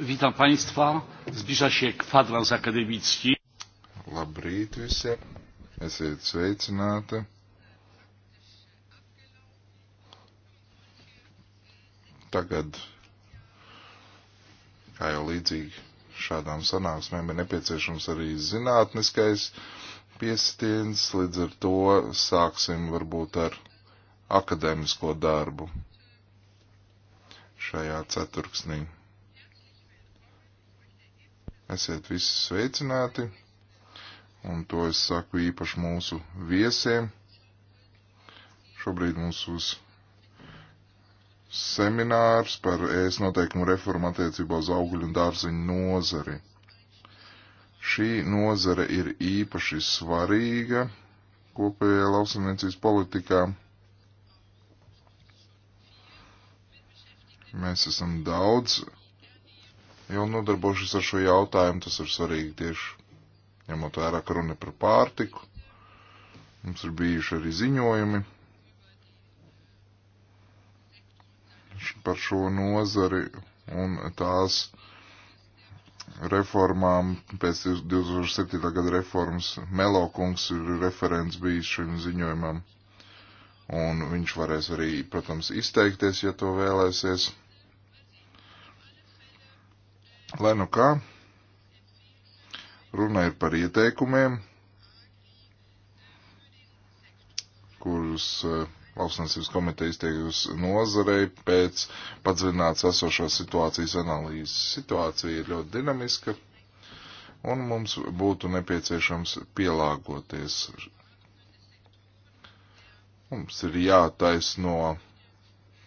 Witam Państwa. Zbliża się kwadrans akademicki. Labrīt visiem. Esiet sveicināti. Tagad, kā jau līdzīgi šādām sanāksmēm, ir nepieciešams arī zinātniskais piestiens, līdz ar to sāksim varbūt ar akadēmisko darbu šajā ceturksnī. Esiet visi sveicināti, un to es saku īpaši mūsu viesiem. Šobrīd mums uz seminārs par ēst noteikumu reformu attiecībā uz augļu un dārziņu nozari. Šī nozare ir īpaši svarīga kopējā lauksamniecības politikā. Mēs esam daudz jau nodarbojušies ar šo jautājumu. Tas ir svarīgi tieši ņemot vērā, ka runa par pārtiku. Mums ir bijuši arī ziņojumi par šo nozari un tās reformām pēc 2007. gada reformas Melokungs ir referents bijis šim ziņojumam. Un viņš varēs arī, protams, izteikties, ja to vēlēsies. Lai nu kā, runa ir par ieteikumiem, kurus eh, lauksnesības komiteja izteikusi nozarei pēc padziļināts esošās situācijas analīzes. Situācija ir ļoti dinamiska, un mums būtu nepieciešams pielāgoties. Mums ir jātaisno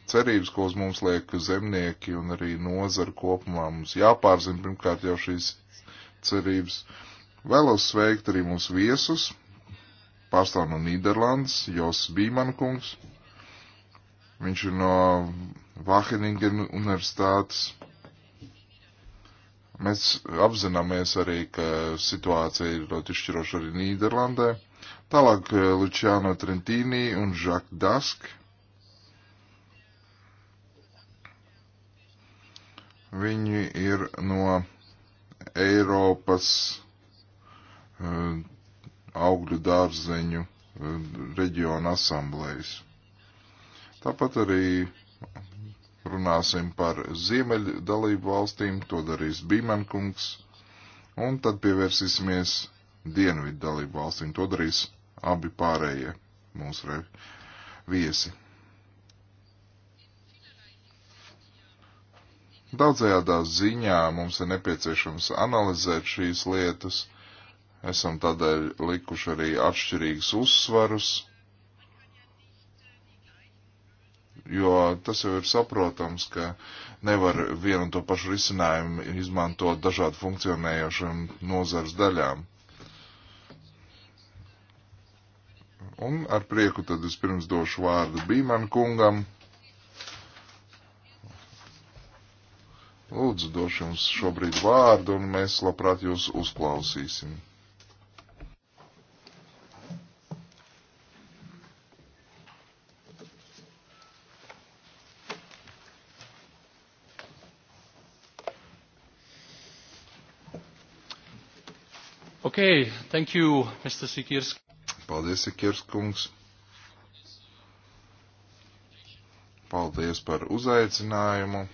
cerības, ko uz mums liek zemnieki un arī nozara kopumā. Mums jāpārzina pirmkārt jau šīs cerības. Vēlos sveikt arī mūsu viesus, pārstāv no Nīderlandes, Jos Bīman kungs. Viņš ir no Vaheningen universitātes. Mēs apzināmies arī, ka situācija ir ļoti izšķiroša arī Nīderlandē. Tālāk eh, Luciano Trentīni un Žak Dask Viņi ir no Eiropas eh, augļu dārzeņu eh, reģiona asamblējas. Tāpat arī runāsim par ziemeļu dalību valstīm, to darīs Bīmenkungs, un tad pievērsīsimies dienvidu dalību valstīm, to darīs abi pārējie mūsu viesi. Daudzajādā ziņā mums ir nepieciešams analizēt šīs lietas. Esam tādēļ likuši arī atšķirīgus uzsvarus, jo tas jau ir saprotams, ka nevar vienu un to pašu risinājumu izmantot dažādu funkcionējošiem nozars daļām. Un ar prieku tad vispirms došu vārdu Bīman kungam. Lūdzu, došu jums šobrīd vārdu, un mēs labprāt jūs uzklausīsim. Okay, thank you, Mr. Sikirsk. Paldies, Sikirskungs. Paldies par uzaicinājumu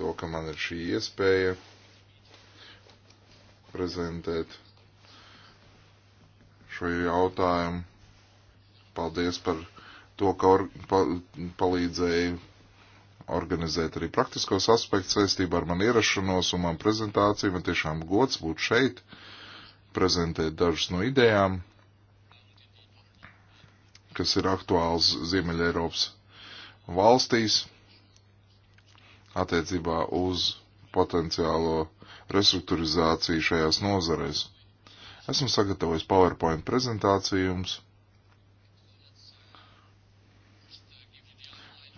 to, ka man ir šī iespēja prezentēt šo jautājumu. Paldies par to, ka or, pa, palīdzēju organizēt arī praktiskos aspektus saistībā ar manu ierašanos un manu prezentāciju. Man tiešām gods būt šeit, prezentēt dažas no idejām, kas ir aktuāls Ziemeļa Eiropas valstīs attiecībā uz potenciālo restruktūrizāciju šajās nozarēs. Esmu sagatavojis PowerPoint prezentāciju jums.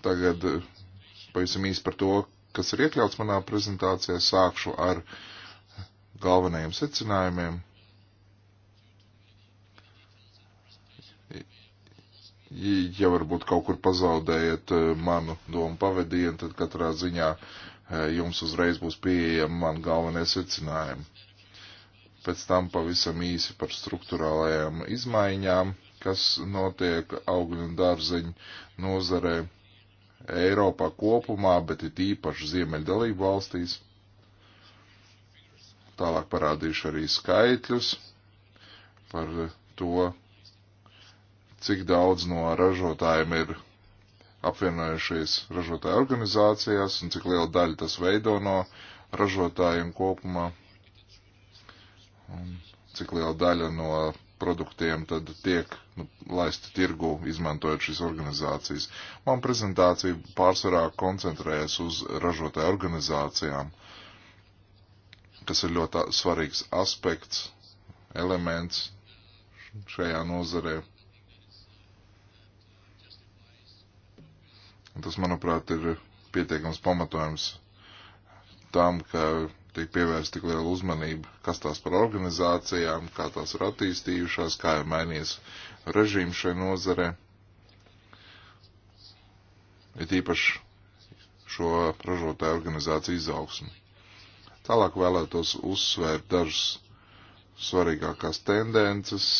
Tagad eh, pavisam īsti par to, kas ir iekļauts manā prezentācijā, sākšu ar galvenajiem secinājumiem. ja varbūt kaut kur pazaudējat eh, manu domu pavadienu, tad katrā ziņā eh, jums uzreiz būs pieejama man galvenie secinājumi. Pēc tam pavisam īsi par struktūrālajām izmaiņām, kas notiek augļu un dārzeņu nozarē Eiropā kopumā, bet ir īpaši ziemeļdalību valstīs. Tālāk parādīšu arī skaitļus par to, cik daudz no ražotājiem ir apvienojušies ražotāju organizācijās un cik liela daļa tas veido no ražotājiem kopumā un cik liela daļa no produktiem tad tiek nu, laisti tirgu, izmantojot šīs organizācijas. Man prezentācija pārsvarā koncentrējas uz ražotāju organizācijām, kas ir ļoti svarīgs aspekts, elements šajā nozarē. Tas, manuprāt, ir pietiekams pamatojums tam, ka tiek pievērsta tik liela uzmanība, kas tās par organizācijām, kā tās ir attīstījušās, kā ir mainījies režīms šai nozare. Ir īpaši šo ražotāju organizāciju izaugsmu. Tālāk vēlētos uzsvērt dažas svarīgākās tendences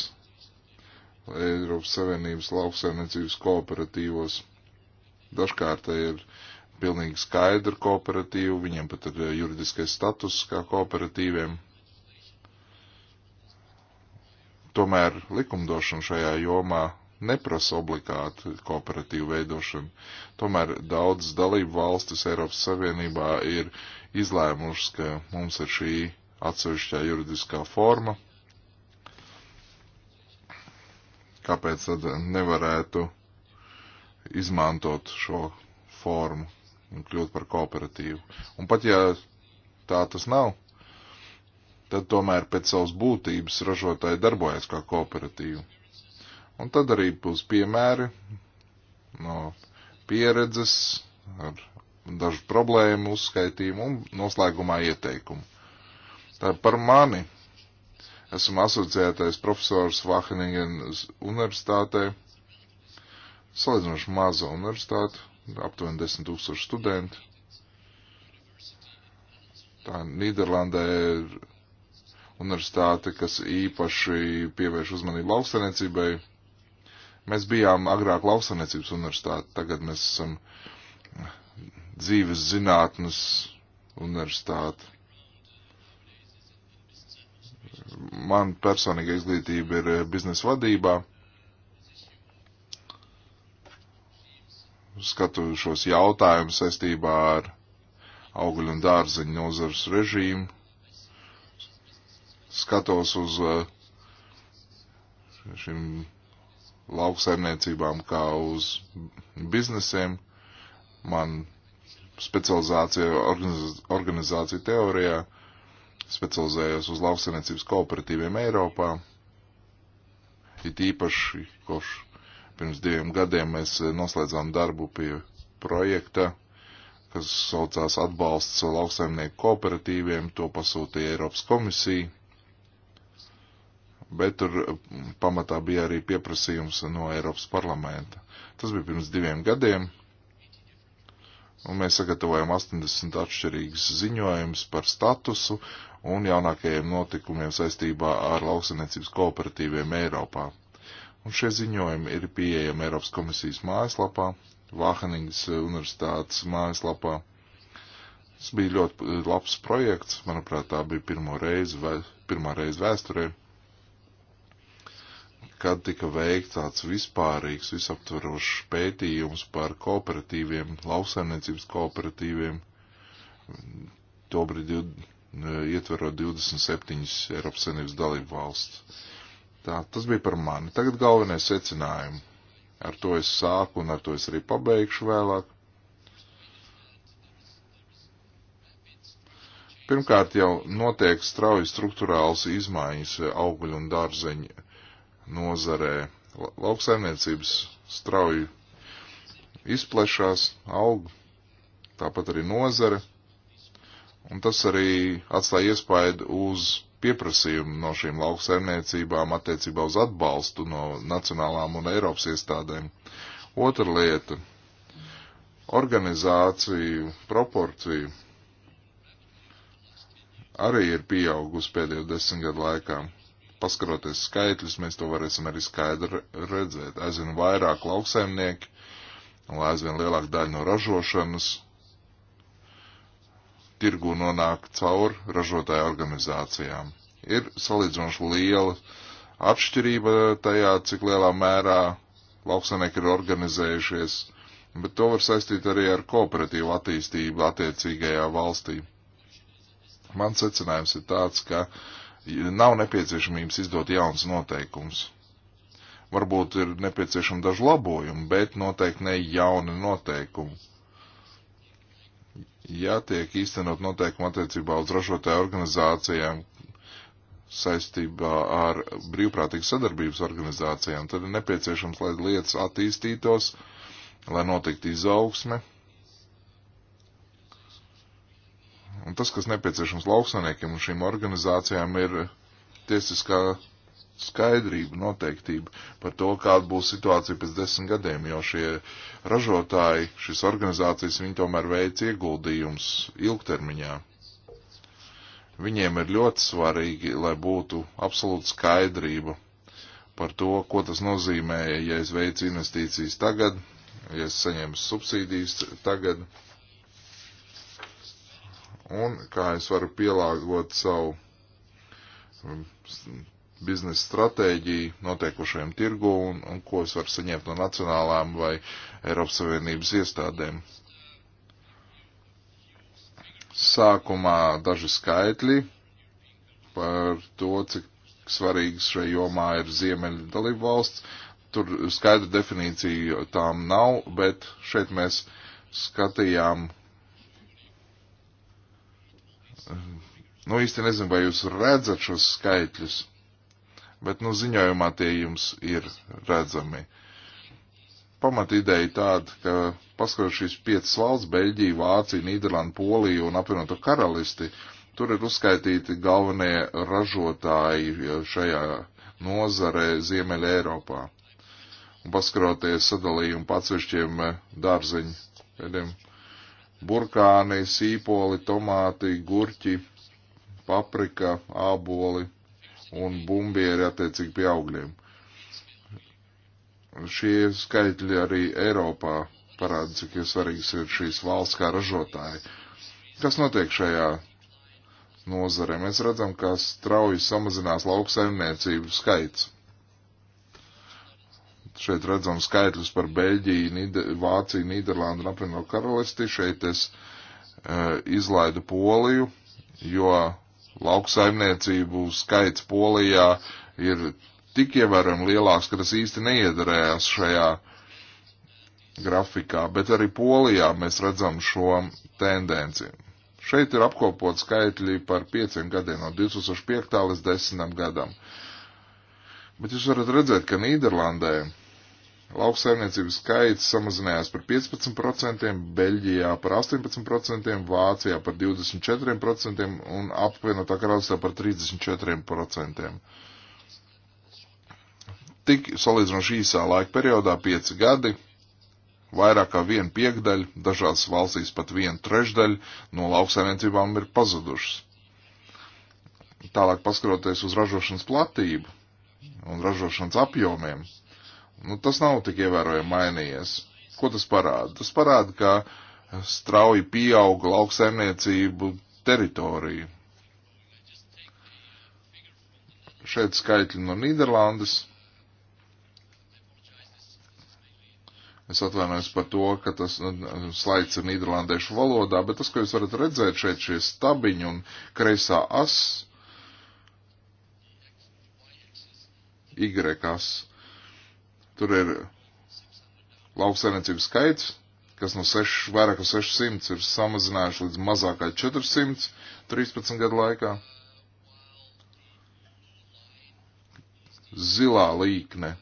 Eiropas Savienības lauksaimniecības kooperatīvos Dažkārt ir pilnīgi skaidra kooperatīva, viņiem pat ir eh, juridiskais status kā kooperatīviem. Tomēr likumdošana šajā jomā neprasa obligāti kooperatīvu veidošanu. Tomēr daudz dalību valstis Eiropas Savienībā ir izlēmušas, ka mums ir šī atsevišķā juridiskā forma. Kāpēc tad nevarētu izmantot šo formu un kļūt par kooperatīvu. Un pat ja tā tas nav, tad tomēr pēc savas būtības ražotāji darbojas kā kooperatīva. Un tad arī būs piemēri no pieredzes ar dažu problēmu uzskaitījumu un noslēgumā ieteikumu. Tā par mani esmu asociētais profesors Vaheningen universitātē salīdzinoši maza universitāte, aptuveni 10 tūkstoši studenti. Tā Nīderlandē ir universitāte, kas īpaši pievērš uzmanību lauksaimniecībai. Mēs bijām agrāk lauksaimniecības universitāte, tagad mēs esam dzīves zinātnes universitāte. Man personīga izglītība ir biznesa vadībā skatu šos jautājumus saistībā ar augļu un dārzeņu nozars režīmu. Skatos uz eh, šīm lauksaimniecībām kā uz biznesiem. Man specializācija organiz, organizācija teorijā, specializējos uz lauksaimniecības kooperatīviem Eiropā. It īpaši kopš Pirms diviem gadiem mēs eh, noslēdzām darbu pie projekta, kas saucās atbalsts lauksaimnieku kooperatīviem, to pasūtīja Eiropas komisija, bet tur eh, pamatā bija arī pieprasījums no Eiropas parlamenta. Tas bija pirms diviem gadiem, un mēs sagatavojam 80 atšķirīgas ziņojumus par statusu un jaunākajiem notikumiem saistībā ar lauksaniecības kooperatīviem Eiropā. Un šie ziņojumi ir pieejami Eiropas komisijas mājaslapā, Vāheningas universitātes mājaslapā. Tas bija ļoti eh, labs projekts, manuprāt, tā bija pirmo reizi, vē, pirmā reize vēsturē, kad tika veikts tāds vispārīgs, visaptverošs pētījums par kooperatīviem, lauksaimniecības kooperatīviem, tobrīd eh, ietverot 27 Eiropas Savienības dalību valsts. Tā, tas bija par mani. Tagad galvenais secinājumi. Ar to es sāku un ar to es arī pabeigšu vēlāk. Pirmkārt jau notiek strauji struktūrāls izmaiņas augļu un dārzeņu nozarē. Lauksaimniecības strauji izplešās, aug, tāpat arī nozare, un tas arī atstāja iespaidu uz pieprasījumu no šīm lauksaimniecībām attiecībā uz atbalstu no nacionālām un Eiropas iestādēm. Otra lieta - organizāciju proporciju arī ir pieaugusi pēdējo desmit gadu laikā. Paskaroties skaitļus, mēs to varēsim arī skaidri redzēt. Aizvien vairāk lauksaimnieki, un aizvien lielāka daļa no ražošanas tirgu nonāk caur ražotāju organizācijām. Ir salīdzinoši liela atšķirība tajā, cik lielā mērā lauksanieki ir organizējušies, bet to var saistīt arī ar kooperatīvu attīstību attiecīgajā valstī. Mans secinājums ir tāds, ka nav nepieciešamības izdot jauns noteikums. Varbūt ir nepieciešama daži labojumi, bet noteikti ne jauni noteikumi ja tiek īstenot noteikumi attiecībā uz ražotāju organizācijām saistībā ar brīvprātīgu sadarbības organizācijām, tad ir nepieciešams, lai lietas attīstītos, lai notiktu izaugsme. Un tas, kas nepieciešams lauksaniekiem un šīm organizācijām, ir tiesiskā skaidrību, noteiktību par to, kāda būs situācija pēc desmit gadiem, jo šie ražotāji, šis organizācijas, viņi tomēr veic ieguldījums ilgtermiņā. Viņiem ir ļoti svarīgi, lai būtu absolūta skaidrība par to, ko tas nozīmē, ja es veicu investīcijas tagad, ja es saņemu subsīdijas tagad, un kā es varu pielāgot savu biznesa stratēģiju noteikušajam tirgu un, un ko es varu saņemt no nacionālām vai Eiropas Savienības iestādēm. Sākumā daži skaitļi par to, cik svarīgs šai jomā ir Ziemeļa dalību valsts. Tur skaidra definīcija tām nav, bet šeit mēs skatījām Nu, īsti nezinu, vai jūs redzat šos skaitļus, bet nu ziņojumā tie jums ir redzami. Pamat ideja tāda, ka paskatot šīs piecas valsts - Beļģiju, Vāciju, Nīderlandu, Poliju un apvienoto karalisti, tur ir uzskaitīti galvenie ražotāji šajā nozarē Ziemeļa Eiropā. Un paskaroties sadalījumu atsevišķiem eh, dārzeņu, pēdējiem burkāni, sīpoli, tomāti, gurķi, paprika, āboli un bumbieri attiecīgi pie augļiem. Šie skaitļi arī Eiropā parāda, cik svarīgs ir šīs valsts kā ražotāji. Kas notiek šajā nozarē? Mēs redzam, ka strauji samazinās lauksaimniecību skaits. Šeit redzam skaitļus par Beļģiju, Nīde, Vāciju, Nīderlandu un apvienoto karalisti. Šeit es uh, izlaidu Poliju, jo lauksaimniecību skaits Polijā ir tik ievērojami lielāks, ka tas īsti neiedarējās šajā grafikā, bet arī Polijā mēs redzam šo tendenci. Šeit ir apkopot skaitļi par pieciem gadiem, no 2005. līdz 10. gadam. Bet jūs varat redzēt, ka Nīderlandē Lauksaimniecības skaits samazinājās par 15%, Beļģijā par 18%, Vācijā par 24% un apvienotā karalistē par 34%. Tik salīdzinoši īsā laika periodā - 5 gadi, vairāk kā viena piekdaļa, dažās valstīs pat viena trešdaļa no lauksaimniecībām ir pazudušas. Tālāk paskaroties uz ražošanas platību un ražošanas apjomiem, Nu, tas nav tik ievērojami mainījies. Ko tas parāda? Tas parāda, ka strauji pieauga lauksaimniecību teritorija. Šeit skaitļi no Nīderlandes. Es atvainojos par to, ka tas nu, slaids ir nīderlandiešu valodā, bet tas, ko jūs varat redzēt šeit, šie stabiņi un kreisā as, Y as, Tur ir lauksainiecības skaits, kas no seš, vairāk kā 600 ir samazinājuši līdz mazākai 400 13 gadu laikā. Zilā līkne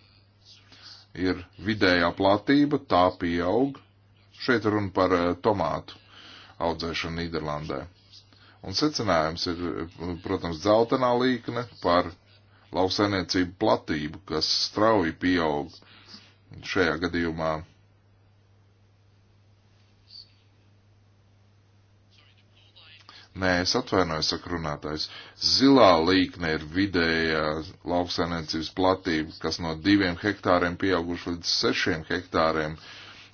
ir vidējā platība, tā pieaug. Šeit runa par eh, tomātu audzēšanu Nīderlandē. Un secinājums ir, eh, protams, dzeltenā līkne par lauksainiecību platību, kas strauji pieaug šajā gadījumā Nē, es atvainojos, saka runātājs. Zilā līkne ir vidējā lauksainiecības platība, kas no diviem hektāriem pieauguši līdz sešiem hektāriem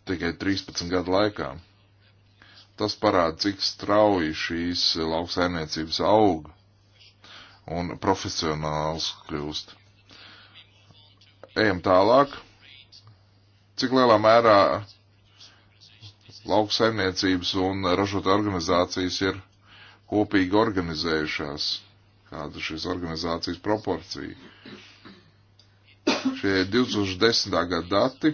tikai 13 gadu laikā. Tas parāda, cik strauji šīs lauksainiecības aug un profesionāls kļūst. Ejam tālāk cik lielā mērā lauksaimniecības un ražot organizācijas ir kopīgi organizējušās, kāda šīs organizācijas proporcija. Šie 2010. gada dati,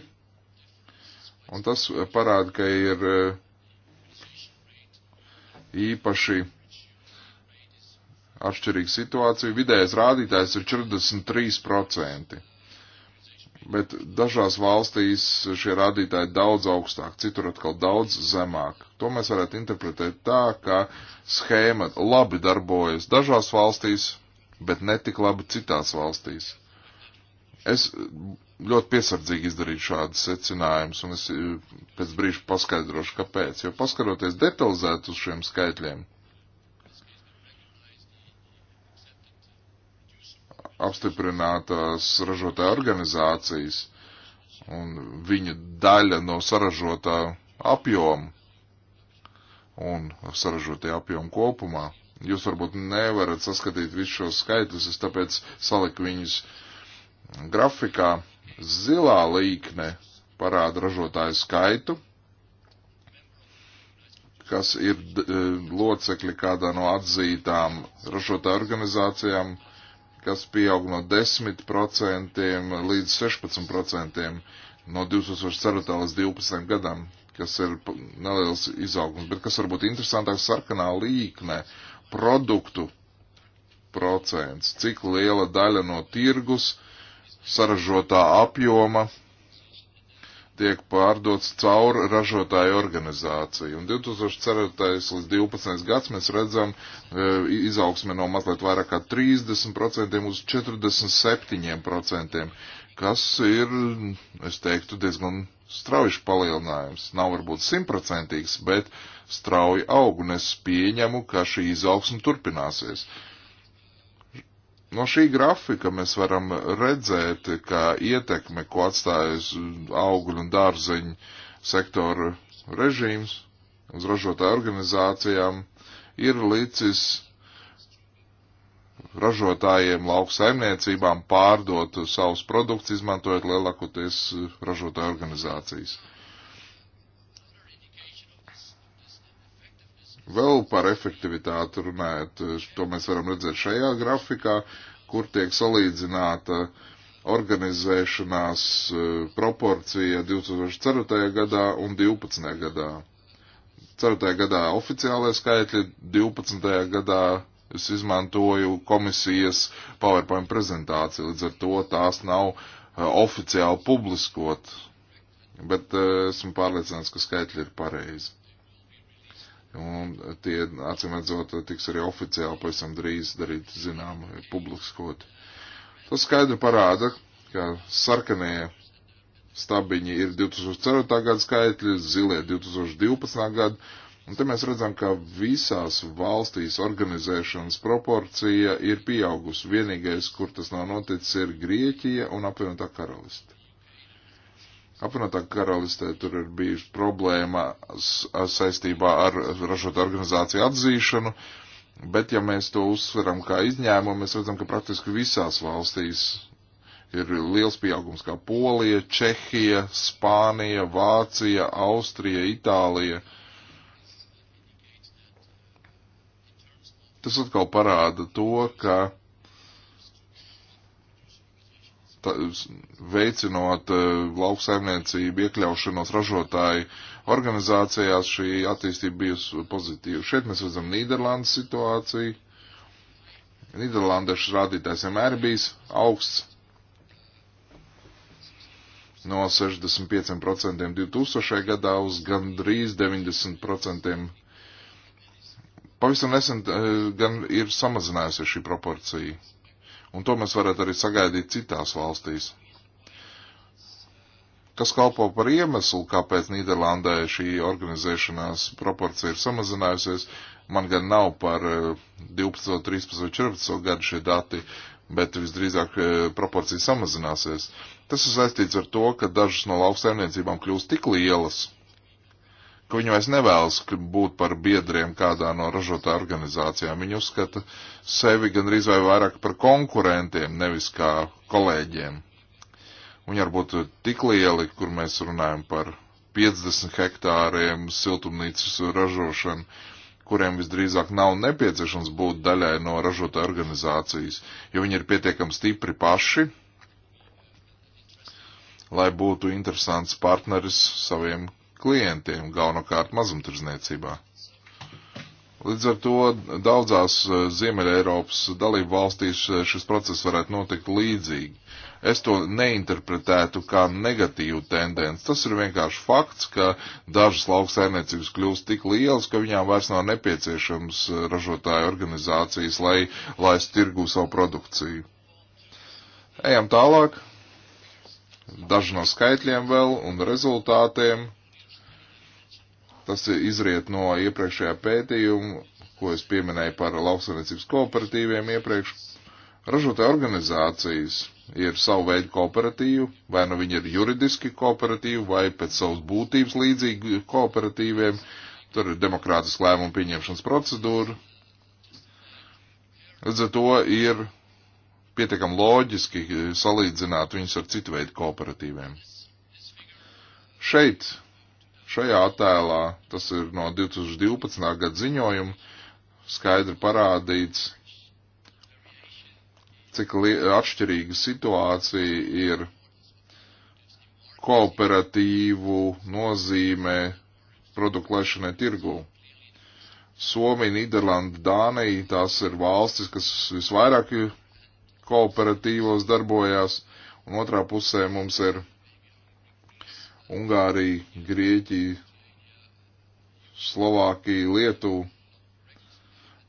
un tas parāda, ka ir eh, īpaši atšķirīga situācija. Vidējais rādītājs ir 43% bet dažās valstīs šie rādītāji daudz augstāk, citur atkal daudz zemāk. To mēs varētu interpretēt tā, ka schēma labi darbojas dažās valstīs, bet netik labi citās valstīs. Es ļoti piesardzīgi izdarīju šādus secinājumus, un es eh, pēc brīža paskaidrošu, kāpēc. Jo paskaroties detalizēt uz šiem skaitļiem, apstiprinātās ražotāja organizācijas un viņa daļa no saražotā apjoma un saražotie apjoma kopumā. Jūs varbūt nevarat saskatīt visus šos skaitļus, es tāpēc saliku viņus grafikā. Zilā līkne parāda ražotāju skaitu, kas ir e, locekļi kādā no atzītām ražotāju organizācijām, uh, kas pieaug no 10% līdz 16% no 2004. līdz 2012. gadam, kas ir neliels izaugums, bet kas varbūt interesantāks sarkanā līknē produktu procents, cik liela daļa no tirgus, saražotā apjoma tiek pārdots caur ražotāju organizāciju. Un 2004. līdz 12. gads mēs redzam e, izaugsme no mazliet vairāk kā 30% uz 47%, kas ir, es teiktu, diezgan strauji palielinājums. Nav varbūt simtprocentīgs, bet strauji aug, un es pieņemu, ka šī izaugsme turpināsies. Uh, No šī grafika mēs varam redzēt, ka ietekme, ko atstājas augļu un dārzeņu sektora režīms uz ražotāju organizācijām, ir licis ražotājiem lauksaimniecībām pārdot savus produktus, izmantojot lielākoties ražotāju organizācijas. Vēl par efektivitāti runājot, to mēs varam redzēt šajā grafikā, kur tiek salīdzināta organizēšanās eh, proporcija 2004. gadā un 2012. gadā. 4. gadā oficiālajie skaitļi, 12. gadā es izmantoju komisijas PowerPoint prezentāciju, līdz ar to tās nav eh, oficiāli publiskot, bet eh, esmu pārliecināts, ka skaitļi ir pareizi. Un tie, acīm redzot, tiks arī oficiāli pavisam drīz darīt zinām, publiskot. Tas skaidri parāda, ka sarkanie stabiņi ir 2004. gada skaitļi, zilie 2012. gada, un te mēs redzam, ka visās valstīs organizēšanas proporcija ir pieaugusi. Vienīgais, kur tas nav noticis, ir Grieķija un apvienotā karaliste. Apvienotā karalistē tur ir bijuši problēmas saistībā ar ražot organizāciju atzīšanu, bet ja mēs to uzsveram kā izņēmumu, mēs redzam, ka praktiski visās valstīs ir liels pieaugums, kā Polija, Čehija, Spānija, Vācija, Austrija, Itālija. Tas atkal parāda to, ka tā, veicinot e, lauksaimniecību iekļaušanos ražotāju organizācijās, šī attīstība bijusi pozitīva. Šeit mēs redzam Nīderlandes situāciju. Nīderlandiešu rādītājs vienmēr bijis augsts no 65% 2000. gadā uz gandrīz 90%. Pavisam nesen e, gan ir samazinājusies šī proporcija. Un to mēs varētu arī sagaidīt citās valstīs. Kas kalpo par iemeslu, kāpēc Nīderlandē šī organizēšanās proporcija ir samazinājusies, man gan nav par 12, 13 vai 14 gadu šie dati, bet visdrīzāk eh, proporcija samazināsies. Tas ir saistīts ar to, ka dažas no lauksaimniecībām kļūst tik lielas, ka viņi vairs nevēlas būt par biedriem kādā no ražotāju organizācijām. Viņi uzskata sevi gandrīz vai vairāk par konkurentiem, nevis kā kolēģiem. Viņi varbūt tik lieli, kur mēs runājam par 50 hektāriem siltumnīcas ražošanu, kuriem visdrīzāk nav nepieciešams būt daļai no ražotāju organizācijas, jo viņi ir pietiekami stipri paši, lai būtu interesants partneris saviem klientiem, galvenokārt mazumtirdzniecībā. Līdz ar to daudzās eh, Ziemeļa Eiropas dalību valstīs eh, šis process varētu notikt līdzīgi. Es to neinterpretētu kā negatīvu tendenci. Tas ir vienkārši fakts, ka dažas lauksaimniecības kļūst tik lielas, ka viņām vairs nav nepieciešams eh, ražotāju organizācijas, lai laistu tirgū savu produkciju. Ejam tālāk. Daži no skaitļiem vēl un rezultātiem Tas izriet no iepriekšējā pētījuma, ko es pieminēju par lauksaimniecības kooperatīviem iepriekš. Ražotāju organizācijas ir savu veidu kooperatīvu, vai nu viņi ir juridiski kooperatīvi, vai pēc savas būtības līdzīgi kooperatīviem. Tur ir demokrātiska lēmuma pieņemšanas procedūra. Līdz ar to ir pietiekami loģiski salīdzināt viņus ar citu veidu kooperatīviem. Šeit Šajā attēlā, tas ir no 2012. gada ziņojuma, skaidri parādīts, cik atšķirīga situācija ir kooperatīvu nozīmē produktu lešanai tirgū. Somija, Nīderlanda, Dānija, tās ir valstis, kas visvairāk kooperatīvos darbojās, un otrā pusē mums ir Ungāriju, Grieķiju, Slovākiju, Lietuvu.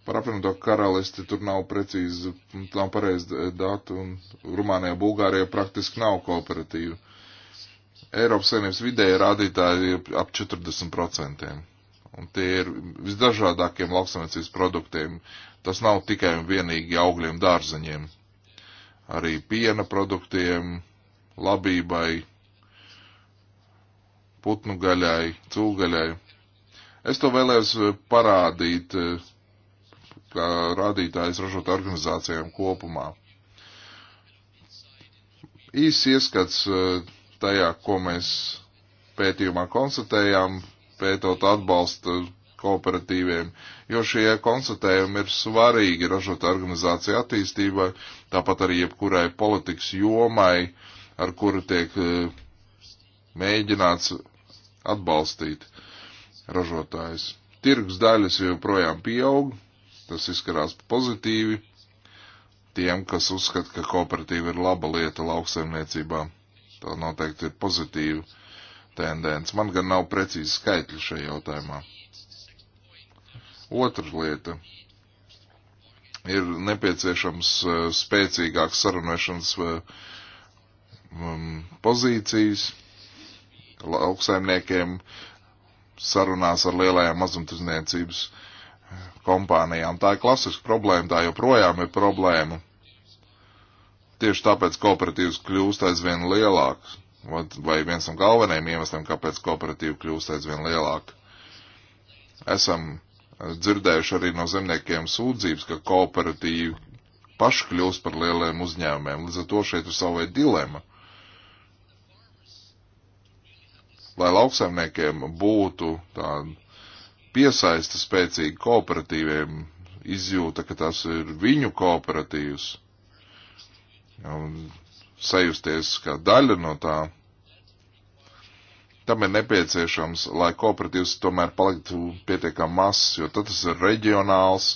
Par apvienoto karalisti tur nav precīzi, nav pareizi datu, un Rumānijā, Bulgārijā praktiski nav kooperatīvu. Eiropas saimnības vidēja rādītāji ir ap 40%, un tie ir visdažādākiem lauksamniecības produktiem. Tas nav tikai un vienīgi augļiem dārzeņiem, arī piena produktiem, labībai, putnu gaļai, cūgaļai. Es to vēlējos eh, parādīt, eh, kā rādītājs ražot organizācijām kopumā. Īs ieskats eh, tajā, ko mēs pētījumā konstatējām, pētot atbalstu kooperatīviem, jo šie konstatējumi ir svarīgi ražot organizāciju attīstībai, tāpat arī jebkurai politikas jomai, ar kuru tiek mēģināts atbalstīt ražotājus. Tirgus daļas joprojām pieaug, tas izskatās pozitīvi tiem, kas uzskata, ka kooperatīva ir laba lieta lauksaimniecībā. Tā noteikti ir pozitīva tendence. Man gan nav precīzi skaitļi šajā jautājumā. Otra lieta ir nepieciešams eh, spēcīgāks sarunvešanas eh, pozīcijas lauksaimniekiem sarunās ar lielajām mazumtirdzniecības kompānijām. Tā ir klasiska problēma, tā joprojām ir problēma. Tieši tāpēc kooperatīvs kļūst aizvien lielāks, vai viens no galvenajiem iemesliem, kāpēc kooperatīva kļūst aizvien lielāka. Esam dzirdējuši arī no zemniekiem sūdzības, ka kooperatīvi paši kļūst par lieliem uzņēmumiem, līdz ar to šeit ir savai dilema lai lauksaimniekiem būtu tāda piesaista spēcīga kooperatīviem izjūta, ka tas ir viņu kooperatīvs, un sajusties kā daļa no tā. Tam ir nepieciešams, lai kooperatīvs tomēr paliktu pietiekam mazs, jo tad tas ir reģionāls,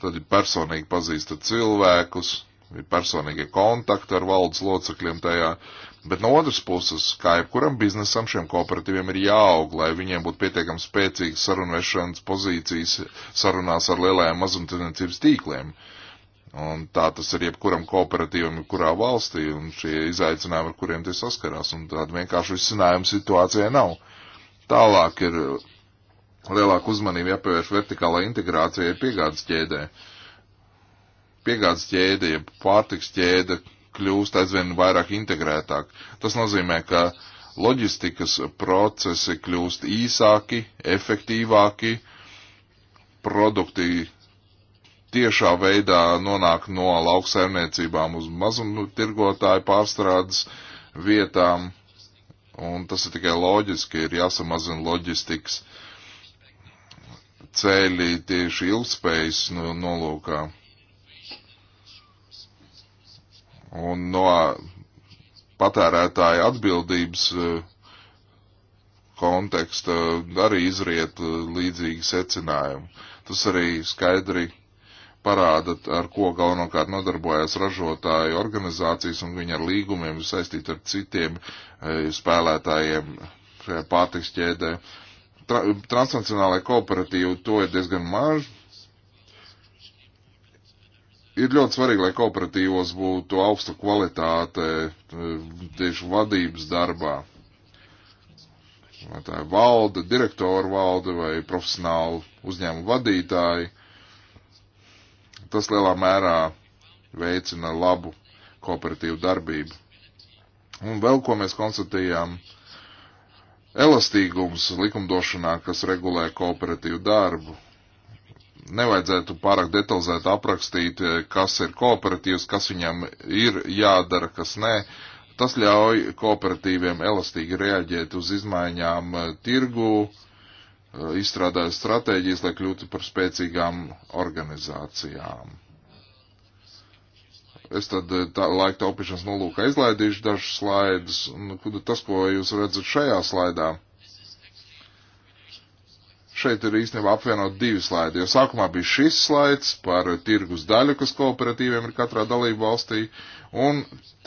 tad ir personīgi pazīsta cilvēkus, ir personīgie kontakti ar valdes locekļiem tajā. Uh, Bet no otras puses, kā jebkuram biznesam, šiem kooperatīviem ir jāaug, lai viņiem būtu pietiekami spēcīgas sarunvešanas pozīcijas sarunās ar lielajām mazumtirdzniecības tīkliem. Un tā tas ir jebkuram kooperatīvam, jebkurā valstī, un šie izaicinājumi, ar kuriem tie saskarās, un tāda vienkārši risinājuma situācijai nav. Tālāk ir lielāka uzmanība jāpievērš vertikālai integrācijai piegādes ķēdē. Piegādes ķēde, jeb pārtiks ķēde, kļūst aizvien vairāk integrētāk. Tas nozīmē, ka loģistikas procesi kļūst īsāki, efektīvāki, produkti tiešā veidā nonāk no lauksaimniecībām uz mazumtirgotāju pārstrādes vietām, un tas ir tikai loģiski, ir jāsamazina loģistikas ceļi tieši ilgspējas nolūkā. No un no patērētāja atbildības eh, konteksta arī izriet eh, līdzīgi secinājumi. Tas arī skaidri parāda, ar ko galvenokārt nodarbojas ražotāju organizācijas un viņi ar līgumiem saistīti ar citiem eh, spēlētājiem šajā pārtiks ķēdē. Tra transnacionālajai kooperatīvai to ir diezgan maz, ir ļoti svarīgi, lai kooperatīvos būtu augsta kvalitāte eh, tieši vadības darbā. Vai tā ir valde, direktora valde vai profesionāli uzņēmumu vadītāji. Tas lielā mērā veicina labu kooperatīvu darbību. Un vēl ko mēs konstatējām, elastīgums likumdošanā, kas regulē kooperatīvu darbu nevajadzētu pārāk detalizēti aprakstīt, eh, kas ir kooperatīvs, kas viņam ir jādara, kas nē. Tas ļauj kooperatīviem elastīgi reaģēt uz izmaiņām eh, tirgu, eh, izstrādājot stratēģijas, lai kļūtu par spēcīgām organizācijām. Es tad tā, laika taupīšanas nolūkā izlaidīšu dažus slaidus. Nu, tas, ko jūs redzat šajā slaidā, šeit ir īstenībā apvienot divi slaidi. Jo sākumā bija šis slaids par tirgus daļu, kas kooperatīviem ir katrā dalību valstī, un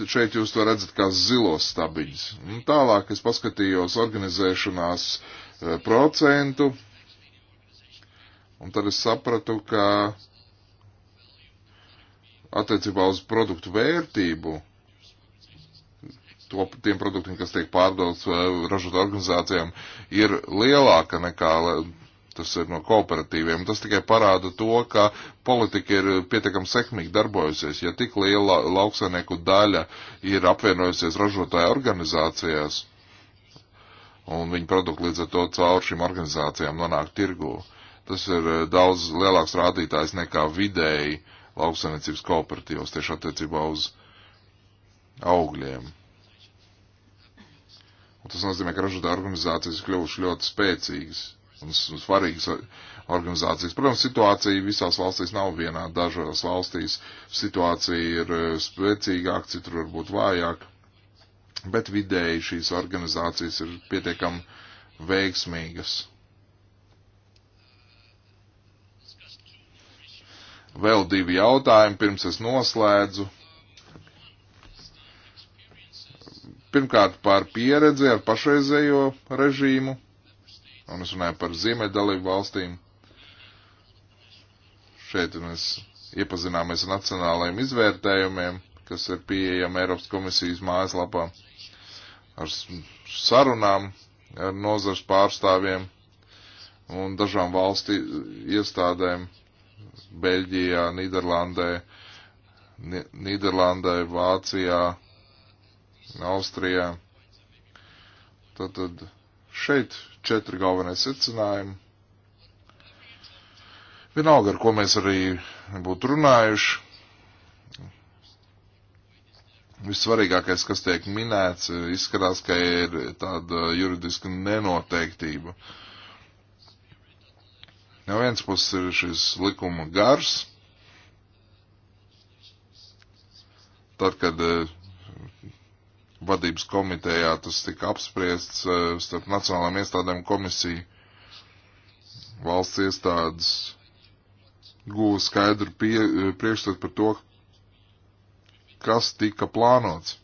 šeit jūs to redzat kā zilos stabiņus. Un tālāk es paskatījos organizēšanās eh, procentu, un tad es sapratu, ka attiecībā uz produktu vērtību to, tiem produktiem, kas tiek pārdodas eh, ražot organizācijām, ir lielāka nekā tas ir no kooperatīviem. Tas tikai parāda to, ka politika ir pietiekami sekmīgi darbojusies. Ja tik liela lauksainieku daļa ir apvienojusies ražotāju organizācijās, un viņu produkti līdz ar to caur šīm organizācijām nonāk tirgū, tas ir eh, daudz lielāks rādītājs nekā vidēji lauksainiecības kooperatīvos tieši attiecībā uz augļiem. Un tas nozīmē, ka ražotāju organizācijas kļuvušas ļoti spēcīgas un svarīgas organizācijas. Protams, situācija visās valstīs nav vienāda. Dažās valstīs situācija ir eh, spēcīgāka, citur varbūt vājāka, bet vidēji šīs organizācijas ir pietiekami veiksmīgas. Vēl divi jautājumi, pirms es noslēdzu. Pirmkārt, par pieredzi ar pašreizējo režīmu un es runāju par ziemeļu dalību valstīm. Šeit mēs iepazināmies ar nacionālajiem izvērtējumiem, kas ir pieejami Eiropas komisijas mājaslapā, ar sarunām, ar nozars pārstāvjiem un dažām valsti iestādēm - Beļģijā, Nīderlandē, Nīderlandē, Vācijā, Austrijā. Tātad šeit četri galvenie secinājumi. Vienalga, ar ko mēs arī būtu runājuši. Vissvarīgākais, kas tiek minēts, izskatās, ka ir tāda juridiska nenoteiktība. No viens puses ir šis likuma gars, tad, kad eh, vadības komitejā tas tika apspriests eh, starp nacionālām iestādēm komisiju. Valsts iestādes guva skaidru pie, eh, priekšstatu par to, kas tika plānots,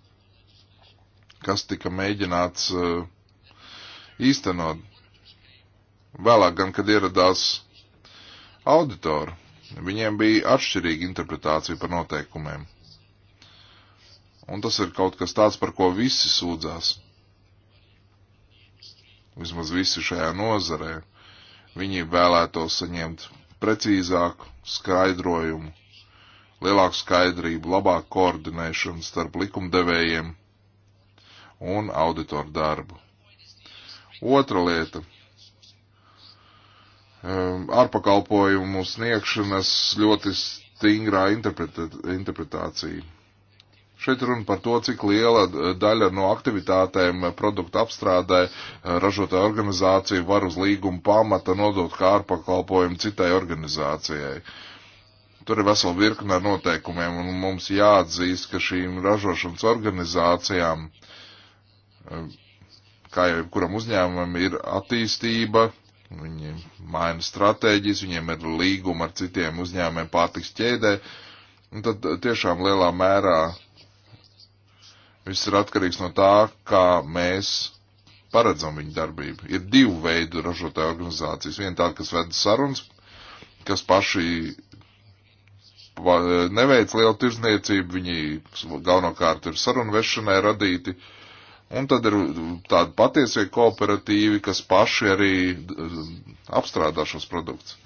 kas tika mēģināts eh, īstenot. Vēlāk gan, kad ieradās auditori, viņiem bija atšķirīga interpretācija par noteikumiem. Un tas ir kaut kas tāds, par ko visi sūdzās. Vismaz visi šajā nozarē. Viņi vēlētos saņemt precīzāku skaidrojumu, lielāku skaidrību, labāku koordinēšanu starp likumdevējiem un auditoru darbu. Otra lieta ehm, ārpakalpojumu sniegšanas ļoti stingrā interpretācija. Šeit runa par to, cik liela eh, daļa no aktivitātēm eh, produktu apstrādē eh, ražotāja organizācija var uz līguma pamata nodot kā ārpakalpojumu citai organizācijai. Tur ir vesela virkne ar noteikumiem, un mums jāatzīst, ka šīm ražošanas organizācijām, kā jau jebkuram uzņēmumam, ir attīstība, viņi maina stratēģijas, viņiem ir līguma ar citiem uzņēmumiem pārtiks ķēdē, un tad tiešām lielā mērā Viss ir atkarīgs no tā, kā mēs paredzam viņu darbību. Ir divu veidu ražotāju organizācijas. Viena tāda, kas ved sarunas, kas paši neveic lielu tirzniecību, viņi galvenokārt ir sarunvešanai radīti. Un tad ir tādi patiesie kooperatīvi, kas paši arī eh, apstrādā šos produktus.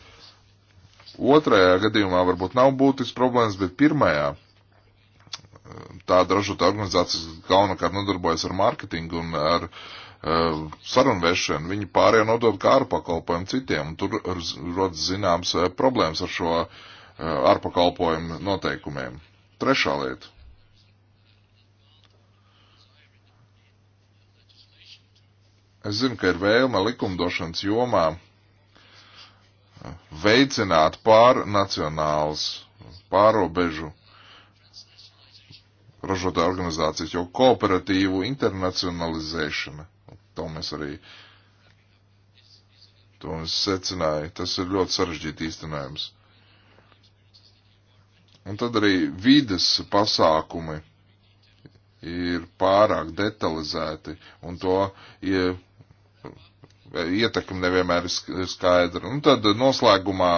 Otrajā gadījumā varbūt nav būtisks problēmas, bet pirmajā tāda ražota organizācija galvenokārt nodarbojas ar mārketingu un ar uh, e, sarunvešanu. Viņi pārējā nodod kā ārpakalpojumu citiem, un tur rodas zināms e, problēmas ar šo uh, ārpakalpojumu noteikumiem. Trešā lieta. Es zinu, ka ir vēlme likumdošanas jomā veicināt pārnacionāls pārobežu ražotāju organizācijas, jo kooperatīvu internacionalizēšana, to mēs arī, to mēs secināja, tas ir ļoti sarežģīti īstenējums. Un tad arī vides pasākumi ir pārāk detalizēti, un to ja, ietekmi nevienmēr ir skaidra. Un tad noslēgumā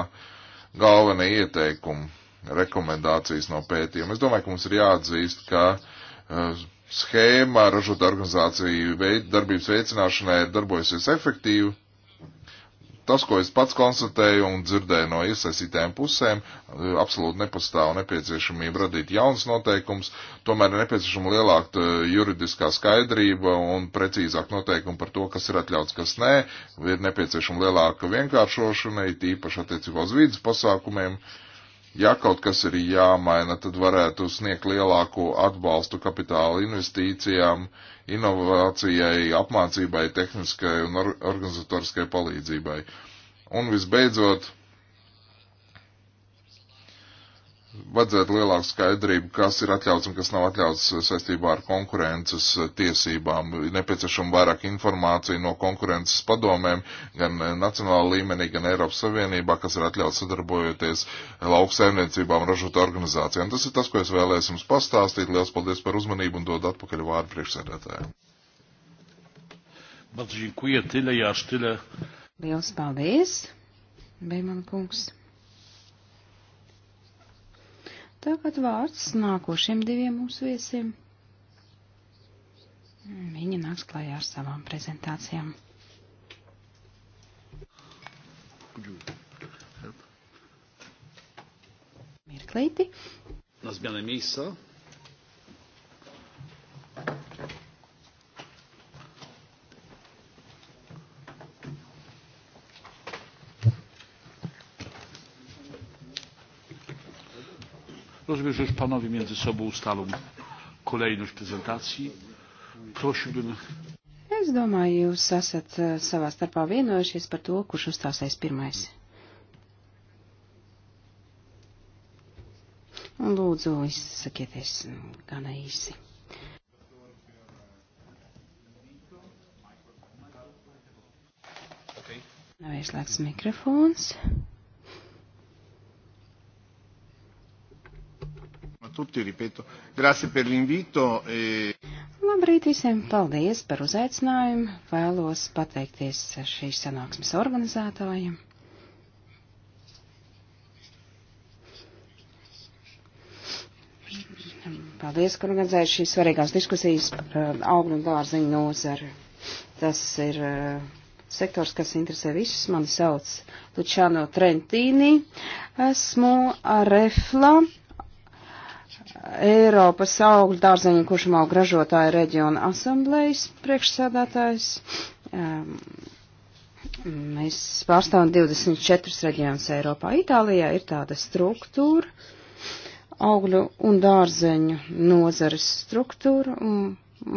galvenie ieteikumi rekomendācijas no pētījuma. Es domāju, ka mums ir jāatzīst, ka uh, schēma ražot organizāciju veid, darbības veicināšanai ir darbojusies efektīvi. Tas, ko es pats konstatēju un dzirdēju no iesaistītēm pusēm, uh, absolūti nepastāv nepieciešamība radīt jaunas noteikums, tomēr ir nepieciešama lielāka uh, juridiskā skaidrība un precīzāk noteikumi par to, kas ir atļauts, kas nē, ir nepieciešama lielāka vienkāršošana, it īpaši attiecībā uz vīdes pasākumiem. Uh, Ja kaut kas ir jāmaina, tad varētu sniegt lielāku atbalstu kapitāla investīcijām, inovācijai, apmācībai, tehniskai un organizatoriskai palīdzībai. Un visbeidzot, vajadzētu lielāku skaidrību, kas ir atļauts un kas nav atļauts saistībā ar konkurences eh, tiesībām. Nepieciešama vairāk informācija no konkurences padomēm gan eh, nacionāla līmenī, gan Eiropas Savienībā, kas ir atļauts sadarbojoties eh, lauksaimniecībām, ražot organizācijām. Tas ir tas, ko es vēlēs jums pastāstīt. Liels paldies par uzmanību un dod atpakaļ vārdu priekšsēdētājiem. Liels paldies, Beiman kungs. Tagad vārds nākošiem diviem mūsu viesiem. Viņi nāks klajā ar savām prezentācijām. Mirklīti. Na zmianę miejsca. Rozumiem, że już panowie między sobą ustalą kolejność prezentacji. Prosiłbym. Es domāju, jūs esat e, savā starpā vienojušies par to, kurš uzstāsies pirmais. Un lūdzu, izsakieties nu, gana īsi. Nav ieslēgts mikrofons. Okay. tutti, ripeto, grazie per l'invito. E... Labrīt visiem, paldies par uzaicinājumu, vēlos pateikties šīs sanāksmes organizētājiem. Paldies, ka organizēju šīs svarīgās diskusijas par eh, augļu un dārziņu nozari. Tas ir eh, sektors, kas interesē visus. Mani sauc Lučāno Trentīni. Esmu Arefla Eiropas augļu dārzeņu kušamaugu ražotāju reģiona asamblejas priekšsēdētājs. Um, mēs pārstāvam 24 reģionus Eiropā. Itālijā ir tāda struktūra, augļu un dārzeņu nozares struktūra, un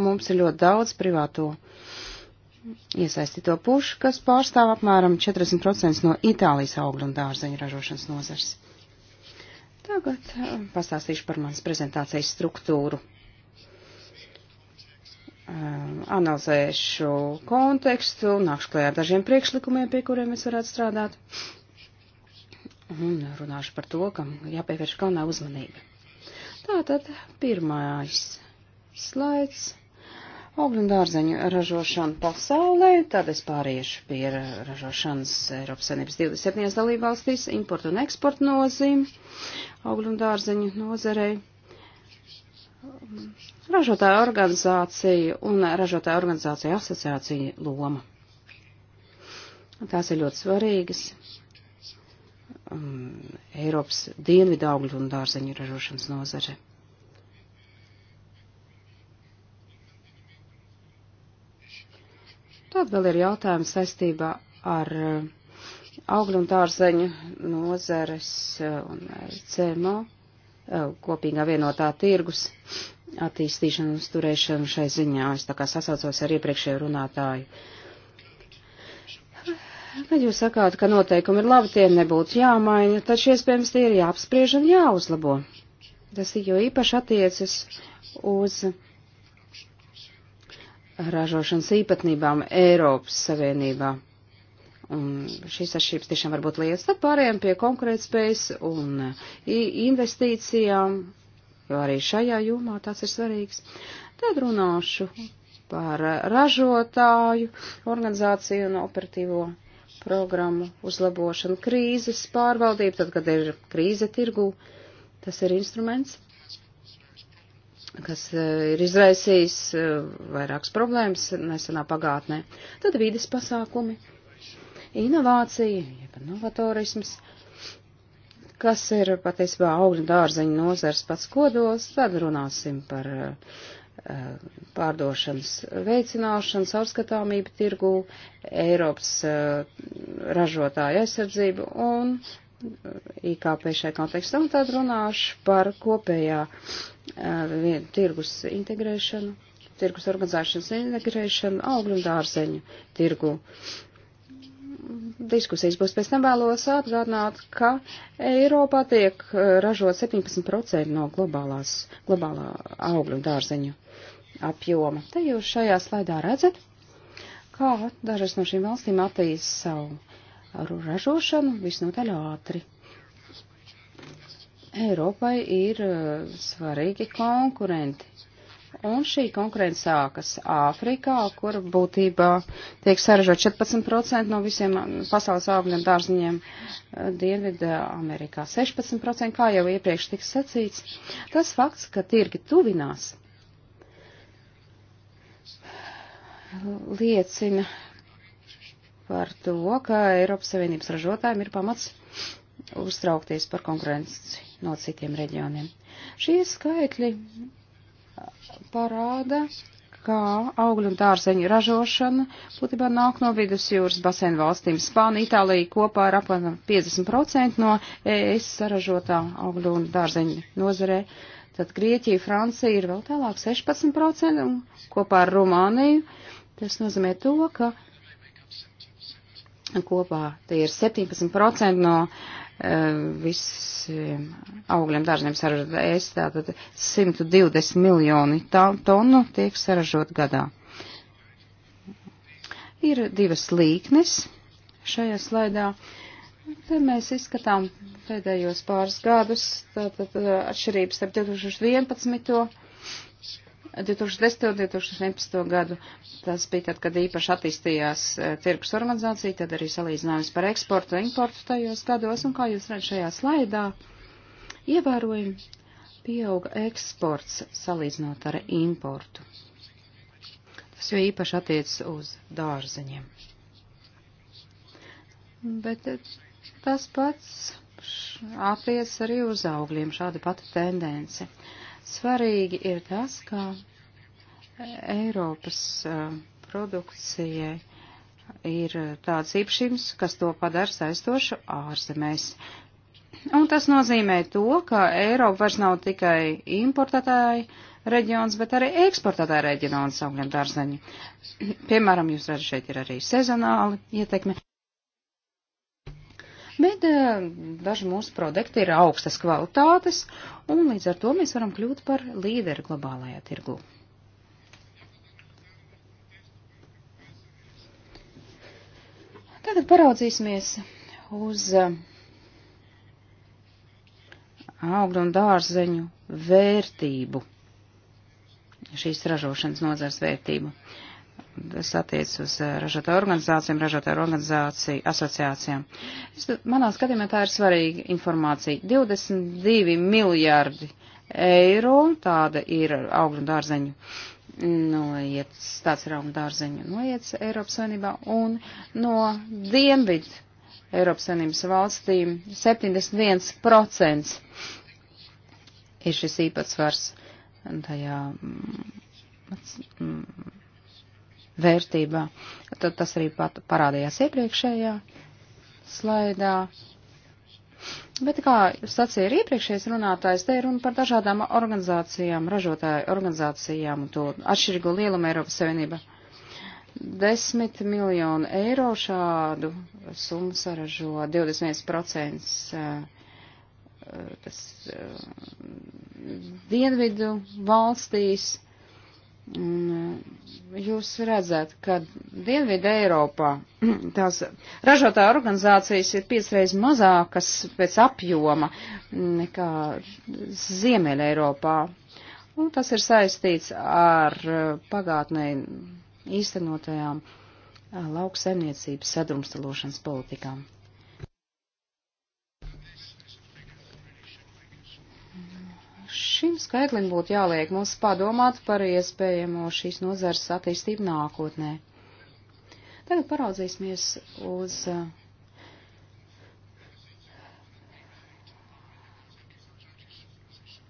mums ir ļoti daudz privāto iesaistīto pušu, kas pārstāv apmēram 40% no Itālijas augļu un dārzeņu ražošanas nozares. Tagad pastāstīšu par manas prezentācijas struktūru. Analizēšu kontekstu, nākšu klajā ar dažiem priekšlikumiem, pie kuriem es varētu strādāt. Un runāšu par to, kam jāpievērš galvenā uzmanība. Tātad pirmais slaids augļu un dārzeņu ražošanu pasaulē, tad es pāriešu pie ražošanas Eiropas Savienības 27. dalībvalstīs, importu un eksportu nozīmi augļu un dārzeņu nozarei. Ražotāja organizācija un ražotāja organizācija asociācija loma. Tās ir ļoti svarīgas um, Eiropas dienvidaugļu un dārzeņu ražošanas nozare. Tad vēl ir jautājums saistībā ar eh, augļu un tārzeņu nozeres eh, un eh, CMO kopīgā vienotā tirgus attīstīšanu un sturēšanu šai ziņā. Es tā kā sasaucos ar iepriekšējo runātāju. Kad jūs sakāt, ka noteikumi ir labi, tie nebūtu jāmaina, taču iespējams tie ir jāapspriež un jāuzlabo. Tas jo īpaši attiecas uz ražošanas īpatnībām Eiropas Savienībā. Un šīs atšķirības tiešām var būt lietas. Tad pārējām pie konkurētspējas un investīcijām, jo arī šajā jomā tas ir svarīgs. Tad runāšu par ražotāju organizāciju un operatīvo programmu uzlabošanu krīzes pārvaldību, tad, kad ir krīze tirgū. Tas ir instruments, kas e, ir izraisījis e, vairākas problēmas nesenā pagātnē. Tad vides pasākumi, inovācija, jeb novatorisms, kas ir patiesībā augļu dārzeņu nozars pats kodols, tad runāsim par e, pārdošanas veicināšanu, caurskatāmību tirgū, Eiropas ražotāju aizsardzību un IKP šai kontekstā, un tad runāšu par kopējā uh, tirgus integrēšanu, tirgus organizēšanas integrēšanu, augļu un dārzeņu tirgu. Diskusijas būs pēc tam vēlos atgādināt, ka Eiropā tiek ražot 17% no globālās, globālā augļu un dārzeņu apjoma. Te jūs šajā slaidā redzat, kā dažas no šīm valstīm attīst savu ražošanu visnotaļ ātri. Eiropai ir uh, svarīgi konkurenti. Un šī konkurence sākas Āfrikā, kur būtībā tiek saražot 14% no visiem pasaules augļiem dārziņiem, uh, Dienvidā Amerikā 16%, kā jau iepriekš tika sacīts. Tas fakts, ka tirgi tuvinās, liecina par to, ka Eiropas Savienības ražotājiem ir pamats uztraukties par konkurenci no citiem reģioniem. Šie skaitļi parāda, kā augļu un dārzeņu ražošana būtībā nāk no vidusjūras basēnu valstīm. Spāna, Itālija kopā ir apmēram 50% no ES saražotā augļu un dārzeņu nozarē. Tad Grieķija, Francija ir vēl tālāk 16% un kopā ar Rumāniju. Tas nozīmē to, ka Kopā tie ir 17% no eh, visiem augļiem dārziem saražot ēst, tātad 120 miljoni tonu tiek saražot gadā. Ir divas līknes šajā slaidā. Te mēs izskatām pēdējos pāris gadus, tātad eh, atšķirības starp 2011. 2010. un 2011. gadu. Tas bija tad, kad īpaši attīstījās eh, tirgus organizācija, tad arī salīdzinājums par eksportu un importu tajos gados, un kā jūs redzat šajā slaidā, ievērojami pieauga eksports salīdzinot ar importu. Tas jau īpaši attiec uz dārzeņiem. Bet eh, tas pats attiec arī uz augļiem, šāda pati tendence. Uh, Svarīgi ir tas, ka Eiropas produkcijai ir tāds īpašības, kas to padara saistošu ārzemēs. Un tas nozīmē to, ka Eiropa vairs nav tikai importētāji reģions, bet arī eksportētāji reģions augļiem dārzeņi. Piemēram, jūs redzat, šeit ir arī sezonāli ietekme bet eh, daži mūsu produkti ir augstas kvalitātes, un līdz ar to mēs varam kļūt par līderi globālajā tirgu. Tagad paraudzīsimies uz eh, augļu un dārzeņu vērtību, šīs ražošanas nozars vērtību. Uh, Tas attiec uz eh, ražotāju organizācijām, ražotāju organizāciju asociācijām. Es, manā skatījumā tā ir svarīga informācija. 22 miljārdi eiro, tāda ir augļu dārzeņu noiets, tāds ir augļu dārzeņu noiets Eiropas Savienībā, un no dienvidu Eiropas Savienības valstīm 71% ir šis īpatsvars tajā mm, vērtībā. Tad tas arī pat parādījās iepriekšējā slaidā. Bet, kā sacīja arī iepriekšējais runātājs, te ir runa par dažādām organizācijām, ražotāju organizācijām un to atšķirīgo lielumu Eiropas Savienībā. Desmit miljonu eiro šādu summu saražo 21% eh, eh, tas eh, dienvidu valstīs Eh, jūs redzat, ka Dienvidē Eiropā tās ražotāja organizācijas ir piecreiz mazākas pēc apjoma nekā Ziemeļa Eiropā. Un tas ir saistīts ar eh, pagātnē īstenotajām eh, lauksaimniecības sadrumstalošanas politikām. Šim skaitlim būtu jāliek mums padomāt par iespējamo šīs nozares attīstību nākotnē. Tagad paraudzīsimies uz uh,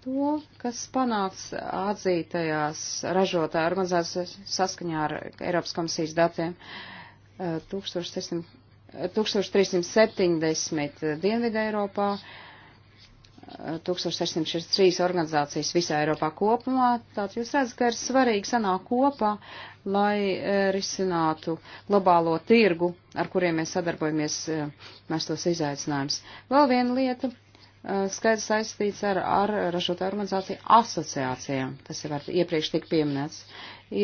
to, kas panāks atzītajās ražotāju organizācijas saskaņā ar Eiropas komisijas datiem 1600 1370 Dienvidē Eiropā, 1663 organizācijas visā Eiropā kopumā. Tāds jūs redzat, ka ir svarīgi sanāk kopā, lai e, risinātu globālo tirgu, ar kuriem mēs sadarbojamies, e, mēs tos izaicinājums. Vēl viena lieta e, skaidrs saistīts ar, ar ražotāju organizāciju asociācijām. Tas jau var iepriekš tik pieminēts.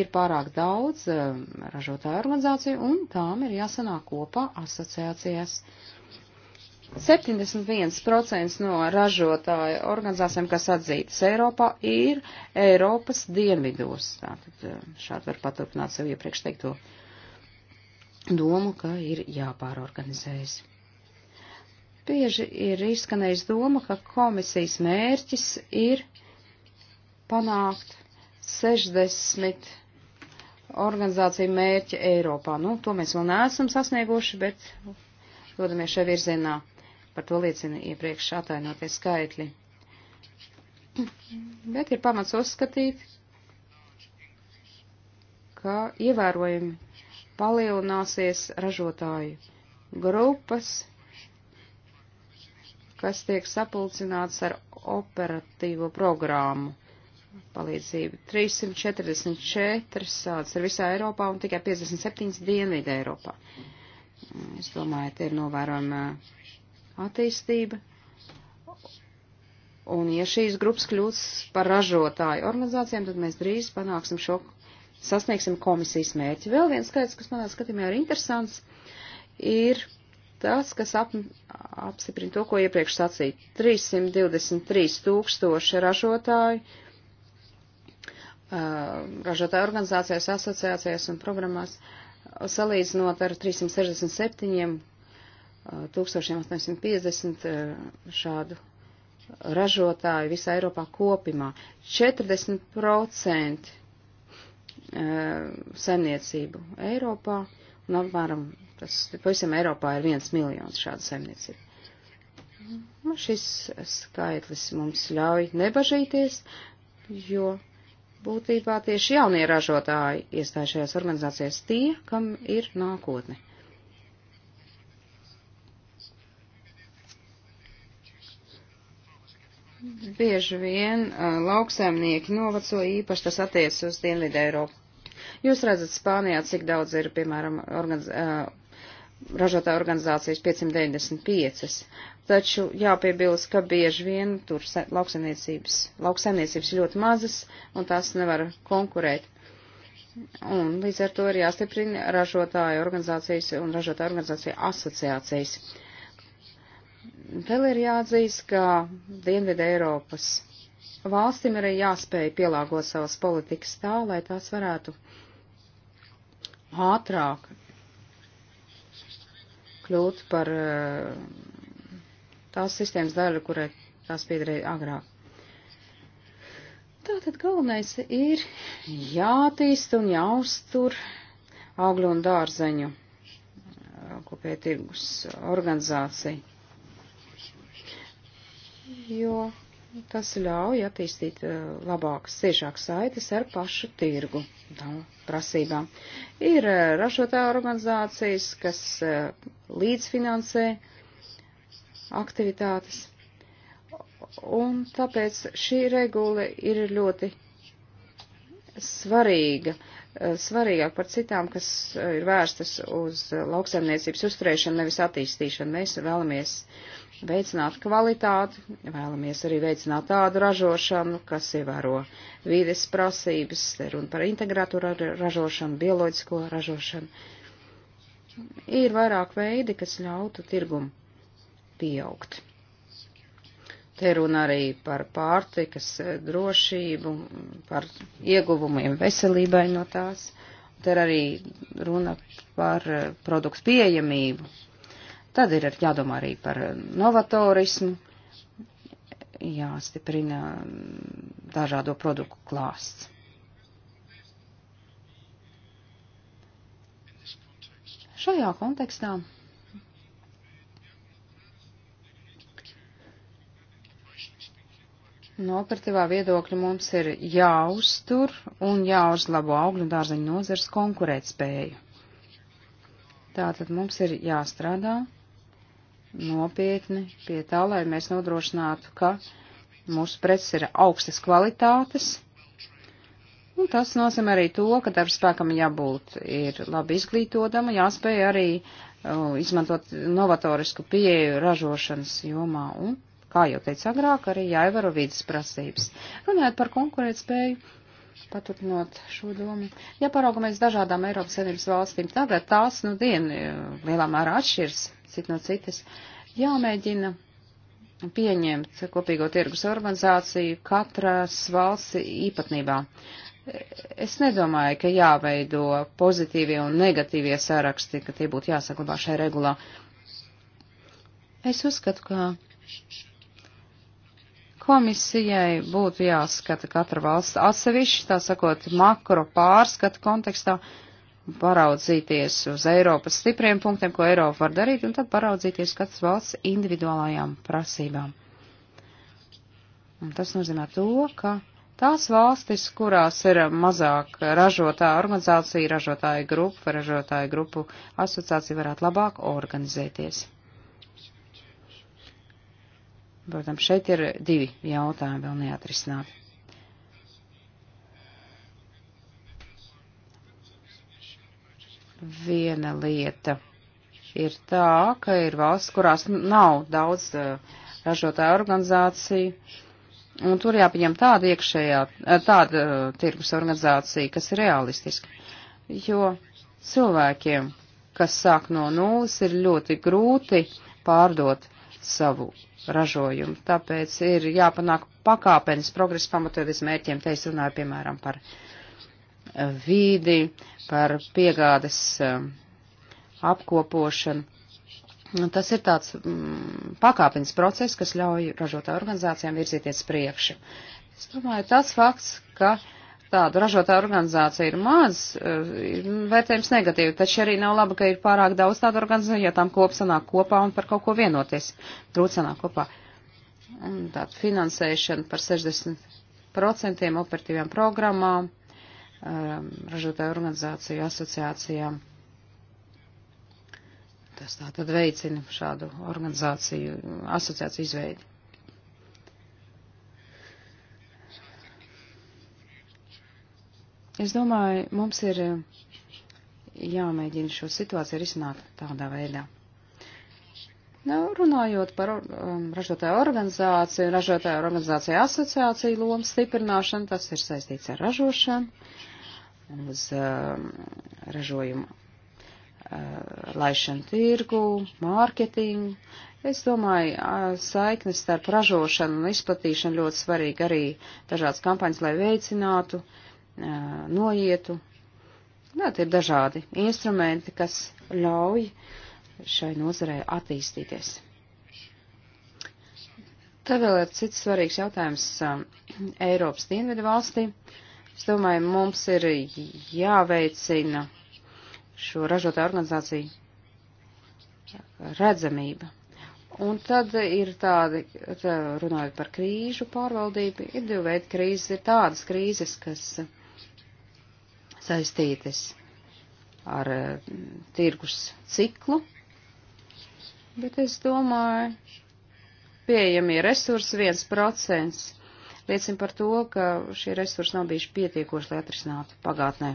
Ir pārāk daudz ražotāju organizāciju un tām ir jāsanāk kopā asociācijās. Uh, 71% no ražotāju organizācijām, kas atzītas Eiropā, ir Eiropas dienvidos. Tātad eh, šādi var paturpināt sev iepriekš teikto domu, ka ir jāpārorganizējas. Bieži ir izskanējis doma, ka komisijas mērķis ir panākt 60 organizāciju mērķi Eiropā. Nu, to mēs vēl neesam sasnieguši, bet dodamies šajā virzienā. Par to liecina iepriekš atainotie skaitļi. Bet ir pamats uzskatīt, ka ievērojami palielināsies ražotāju grupas, kas tiek sapulcināts ar operatīvo programmu palīdzību. 344 sādas ir visā Eiropā un tikai 57 dienvidē Eiropā. Es domāju, te ir novērojama attīstība. Un ja šīs grupas kļūs par ražotāju organizācijām, tad mēs drīz panāksim šo, sasniegsim komisijas mērķi. Vēl viens skaits, kas manā skatījumā ir interesants, ir tas, kas ap, apstiprina to, ko iepriekš sacīja. 323 tūkstoši ražotāju, ražotāju organizācijās, asociācijās un programmās, salīdzinot ar 367 1850 eh, šādu ražotāju visā Eiropā kopumā. 40% eh, saimniecību Eiropā un apmēram tas pavisam Eiropā ir viens miljons šādu saimniecību. Nu, šis skaitlis mums ļauj nebažīties, jo būtībā tieši jaunie ražotāji iestājušajās organizācijās tie, kam ir nākotne. Bieži vien uh, lauksaimnieki novaco īpaši tas attiec uz Dienvidu Eiropu. Jūs redzat Spānijā, cik daudz ir, piemēram, organiz, uh, ražotā organizācijas 595, taču jāpiebilst, ka bieži vien tur lauksaimniecības, lauksaimniecības ļoti mazas un tās nevar konkurēt. Un līdz ar to ir jāstiprina ražotāju organizācijas un ražotāju organizāciju asociācijas. Uh, Vēl ir jāatzīst, ka Dienvidē Eiropas valstīm arī jāspēj pielāgot savas politikas tā, lai tās varētu ātrāk kļūt par eh, tās sistēmas daļu, kurai tās piedarīja agrāk. Tātad galvenais ir jātīst un jāuztur augļu un dārzeņu eh, kopēja tirgus organizācija jo tas ļauj attīstīt eh, labākas, ciešākas saites ar pašu tirgu tam prasībām. Ir eh, ražotāja organizācijas, kas eh, līdzfinansē aktivitātes, un tāpēc šī regula ir ļoti svarīga, svarīgāk par citām, kas ir vērstas uz lauksaimniecības uzturēšanu, nevis attīstīšanu. Mēs vēlamies uh, veicināt kvalitāti, vēlamies arī veicināt tādu ražošanu, kas ievēro vīdes prasības, un par integrētu ražošanu, bioloģisko ražošanu. Ir vairāk veidi, kas ļautu tirgumu pieaugt. Te runa arī par pārtikas eh, drošību, par ieguvumiem veselībai no tās. Te arī runa par eh, produktu pieejamību, Tad ir jādomā arī par eh, novatorismu, jāstiprina mm, dažādo produktu klāsts. Šajā kontekstā no operatīvā viedokļa mums ir jāuztur un jāuzlabo augļu dārzeņu nozars konkurētspēju. Tātad mums ir jāstrādā nopietni pie tā, lai mēs nodrošinātu, ka mūsu preces ir augstas kvalitātes. Un tas nozīmē arī to, ka darbspēkam jābūt ir labi izglītotam, jāspēj arī uh, izmantot novatorisku pieeju ražošanas jomā un, kā jau teicu agrāk, arī jāievaro vidas prasības. Runājot par konkurētspēju, paturpinot šo domu, ja paraugamies dažādām Eiropas Savienības valstīm, tagad tās, nu, dienu lielā mērā atšķirs cita no citas, jāmēģina pieņemt kopīgo tirgus organizāciju katras valsts īpatnībā. Es nedomāju, ka jāveido pozitīvie un negatīvie saraksti, ka tie būtu jāsaglabā šai regulā. Es uzskatu, ka komisijai būtu jāskata katra valsts atsevišķi, tā sakot, makro pārskata kontekstā, uh, paraudzīties uz Eiropas stipriem punktiem, ko Eiropa var darīt, un tad paraudzīties katras valsts individuālajām prasībām. Un tas nozīmē to, ka tās valstis, kurās ir mazāk ražotā organizācija, ražotāja grupa vai ražotāja grupu asociācija, varētu labāk organizēties. Protams, šeit ir divi jautājumi vēl neatrisināti. Viena lieta ir tā, ka ir valsts, kurās nav daudz eh, ražotāju organizāciju, un tur jāpieņem tāda iekšējā, eh, tāda eh, tirgus organizācija, kas ir realistiska. Jo cilvēkiem, kas sāk no nulles, ir ļoti grūti pārdot savu ražojumu. Tāpēc ir jāpanāk pakāpenis progress pamatoties mērķiem. Te es runāju, piemēram, par uh, vīdi, par piegādes um, apkopošanu. Tas ir tāds mm, pakāpins process, kas ļauj ražotāju organizācijām virzīties priekšu. Es domāju, tas fakts, ka tādu ražotāju organizāciju ir maz, uh, ir vērtējums negatīvi, taču arī nav labi, ka ir pārāk daudz tādu organizāciju, ja tām kop sanāk kopā un par kaut ko vienoties, grūti sanāk kopā. Un tāda finansēšana par 60% operatīvām programmām Um, ražotāju organizāciju asociācijām. Tas tā tad veicina šādu organizāciju, asociāciju izveidi. Es domāju, mums ir uh, jāmēģina šo situāciju risināt tādā veidā. Nu, runājot par um, ražotāju organizāciju, ražotāju organizāciju asociāciju lomu stiprināšanu, tas ir saistīts ar ražošanu, uz um, ražojumu uh, laišanu tirgu, mārketingu. Es domāju, uh, saiknes starp ražošanu un izplatīšanu ļoti svarīgi arī dažādas kampaņas, lai veicinātu, uh, noietu. Jā, tie ir dažādi instrumenti, kas ļauj uh, šai nozarei attīstīties. Te vēl ir cits svarīgs jautājums um, Eiropas dienvidu valstī. Es domāju, mums ir jāveicina šo ražotāju organizāciju redzamība. Un tad ir tādi, tā runājot par krīžu pārvaldību, ir divi veidi krīzes. Ir tādas krīzes, kas saistītas ar uh, tirgus ciklu, bet es domāju, pieejamie resursi 1% liecina par to, ka šie resursi nav bijuši pietiekoši, lai atrisinātu pagātnē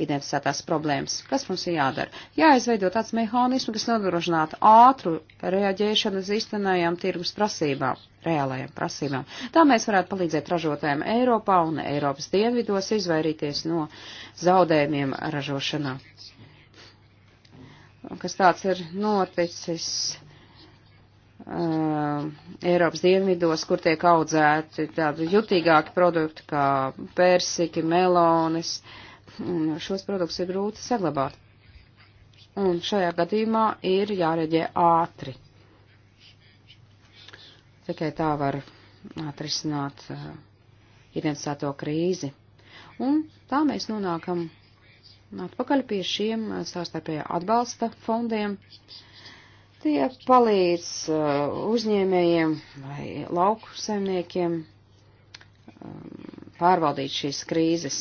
identificētās problēmas. Kas mums ir jādara? Jāizveido tāds mehānisms, kas nodrošinātu ātru reaģēšanu uz iztenējām tirgus prasībām, reālajām prasībām. Tā mēs varētu palīdzēt ražotājiem Eiropā un Eiropas dienvidos izvairīties no zaudējumiem ražošanā kas tāds ir noticis uh, Eiropas dienvidos, kur tiek audzēti tādi jutīgāki produkti kā persiki, melonis. Un šos produktus ir grūti saglabāt. Un šajā gadījumā ir jāreģē ātri. Tikai tā var atrisināt uh, identificēto krīzi. Un tā mēs nonākam Atpakaļ pie šiem eh, sāstarpējā atbalsta fondiem. Tie palīdz eh, uzņēmējiem vai lauku saimniekiem eh, pārvaldīt šīs krīzes,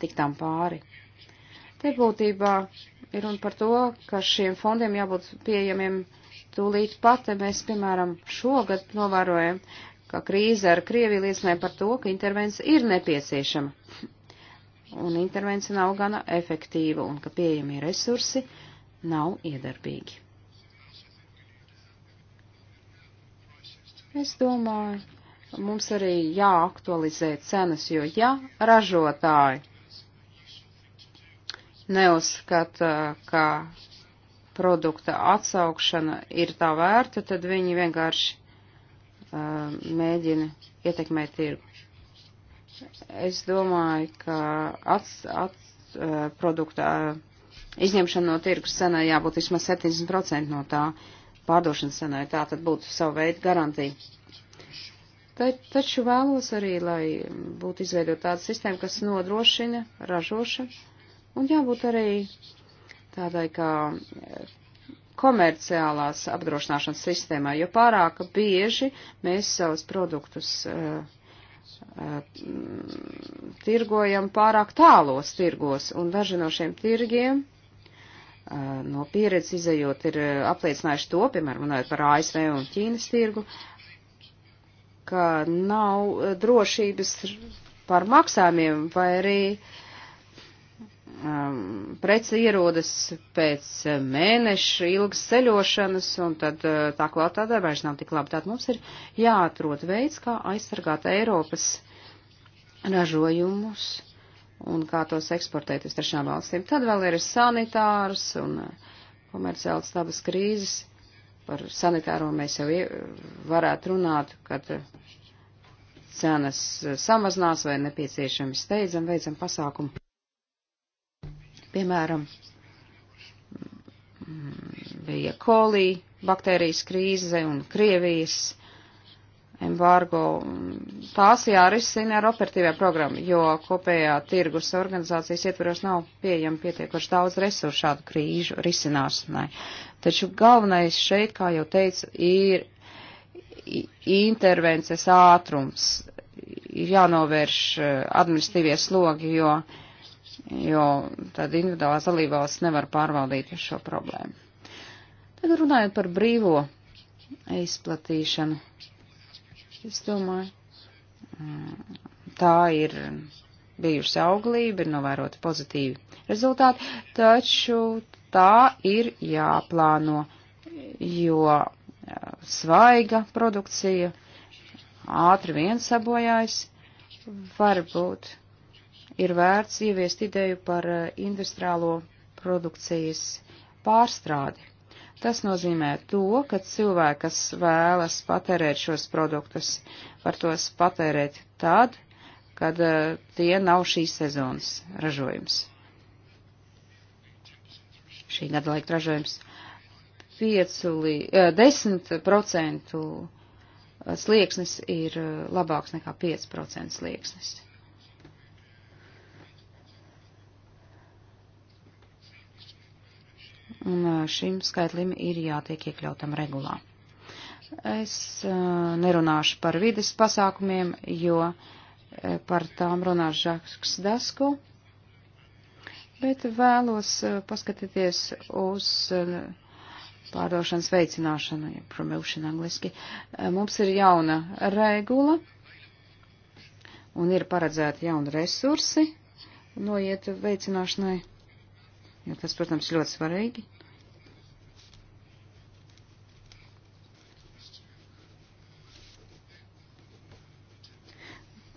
tik tam pāri. Te būtībā ir runa par to, ka šiem fondiem jābūt pieejamiem tūlīt pat. Mēs, piemēram, šogad novērojam, ka krīze ar Krieviju liecināja par to, ka intervence ir nepieciešama un intervence nav gana efektīva un ka pieejamie resursi nav iedarbīgi. Es domāju, mums arī jāaktualizē cenas, jo ja ražotāji neuzskata, ka produkta atsaukšana ir tā vērta, tad viņi vienkārši uh, mēģina ietekmēt tirgu. Es domāju, ka ats, ats, produkta izņemšana no tirgus cenai jābūt vismaz 70% no tā pārdošanas cenai. Tā tad būtu sava veida garantija. Ta, taču vēlos arī, lai būtu izveidot tāda sistēma, kas nodrošina ražošanu un jābūt arī tādai kā komerciālās apdrošināšanas sistēmā, jo pārāk bieži mēs savus produktus uh, Eh, tirgojam pārāk tālos tirgos, un daži no šiem tirgiem eh, no pieredzes izējot ir eh, apliecinājuši to, piemēram, runājot par ASV un Ķīnas tirgu, ka nav drošības par maksājumiem vai arī uh, um, prece ierodas pēc mēneša ilgas ceļošanas, un tad uh, tā klātādē vairs nav tik labi. Tātad mums ir jāatrod veids, kā aizsargāt Eiropas ražojumus un kā tos eksportēt uz trešām valstīm. Tad vēl ir sanitārs un uh, komerciāls dabas krīzes. Par sanitāro mēs jau varētu runāt, kad uh, cenas uh, samazinās vai nepieciešami steidzam, veicam pasākumu. Piemēram, bija kolī, baktērijas krīze un Krievijas embargo. Tās jārisina ar operatīvā programma, jo kopējā tirgus organizācijas ietveros nav pieejama pietiekoši daudz resursu šādu krīžu risināšanai. Taču galvenais šeit, kā jau teicu, ir intervences ātrums. Ir jānovērš eh, administratīvie slogi, jo jo tad individuālās dalībvalsts nevar pārvaldīt šo problēmu. Tad runājot par brīvo izplatīšanu, es domāju, tā ir bijusi auglība, ir novēroti pozitīvi rezultāti, taču tā ir jāplāno, jo svaiga produkcija ātri vien sabojājas, varbūt ir vērts ieviest ideju par eh, industriālo produkcijas pārstrādi. Tas nozīmē to, ka cilvēki, kas vēlas patērēt šos produktus, var tos patērēt tad, kad eh, tie nav šīs sezonas ražojums. Šī gada laika ražojums 10% eh, slieksnis ir labāks nekā 5% slieksnis. un šim skaitlim ir jātiek iekļautam regulā. Es nerunāšu par vides pasākumiem, jo par tām runās Žaks Dasku, bet vēlos paskatīties uz pārdošanas veicināšanu, ja promotion angliski. Mums ir jauna regula un ir paredzēti jauni resursi noiet veicināšanai jo nu, tas, protams, ļoti svarīgi.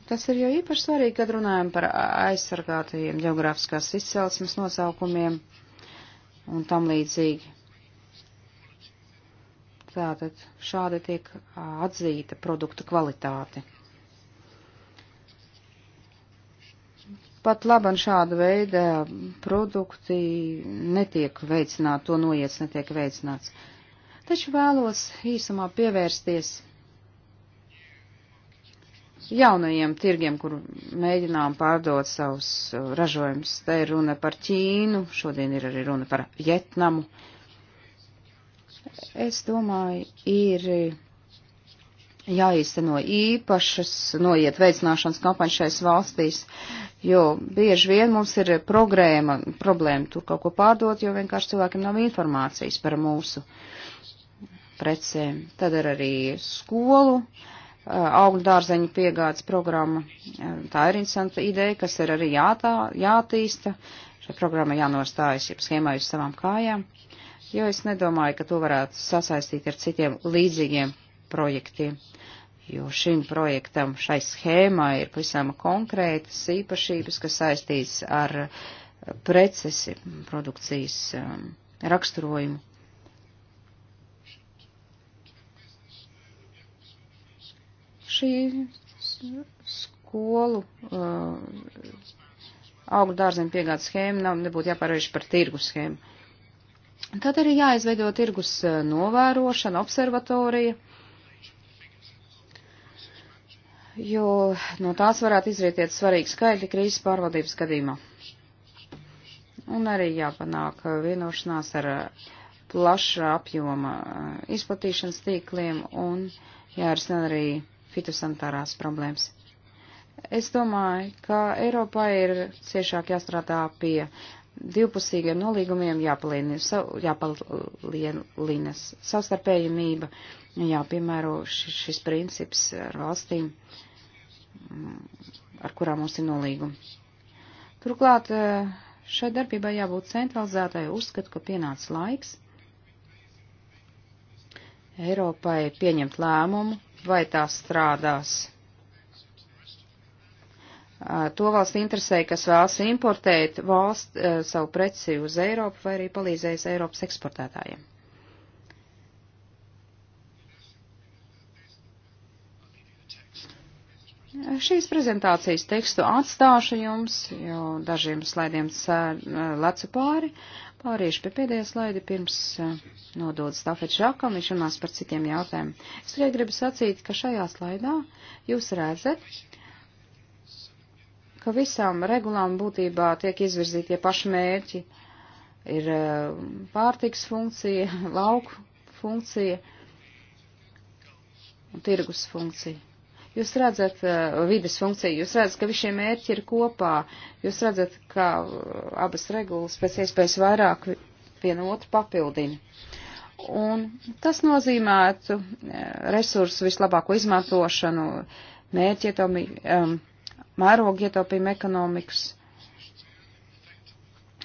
Tas ir jau īpaši svarīgi, kad runājam par aizsargātajiem geogrāfiskās izcelsmes nosaukumiem un tam līdzīgi. Tātad šādi tiek atzīta produktu kvalitāte. Pat laban šāda veida produkti netiek veicināti, to noiets netiek veicināts. Taču vēlos īsumā pievērsties jaunajiem tirgiem, kur mēģinām pārdot savus ražojumus. Te ir runa par Ķīnu, šodien ir arī runa par Vietnamu. Es domāju, ir jāīsteno īpašas noiet veicināšanas kampaņas šais valstīs, jo bieži vien mums ir progrēma, problēma tur kaut ko pārdot, jo vienkārši cilvēkiem nav informācijas par mūsu precēm. Tad ir arī skolu augļu dārzeņu piegādes programma. Tā ir interesanta ideja, kas ir arī jātā, jātīsta. Šai programmai jānostājas, ja schēmā uz savām kājām, jo es nedomāju, ka to varētu sasaistīt ar citiem līdzīgiem projektiem, jo šim projektam, šai schēmai ir pavisam konkrētas īpašības, kas saistīts ar preces, produkcijas um, raksturojumu. Šī skolu uh, augu dārziem piegādes schēma nav, nebūtu jāpārvērš par tirgu schēmu. Tad arī jāizveido tirgus uh, novērošana, observatorija. Uh, jo no tās varētu izrietiet svarīgi skaidri krīzes pārvaldības gadījumā. Un arī jāpanāk vienošanās ar uh, plaša apjoma uh, izplatīšanas tīkliem un jārisina arī fitosanitārās problēmas. Es domāju, ka Eiropā ir ciešāk jāstrādā pie divpusīgiem nolīgumiem jāpalielina, jāpalielina savstarpējumība, jāpiemēro šis, šis princips ar valstīm, mm, ar kurām mums ir nolīgumi. Turklāt eh, šai darbībai jābūt centralizētai, uzskatu, ka pienācis laiks Eiropai pieņemt lēmumu, vai tā strādās to valstu interesē, kas vēlas importēt valst, savu preci uz Eiropu vai arī palīdzēs Eiropas eksportētājiem. Šīs prezentācijas tekstu atstāšu jums, jo dažiem slaidiem lecu pāri. Pāriešu pie pēdējā slaida pirms nodod stafetu žakam, viņš runās par citiem jautājumiem. Es tikai gribu sacīt, ka šajā slaidā jūs redzat, ka visām regulām būtībā tiek izvirzītie paši mērķi. Ir e, pārtiks funkcija, lauku funkcija un tirgus funkcija. Jūs redzat, e, vides funkcija, jūs redzat, ka visi šie mērķi ir kopā, jūs redzat, ka e, abas regulas pēc iespējas vairāk vienu otru papildina. Un tas nozīmētu resursu vislabāko izmantošanu, mērķietomi, um, mēroga ietaupījuma ekonomikas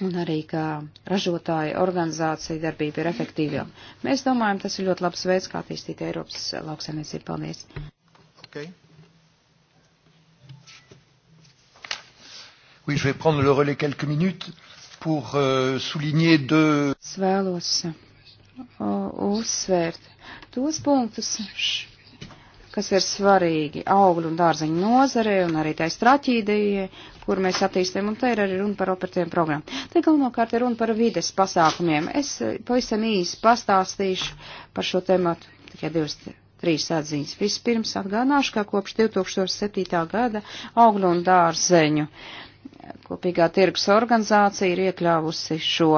un arī kā ražotāja organizācija darbība ir efektīva. Mēs domājam, tas ir ļoti labs veids, kā attīstīt Eiropas lauksaimniecību. Paldies! Okay. Oui, je vais prendre le relais quelques minutes pour euh, souligner deux. Svēlos uh, uzsvērt tos punktus kas ir svarīgi augļu un dārziņu nozarē un arī tai straķīdējai, kur mēs attīstām, un te ir arī runa par operatīviem programmu. Te galvenokārt ir runa par vides pasākumiem. Es eh, pavisam īsi pastāstīšu par šo tematu tikai divas, trīs atziņas. Vispirms atgādināšu, ka kopš 2007. gada augļu un dārzeņu kopīgā tirgus organizācija ir iekļāvusi šo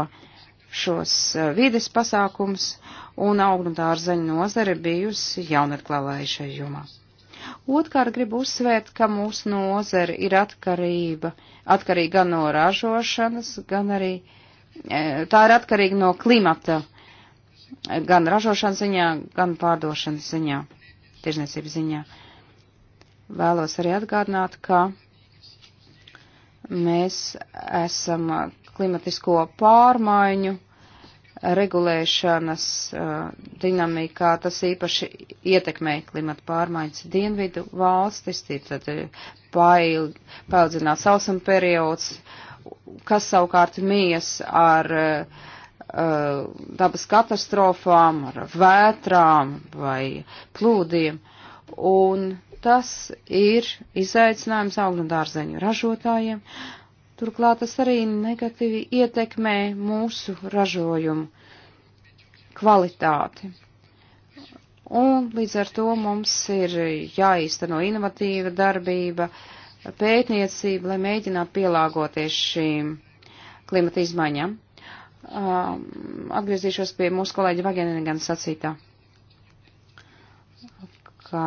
šos eh, vides pasākums, un augnutāra zaļa nozare bijusi jaunatklāvēja šajā jomā. Otkārt gribu uzsvērt, ka mūsu nozare ir atkarība, atkarīga gan no ražošanas, gan arī eh, tā ir atkarīga no klimata, eh, gan ražošanas ziņā, gan pārdošanas ziņā, tirzniecības ziņā. Vēlos arī atgādināt, ka mēs esam klimatisko pārmaiņu regulēšanas uh, dinamikā tas īpaši ietekmē klimata pārmaiņas dienvidu valstis, tad paildzināt sausuma periods, kas savukārt mijas ar uh, dabas katastrofām, ar vētrām vai plūdiem. Un tas ir izaicinājums augļu un dārzeņu ražotājiem. Uh, Turklāt tas arī negatīvi ietekmē mūsu ražojumu kvalitāti. Un līdz ar to mums ir jāīsteno inovatīva darbība, pētniecība, lai mēģinātu pielāgoties šīm klimata izmaiņām. Um, atgriezīšos pie mūsu kolēģa Vagenina gan sacītā, ka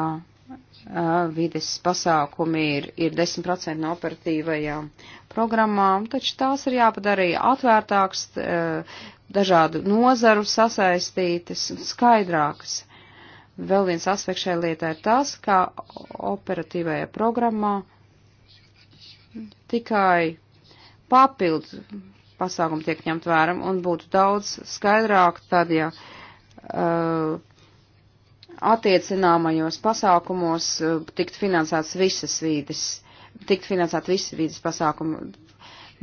vides pasākumi ir, ir 10% no operatīvajām programmām, taču tās ir jāpadara atvērtāks, dažādu nozaru sasaistītas, skaidrākas. Vēl viens aspekts šajā lietā ir tas, ka operatīvajā programmā tikai papildu pasākumu tiek ņemt vēram un būtu daudz skaidrāk tad, ja uh, attiecināmajos pasākumos eh, tikt finansēts visas vīdes, tikt finansēt visas vīdes pasākumu.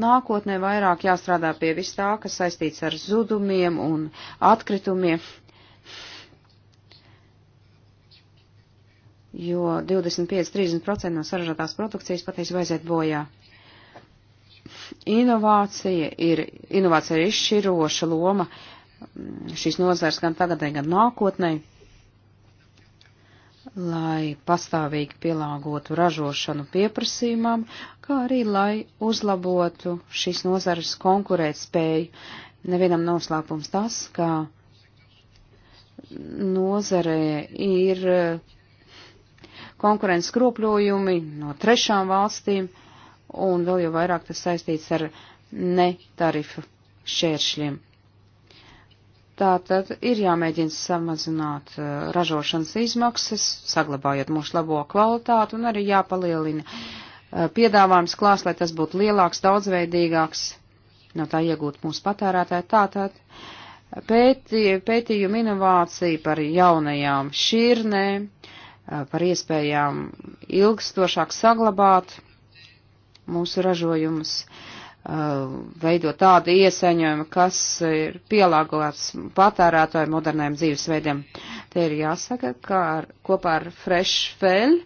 Nākotnē vairāk jāstrādā pie vis tā, kas saistīts ar zudumiem un atkritumiem, jo 25-30% no saražotās produkcijas patiesībā aiziet bojā. Inovācija ir, inovācija ir izšķiroša loma mm, šīs nozars gan tagadai, gan nākotnei lai pastāvīgi pielāgotu ražošanu pieprasījumam, kā arī lai uzlabotu šīs nozares konkurētspēju. Nevienam nav slēpums tas, ka nozarē ir eh, konkurences kropļojumi no trešām valstīm, un vēl jau vairāk tas saistīts ar netarifu šķēršļiem. Tātad ir jāmēģina samazināt uh, ražošanas izmaksas, saglabājot mūsu labo kvalitāti un arī jāpalielina uh, piedāvājums klāsts, lai tas būtu lielāks, daudzveidīgāks, no tā iegūt mūsu patērētāji. Tātad pēti, pētījuma inovācija par jaunajām šķirnēm, uh, par iespējām ilgstošāk saglabāt mūsu ražojumus. Uh, Uh, veidot tādu iesaņojumu, kas ir pielāgots patērētāju moderniem dzīvesveidiem. Te ir jāsaka, ka ar, kopā ar Fresh Fell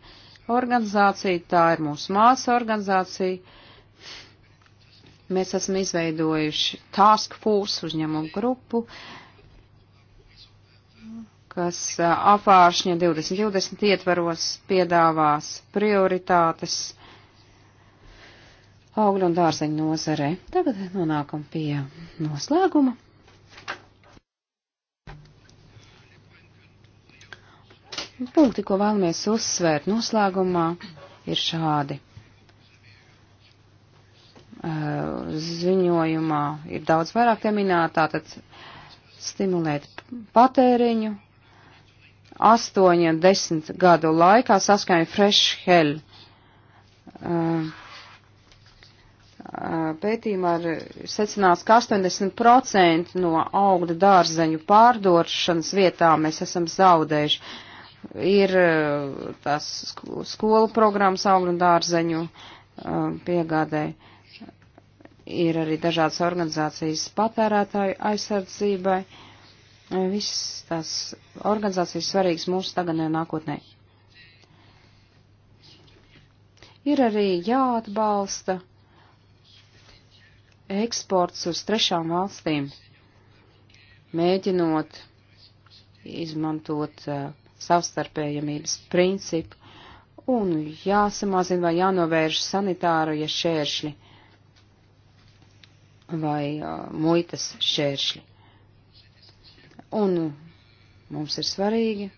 organizāciju, tā ir mūsu māsa organizācija, mēs esam izveidojuši task force uzņēmumu grupu, kas uh, apvāršņa 2020 ietvaros piedāvās prioritātes augļu un dārzeņu nozarē. Tagad nonākam pie noslēguma. Punkti, ko vēlamies uzsvērt noslēgumā, ir šādi. Ziņojumā ir daudz vairāk pieminēta, tātad stimulēt patēriņu. Astoņa desmit gadu laikā saskaņa Fresh Hell. Uh, pētījumā ir secināts, ka 80% no augļu dārzeņu pārdošanas vietām mēs esam zaudējuši. Ir tās skolu programmas augļu dārzeņu piegādē. Ir arī dažādas organizācijas patērētāju aizsardzībai. Visas tās organizācijas svarīgas mūsu tagadnē nākotnē. Ir arī jāatbalsta eksports uz trešām valstīm, mēģinot izmantot uh, savstarpējamības principu un jāsamazina vai jānovērš sanitārija šēršļi vai uh, muitas šēršļi. Un mums ir svarīgi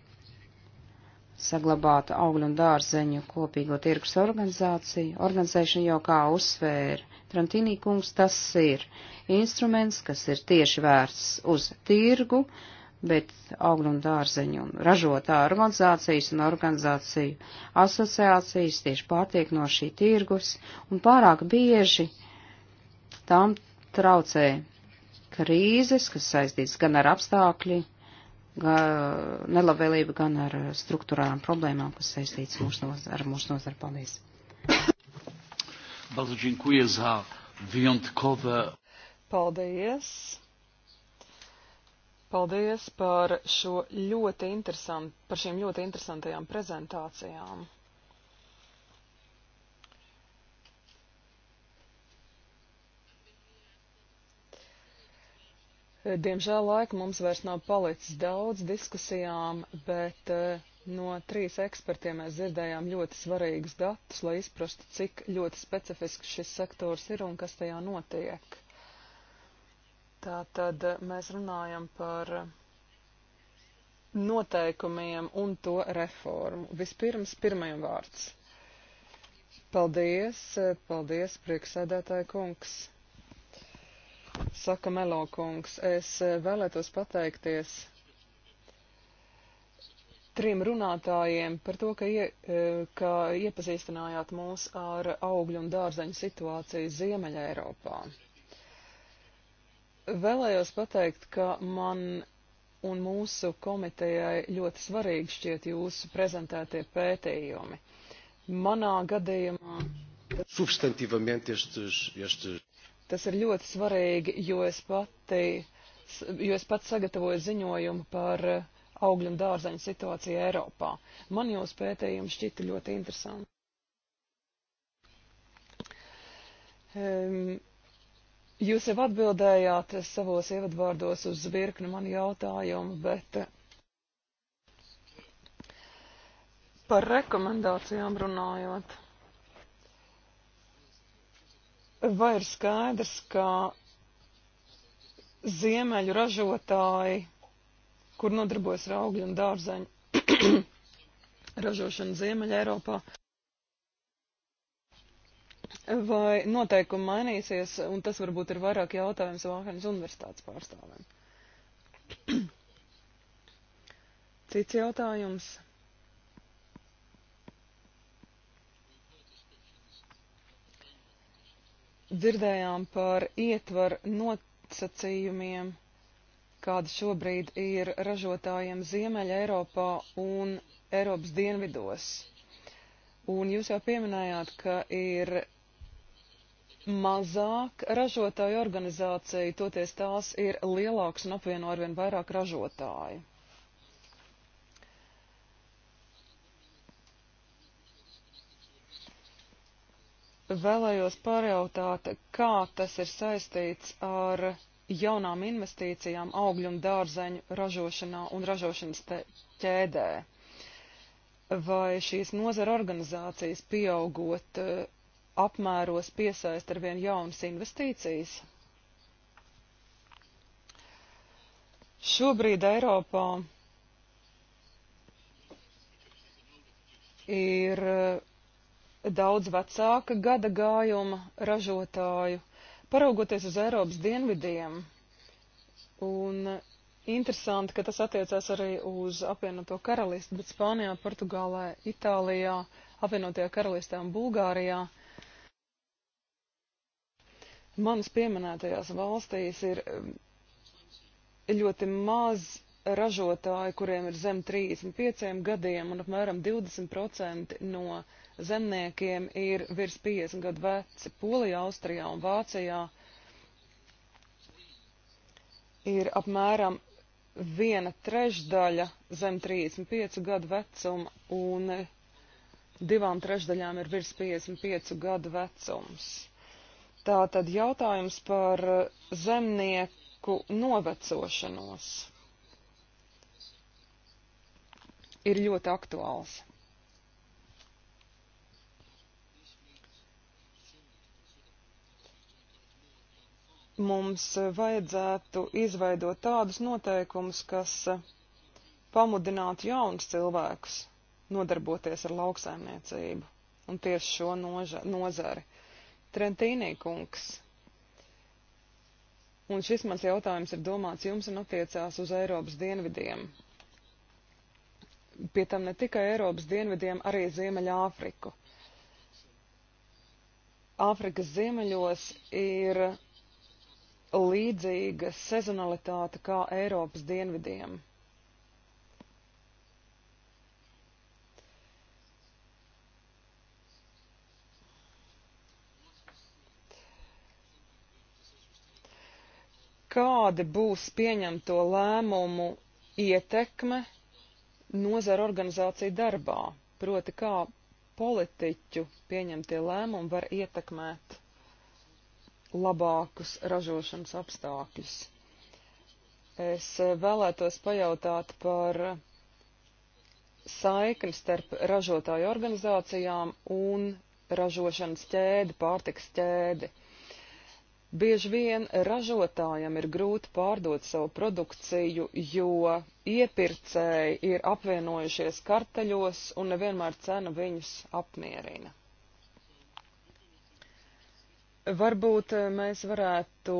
saglabāt augļu un dārzeņu kopīgo tirgus organizāciju. Organizēšana jau kā uzsvēra Trantīnī kungs, tas ir instruments, kas ir tieši vērts uz tirgu, bet augļu un dārzeņu un ražotā organizācijas un organizāciju asociācijas tieši pārtiek no šī tirgus un pārāk bieži tām traucē krīzes, kas saistīts gan ar apstākļiem, nelabvēlību, gan ar struktūrālām problēmām, kas saistīts mūsu noz ar mūsu nozaru. Paldies! Bardzo dziękuję za wyjątkowe. Paldies! Paldies par, šo ļoti par šīm ļoti interesantajām prezentācijām. Diemžēl laika mums vairs nav palicis daudz diskusijām, bet eh, no trīs ekspertiem mēs dzirdējām ļoti svarīgus datus, lai izprastu, cik ļoti specifisks šis sektors ir un kas tajā notiek. Tātad eh, mēs runājam par noteikumiem un to reformu. Vispirms pirmajam vārds. Paldies, eh, paldies, prieksēdētāja kungs. Saka Melokungs, es eh, vēlētos pateikties trim runātājiem par to, ka, ie, eh, ka iepazīstinājāt mūs ar augļu un dārzeņu situāciju Ziemeļa Eiropā. Vēlējos pateikt, ka man un mūsu komitejai ļoti svarīgi šķiet jūsu prezentētie pētījumi. Manā gadījumā. Substantīvamente estes, estes Tas ir ļoti svarīgi, jo es, pati, jo es pats sagatavoju ziņojumu par eh, augļu un dārzeņu situāciju Eiropā. Man jūs pētījums šķita ļoti interesanti. Um, jūs jau atbildējāt savos ievadvārdos uz virkni manu jautājumu, bet eh, par rekomendācijām runājot vai ir skaidrs, ka ziemeļu ražotāji, kur nodarbojas ar augļu un dārzeņu ražošanu Ziemeļa Eiropā, vai noteikumi mainīsies, un tas varbūt ir vairāk jautājums Vāhenes universitātes pārstāvēm. Cits jautājums. dzirdējām par ietvaru nosacījumiem, kāda šobrīd ir ražotājiem Ziemeļa Eiropā un Eiropas dienvidos. Un jūs jau pieminējāt, ka ir mazāk ražotāju organizāciju, toties tās ir lielāks un apvieno arvien vairāk ražotāju. vēlējos pārjautāt, kā tas ir saistīts ar jaunām investīcijām augļu un dārzeņu ražošanā un ražošanas ķēdē. Vai šīs nozara organizācijas pieaugot eh, apmēros piesaist ar vien jaunas investīcijas? Šobrīd Eiropā ir eh, daudz vecāka gada gājuma ražotāju, paraugoties uz Eiropas dienvidiem. Un interesanti, ka tas attiecās arī uz apvienoto karalisti, bet Spānijā, Portugālē, Itālijā, apvienotajā karalistē un Bulgārijā. Manas pieminētajās valstīs ir um, ļoti maz ražotāji, kuriem ir zem 35 gadiem, un apmēram 20% no zemniekiem ir virs 50 gadu veci. Polijā, Austrijā un Vācijā ir apmēram viena trešdaļa zem 35 gadu vecuma un divām trešdaļām ir virs 55 gadu vecums. Tātad jautājums par zemnieku novecošanos ir ļoti aktuāls. mums vajadzētu izveidot tādus noteikumus, kas pamudinātu jaunus cilvēkus nodarboties ar lauksaimniecību un tieši šo noža, nozari. Trentīnī kungs. Un šis mans jautājums ir domāts jums un attiecās uz Eiropas dienvidiem. Pie tam ne tikai Eiropas dienvidiem, arī Ziemeļāfriku. Āfrikas ziemeļos ir līdzīga sezonalitāte kā Eiropas dienvidiem. Kāda būs pieņemto lēmumu ietekme nozara organizāciju darbā, proti kā politiķu pieņemtie lēmumi var ietekmēt labākus ražošanas apstākļus. Es eh, vēlētos pajautāt par saikni starp ražotāju organizācijām un ražošanas ķēdi, pārtiks ķēdi. Bieži vien ražotājam ir grūti pārdot savu produkciju, jo iepircēji ir apvienojušies karteļos un nevienmēr cena viņus apmierina. Varbūt eh, mēs varētu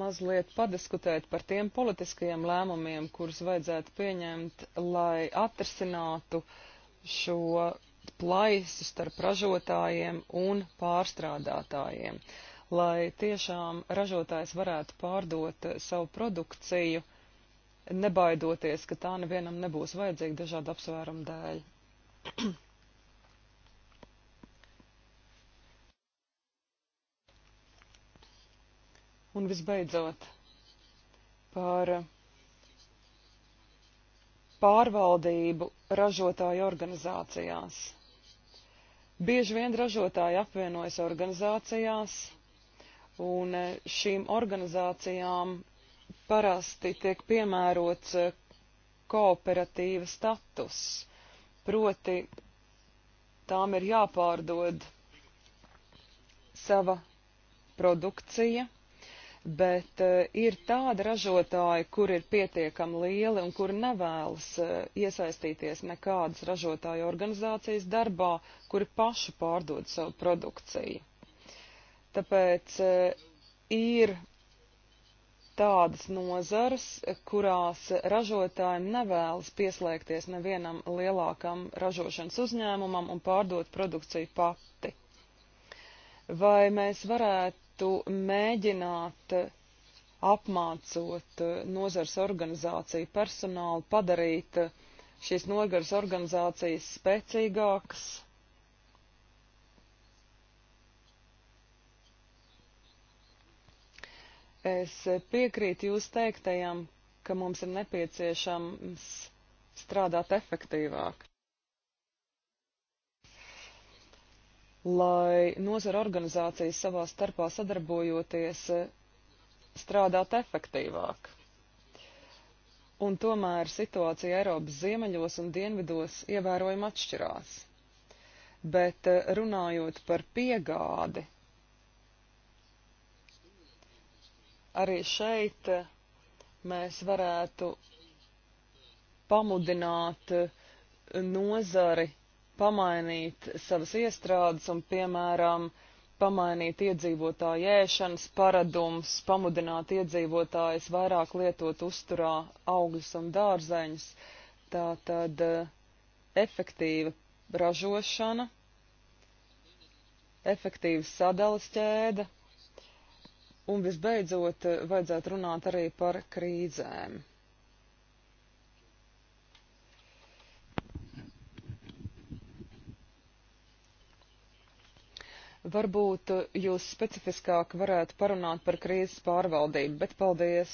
mazliet padiskutēt par tiem politiskajiem lēmumiem, kurus vajadzētu pieņemt, lai atrisinātu šo plaisu starp ražotājiem un pārstrādātājiem, lai tiešām ražotājs varētu pārdot eh, savu produkciju, nebaidoties, ka tā nevienam nebūs vajadzīga dažādu apsvērumu dēļ. Un visbeidzot, par pārvaldību ražotāju organizācijās. Bieži vien ražotāji apvienojas organizācijās, un šīm organizācijām parasti tiek piemērots eh, kooperatīva status, proti tām ir jāpārdod sava produkcija bet uh, ir tādi ražotāji, kur ir pietiekami lieli un kur nevēlas uh, iesaistīties nekādas ražotāju organizācijas darbā, kuri paši pārdod savu produkciju. Tāpēc uh, ir tādas nozares, kurās ražotājiem nevēlas pieslēgties nevienam lielākam ražošanas uzņēmumam un pārdot produkciju pati. Vai mēs varētu vajadzētu mēģināt apmācot nozars organizāciju personālu, padarīt šīs nozars organizācijas spēcīgākas. Es piekrītu jūs teiktajam, ka mums ir nepieciešams strādāt efektīvāk. lai nozara organizācijas savā starpā sadarbojoties e, strādāt efektīvāk. Un tomēr situācija Eiropas ziemeļos un dienvidos ievērojami atšķirās. Bet e, runājot par piegādi, arī šeit e, mēs varētu pamudināt nozari pamainīt savas iestrādes un, piemēram, pamainīt iedzīvotāju ēšanas paradums, pamudināt iedzīvotājus vairāk lietot uzturā augļus un dārzeņus. Tā tad eh, efektīva ražošana, efektīva sadalas ķēde, un visbeidzot vajadzētu runāt arī par krīzēm. Varbūt jūs specifiskāk varētu parunāt par krīzes pārvaldību, bet paldies!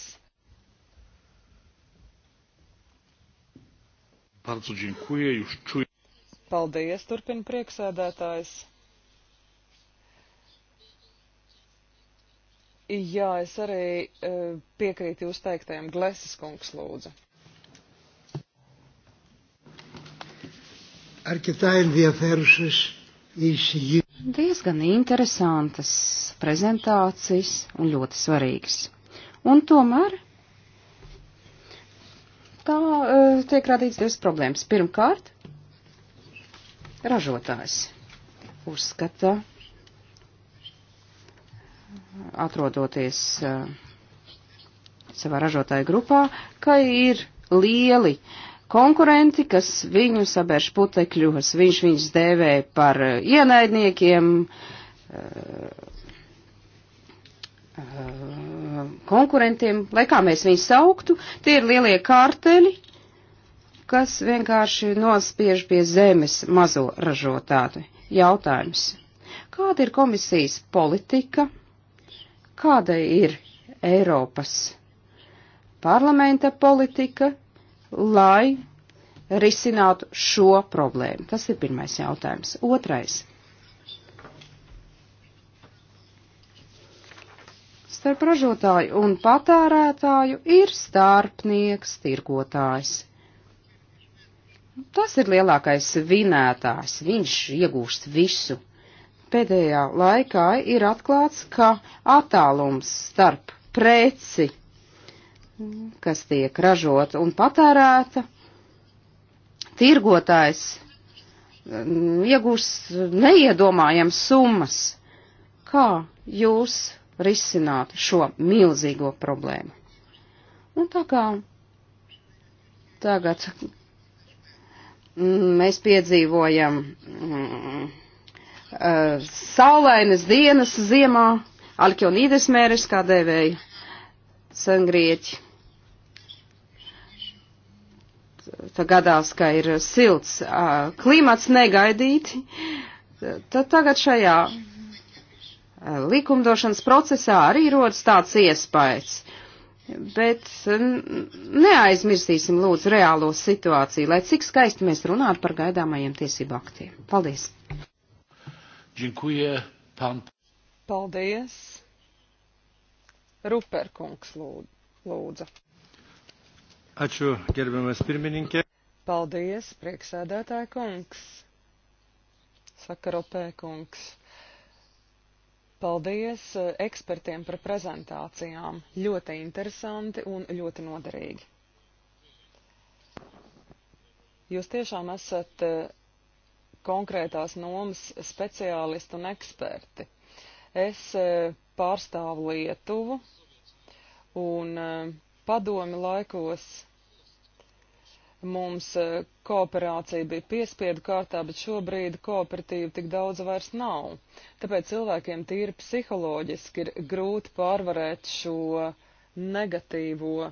Bardzo dziękuję, już czuję. Paldies, turpina prieksēdētājs. Jā, es arī uh, piekrītu jūs teiktajam. Glesis kungs lūdzu. Αρκετά ενδιαφέρουσες οι εισηγήσεις diezgan interesantas prezentācijas un ļoti svarīgas. Un tomēr tā uh, tiek radīts divas problēmas. Pirmkārt, ražotājs uzskata, atrodoties uh, savā ražotāja grupā, ka ir lieli konkurenti, kas viņu sabērš putekļos. Viņš viņus dēvēja par eh, ienaidniekiem, eh, eh, konkurentiem, lai kā mēs viņus sauktu, tie ir lielie kārteļi, kas vienkārši nospiež pie zemes mazo ražotāju. Jautājums. Kāda ir komisijas politika? Kāda ir Eiropas parlamenta politika? lai risinātu šo problēmu? Tas ir pirmais jautājums. Otrais. Starp ražotāju un patērētāju ir starpnieks, tirgotājs. Tas ir lielākais vinētājs. Viņš iegūst visu. Pēdējā laikā ir atklāts, ka attālums starp preci kas tiek ražota un patērēta, tirgotājs mm, iegūs neiedomājams summas. Kā jūs risināt šo milzīgo problēmu? Un tā kā tagad mm, mēs piedzīvojam mm, eh, saulainas dienas ziemā, Alkionīdes mēres, kā dēvēja sengrieķi. gadās, ka ir silts klimats negaidīti, tad tagad šajā likumdošanas procesā arī rodas tāds iespējas. Bet neaizmirsīsim lūdzu reālo situāciju, lai cik skaisti mēs runātu par gaidāmajiem tiesību aktiem. Paldies! Džinkuje, pan. Paldies! Ruperkungs lūdza. Ačiū, gerbiamas pirmininkė. Paldies, prieksēdētāja kungs. Sakaropē kungs. Paldies eh, ekspertiem par prezentācijām. Ļoti interesanti un ļoti noderīgi. Jūs tiešām esat eh, konkrētās nomas speciālisti un eksperti. Es eh, pārstāvu Lietuvu un padomi laikos mums e, kooperācija bija piespiedu kārtā, bet šobrīd kooperatīva tik daudz vairs nav. Tāpēc cilvēkiem tīri psiholoģiski ir grūti pārvarēt šo negatīvo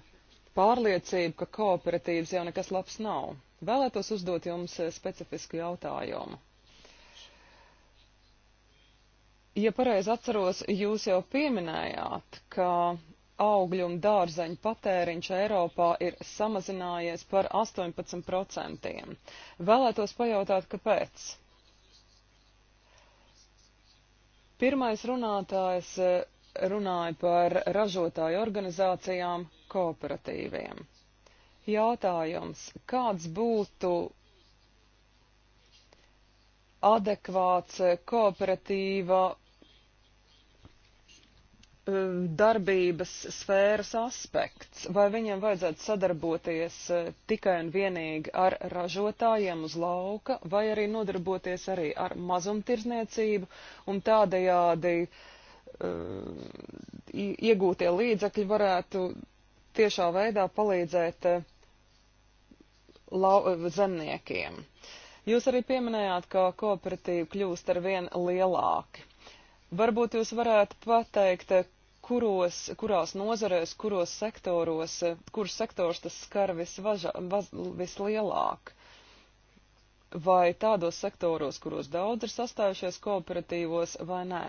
pārliecību, ka kooperatīvas jau nekas labs nav. Vēlētos uzdot jums e, specifisku jautājumu. Ja pareizi atceros, jūs jau pieminējāt, ka augļu un dārzeņu patēriņš Eiropā ir samazinājies par 18%. Vēlētos pajautāt, kāpēc? Pirmais runātājs eh, runāja par ražotāju organizācijām kooperatīviem. Jātājums, kāds būtu adekvāts eh, kooperatīva E, darbības sfēras aspekts, vai viņiem vajadzētu sadarboties e, tikai un vienīgi ar ražotājiem uz lauka, vai arī nodarboties arī ar mazumtirzniecību un tādējādi uh, e, iegūtie līdzekļi varētu tiešā veidā palīdzēt uh, lau, zemniekiem. Jūs arī pieminējāt, ka kooperatīva kļūst ar vien lielāki. Varbūt jūs varētu pateikt, kuros, kurās nozarēs, kuros sektoros, kurus sektors tas skar visvaža, vaz, vislielāk. Vai tādos sektoros, kuros daudz ir sastājušies kooperatīvos, vai nē?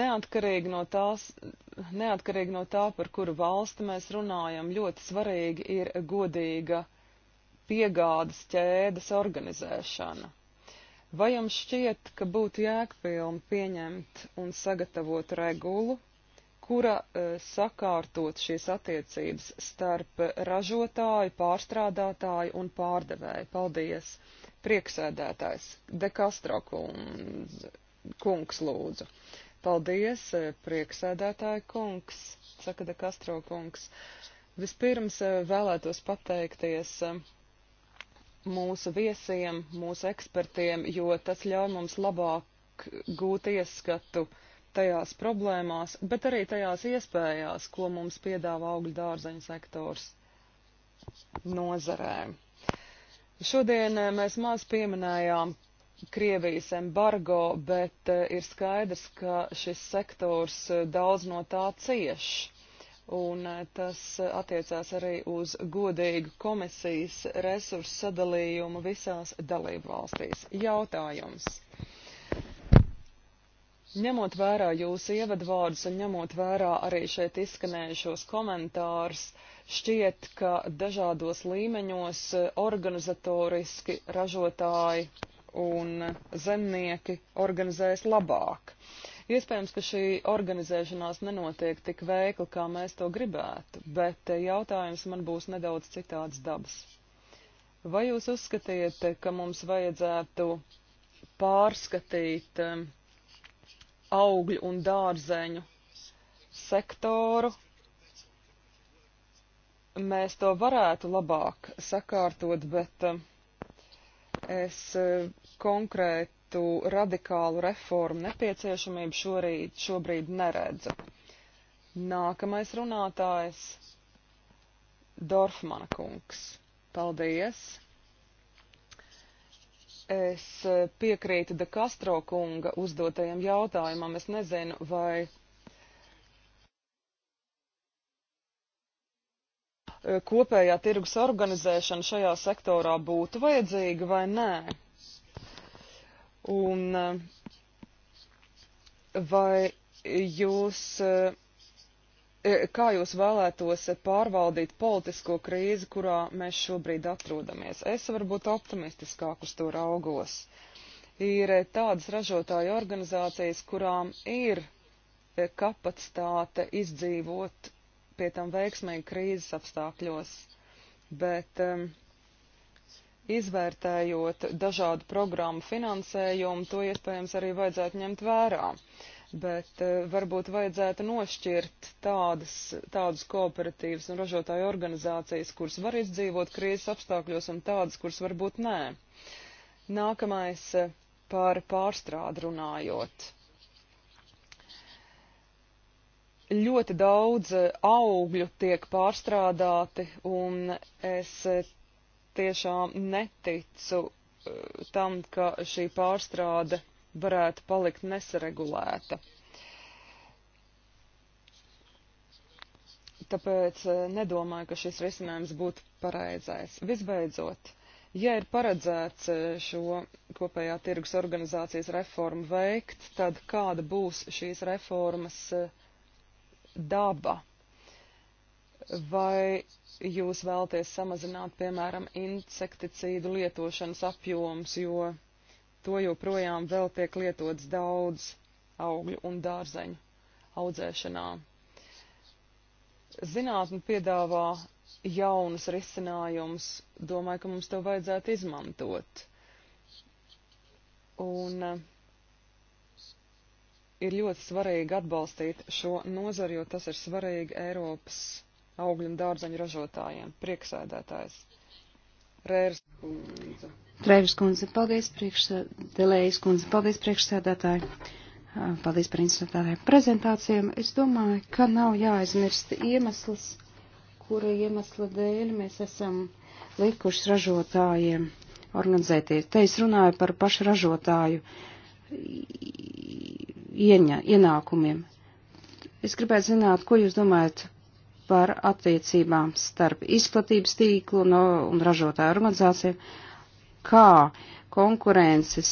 neatkarīgi no, tās, neatkarīgi no tā, par kuru valsti mēs runājam, ļoti svarīgi ir godīga piegādas ķēdes organizēšana. Vai jums šķiet, ka būtu jēgpilni pieņemt un sagatavot regulu, kura e, sakārtot šīs attiecības starp ražotāju, pārstrādātāju un pārdevēju? Paldies! Prieksēdētājs Dekastro kungs lūdzu. Paldies, e, prieksēdētāju kungs, saka Dekastro kungs. Vispirms e, vēlētos pateikties e, mūsu viesiem, mūsu ekspertiem, jo tas ļauj mums labāk gūt ieskatu tajās problēmās, bet arī tajās iespējās, ko mums piedāvā augļu dārzeņu sektors nozarē. Šodien eh, mēs maz pieminējām Krievijas embargo, bet eh, ir skaidrs, ka šis sektors eh, daudz no tā cieš un eh, tas attiecās arī uz godīgu komisijas resursu sadalījumu visās dalību valstīs. Jautājums. Ņemot vērā jūsu ievadvārdus un ņemot vērā arī šeit izskanējušos komentārus, šķiet, ka dažādos līmeņos eh, organizatoriski ražotāji un zemnieki organizēs labāk. Uh, Iespējams, ka šī organizēšanās nenotiek tik veikli, kā mēs to gribētu, bet eh, jautājums man būs nedaudz citāds dabas. Vai jūs uzskatiet, ka mums vajadzētu pārskatīt eh, augļu un dārzeņu sektoru? Mēs to varētu labāk sakārtot, bet eh, es konkrēti konkrētu radikālu reformu nepieciešamību šorīt, šobrīd neredzu. Nākamais runātājs - Dorfmana kungs. Paldies! Es piekrītu De Castro kunga uzdotajam jautājumam. Es nezinu, vai kopējā tirgus organizēšana šajā sektorā būtu vajadzīga vai nē. Un eh, vai jūs, eh, eh, kā jūs vēlētos pārvaldīt politisko krīzi, kurā mēs šobrīd atrodamies? Es varbūt optimistiskāk uz to raugos. Ir tādas ražotāju organizācijas, kurām ir kapacitāte izdzīvot pie tam veiksmīgi krīzes apstākļos, bet um, izvērtējot dažādu programmu finansējumu, to iespējams arī vajadzētu ņemt vērā. Bet e, varbūt vajadzētu nošķirt tādas, tādas kooperatīvas un ražotāju organizācijas, kuras var izdzīvot krīzes apstākļos, un tādas, kuras varbūt nē. Nākamais e, par pārstrādi runājot. Ļoti daudz e, augļu tiek pārstrādāti, un es tiešām neticu eh, tam, ka šī pārstrāde varētu palikt nesaregulēta. Tāpēc eh, nedomāju, ka šis risinājums būtu pareizais. Visbeidzot, ja ir paredzēts eh, šo kopējā tirgus organizācijas reformu veikt, tad kāda būs šīs reformas daba? Vai jūs vēlaties samazināt, piemēram, insekticīdu lietošanas apjoms, jo to joprojām vēl tiek lietots daudz augļu un dārzeņu audzēšanā. Zinātne piedāvā jaunas risinājumus, domāju, ka mums to vajadzētu izmantot. Un eh, ir ļoti svarīgi atbalstīt šo nozaru, jo tas ir svarīgi Eiropas augļu un dārzeņu ražotājiem. Prieksēdētājs. Rērs kundze. Rērs kundze, paldies priekšsēdētāji. Delējas kundze, paldies priekšsēdētāji. Paldies par institutārajām prezentācijām. Es domāju, ka nav jāaizmirst iemesls, kura iemesla dēļ mēs esam likuši ražotājiem organizēties. Te es runāju par pašu ražotāju ieņa, ienākumiem. Es gribētu zināt, ko jūs domājat par attiecībām starp izplatības tīklu no, un ražotāju organizācijām, kā konkurences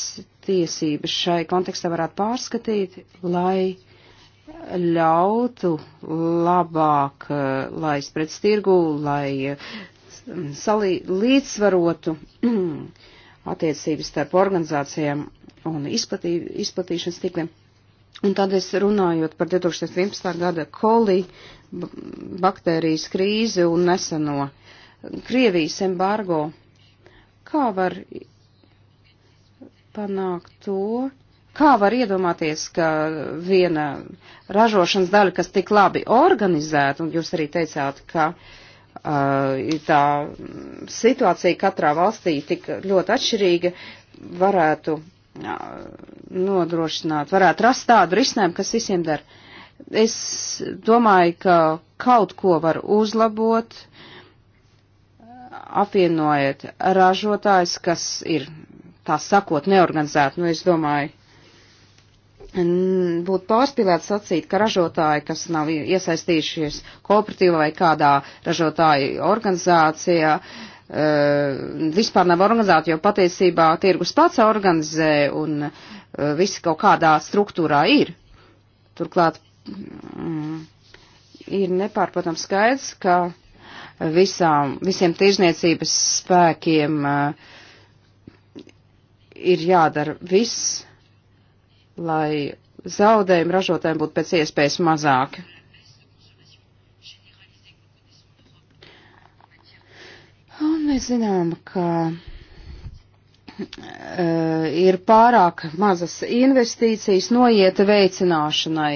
tiesības šai kontekstā varētu pārskatīt, lai ļautu labāk eh, laist pret stirgu, lai eh, salī, līdzsvarotu attiecības starp organizācijām un izplatī, izplatīšanas tīkliem. Un tad es runājot par 2011. gada koli baktērijas krīzi un neseno Krievijas embargo, kā var panākt to, kā var iedomāties, ka viena ražošanas daļa, kas tik labi organizēta, un jūs arī teicāt, ka uh, tā situācija katrā valstī tik ļoti atšķirīga, varētu nodrošināt, varētu rast tādu risinājumu, kas visiem der. Es domāju, ka kaut ko var uzlabot, apvienojot ražotājs, kas ir, tā sakot, neorganizēti. Nu, es domāju, būtu pārspīlēti sacīt, ka ražotāji, kas nav iesaistījušies kooperatīvā vai kādā ražotāju organizācijā, uh, Eh, vispār nav organizēta, jo patiesībā tirgus pats organizē un eh, viss kaut kādā struktūrā ir. Turklāt mm, ir nepārprotam skaidrs, ka visām, visiem tirzniecības spēkiem eh, ir jādara viss, lai zaudējumi ražotājiem būtu pēc iespējas mazāki. Un mēs zinām, ka uh, ir pārāk mazas investīcijas noiet veicināšanai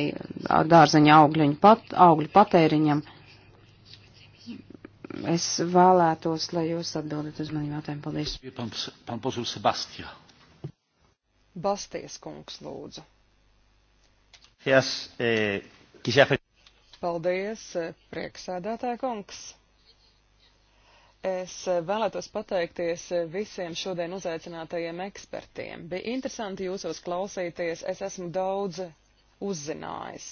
dārzeņa augļu, pat, augļu patēriņam. Es vēlētos, lai jūs atbildat uz maniem jautājumiem. Paldies. Pan posūl Sebastija. Basties kungs, lūdzu. Yes, eh, Paldies, eh, prieksēdētāja kungs. Es vēlētos pateikties visiem šodien uzaicinātajiem ekspertiem. Bija interesanti jūsos klausīties, es esmu daudz uzzinājis,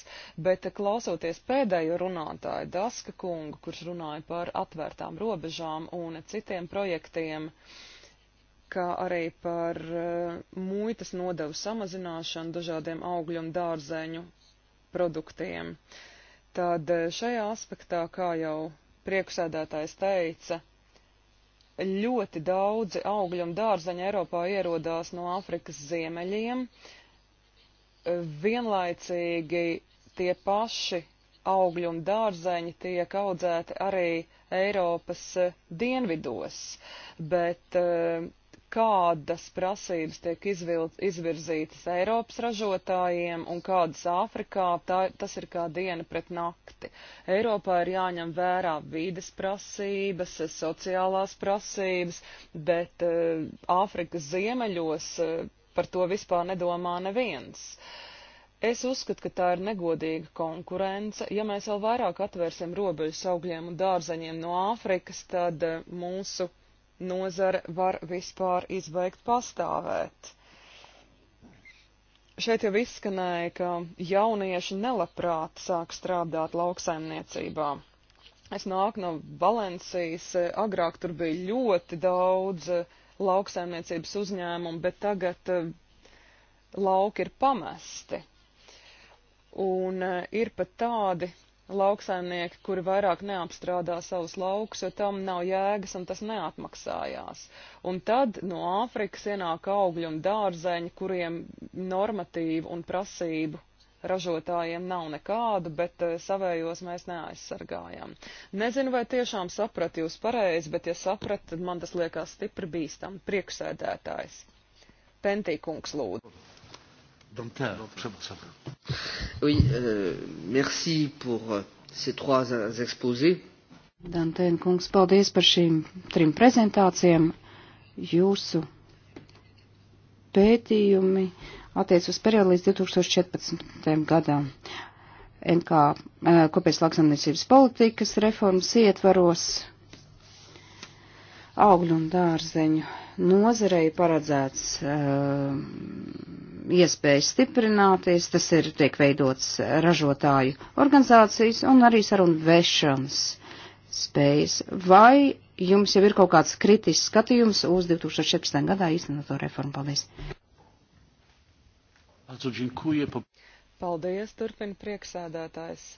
bet klausoties pēdējo runātāju Daska kungu, kurš runāja par atvērtām robežām un citiem projektiem, kā arī par eh, muitas nodevu samazināšanu dažādiem augļu un dārzeņu produktiem, tad eh, šajā aspektā, kā jau priekšsēdētājs teica, ļoti daudzi augļi un dārzeņi Eiropā ierodās no Āfrikas ziemeļiem. Vienlaicīgi tie paši augļi un dārzeņi tiek audzēti arī Eiropas dienvidos, bet uh, kādas prasības tiek izvilz, izvirzītas Eiropas ražotājiem un kādas Āfrikā, tā, tas ir kā diena pret nakti. Eiropā ir jāņem vērā vides prasības, sociālās prasības, bet uh, Āfrikas ziemeļos uh, par to vispār nedomā neviens. Es uzskatu, ka tā ir negodīga konkurence. Ja mēs vēl vairāk atvērsim robežas augļiem un dārzeņiem no Āfrikas, tad uh, mūsu nozare var vispār izbeigt pastāvēt. Šeit jau izskanēja, ka jaunieši nelabprāt sāk strādāt lauksaimniecībā. Es nāku no Valencijas, agrāk tur bija ļoti daudz lauksaimniecības uzņēmumu, bet tagad eh, lauki ir pamesti. Un eh, ir pat tādi lauksaimnieki, kuri vairāk neapstrādā savus laukus, jo tam nav jēgas un tas neatmaksājās. Un tad no Āfrikas ienāk augļi un dārzeņi, kuriem normatīvu un prasību ražotājiem nav nekādu, bet eh, savējos mēs neaizsargājam. Nezinu, vai tiešām saprat jūs pareizi, bet ja saprat, tad man tas liekas stipri bīstam. Priekšsēdētājs. Pentīkungs lūdzu. Dantin, euh, euh, oui, euh, merci pour euh, ces trois exposés. Dantēna kungs, paldies par šīm trim prezentācijām. Jūsu pētījumi attiec uz periodu līdz 2014. gadam. NK kopējas lauksamniecības politikas reformas ietvaros augļu un dārzeņu nozarei paredzēts uh, iespējas stiprināties, tas ir tiek veidots ražotāju organizācijas un arī sarunu vešanas spējas. Vai jums jau ir kaut kāds kritisks skatījums uz 2014. gadā īstenoto reformu? Paldies! Paldies, turpina prieksēdētājs.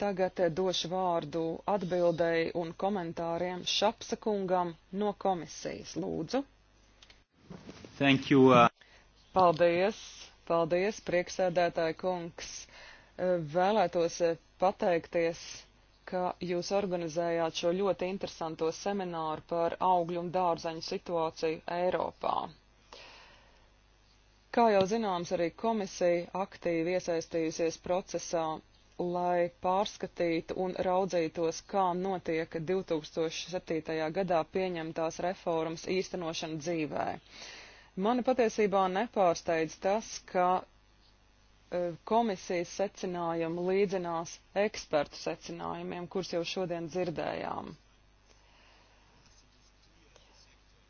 Tagad došu vārdu atbildēji un komentāriem Šapsa kungam no komisijas. Lūdzu! Thank you. Uh... Paldies, paldies, prieksēdētāji kungs. E, vēlētos e, pateikties, ka jūs organizējāt šo ļoti interesanto semināru par augļu un dārzaņu situāciju Eiropā. Kā jau zināms, arī komisija aktīvi iesaistījusies procesā, lai pārskatītu un raudzītos, kā notiek 2007. gadā pieņemtās reformas īstenošana dzīvē. Mani patiesībā nepārsteidz tas, ka e, komisijas secinājumi līdzinās ekspertu secinājumiem, kurus jau šodien dzirdējām.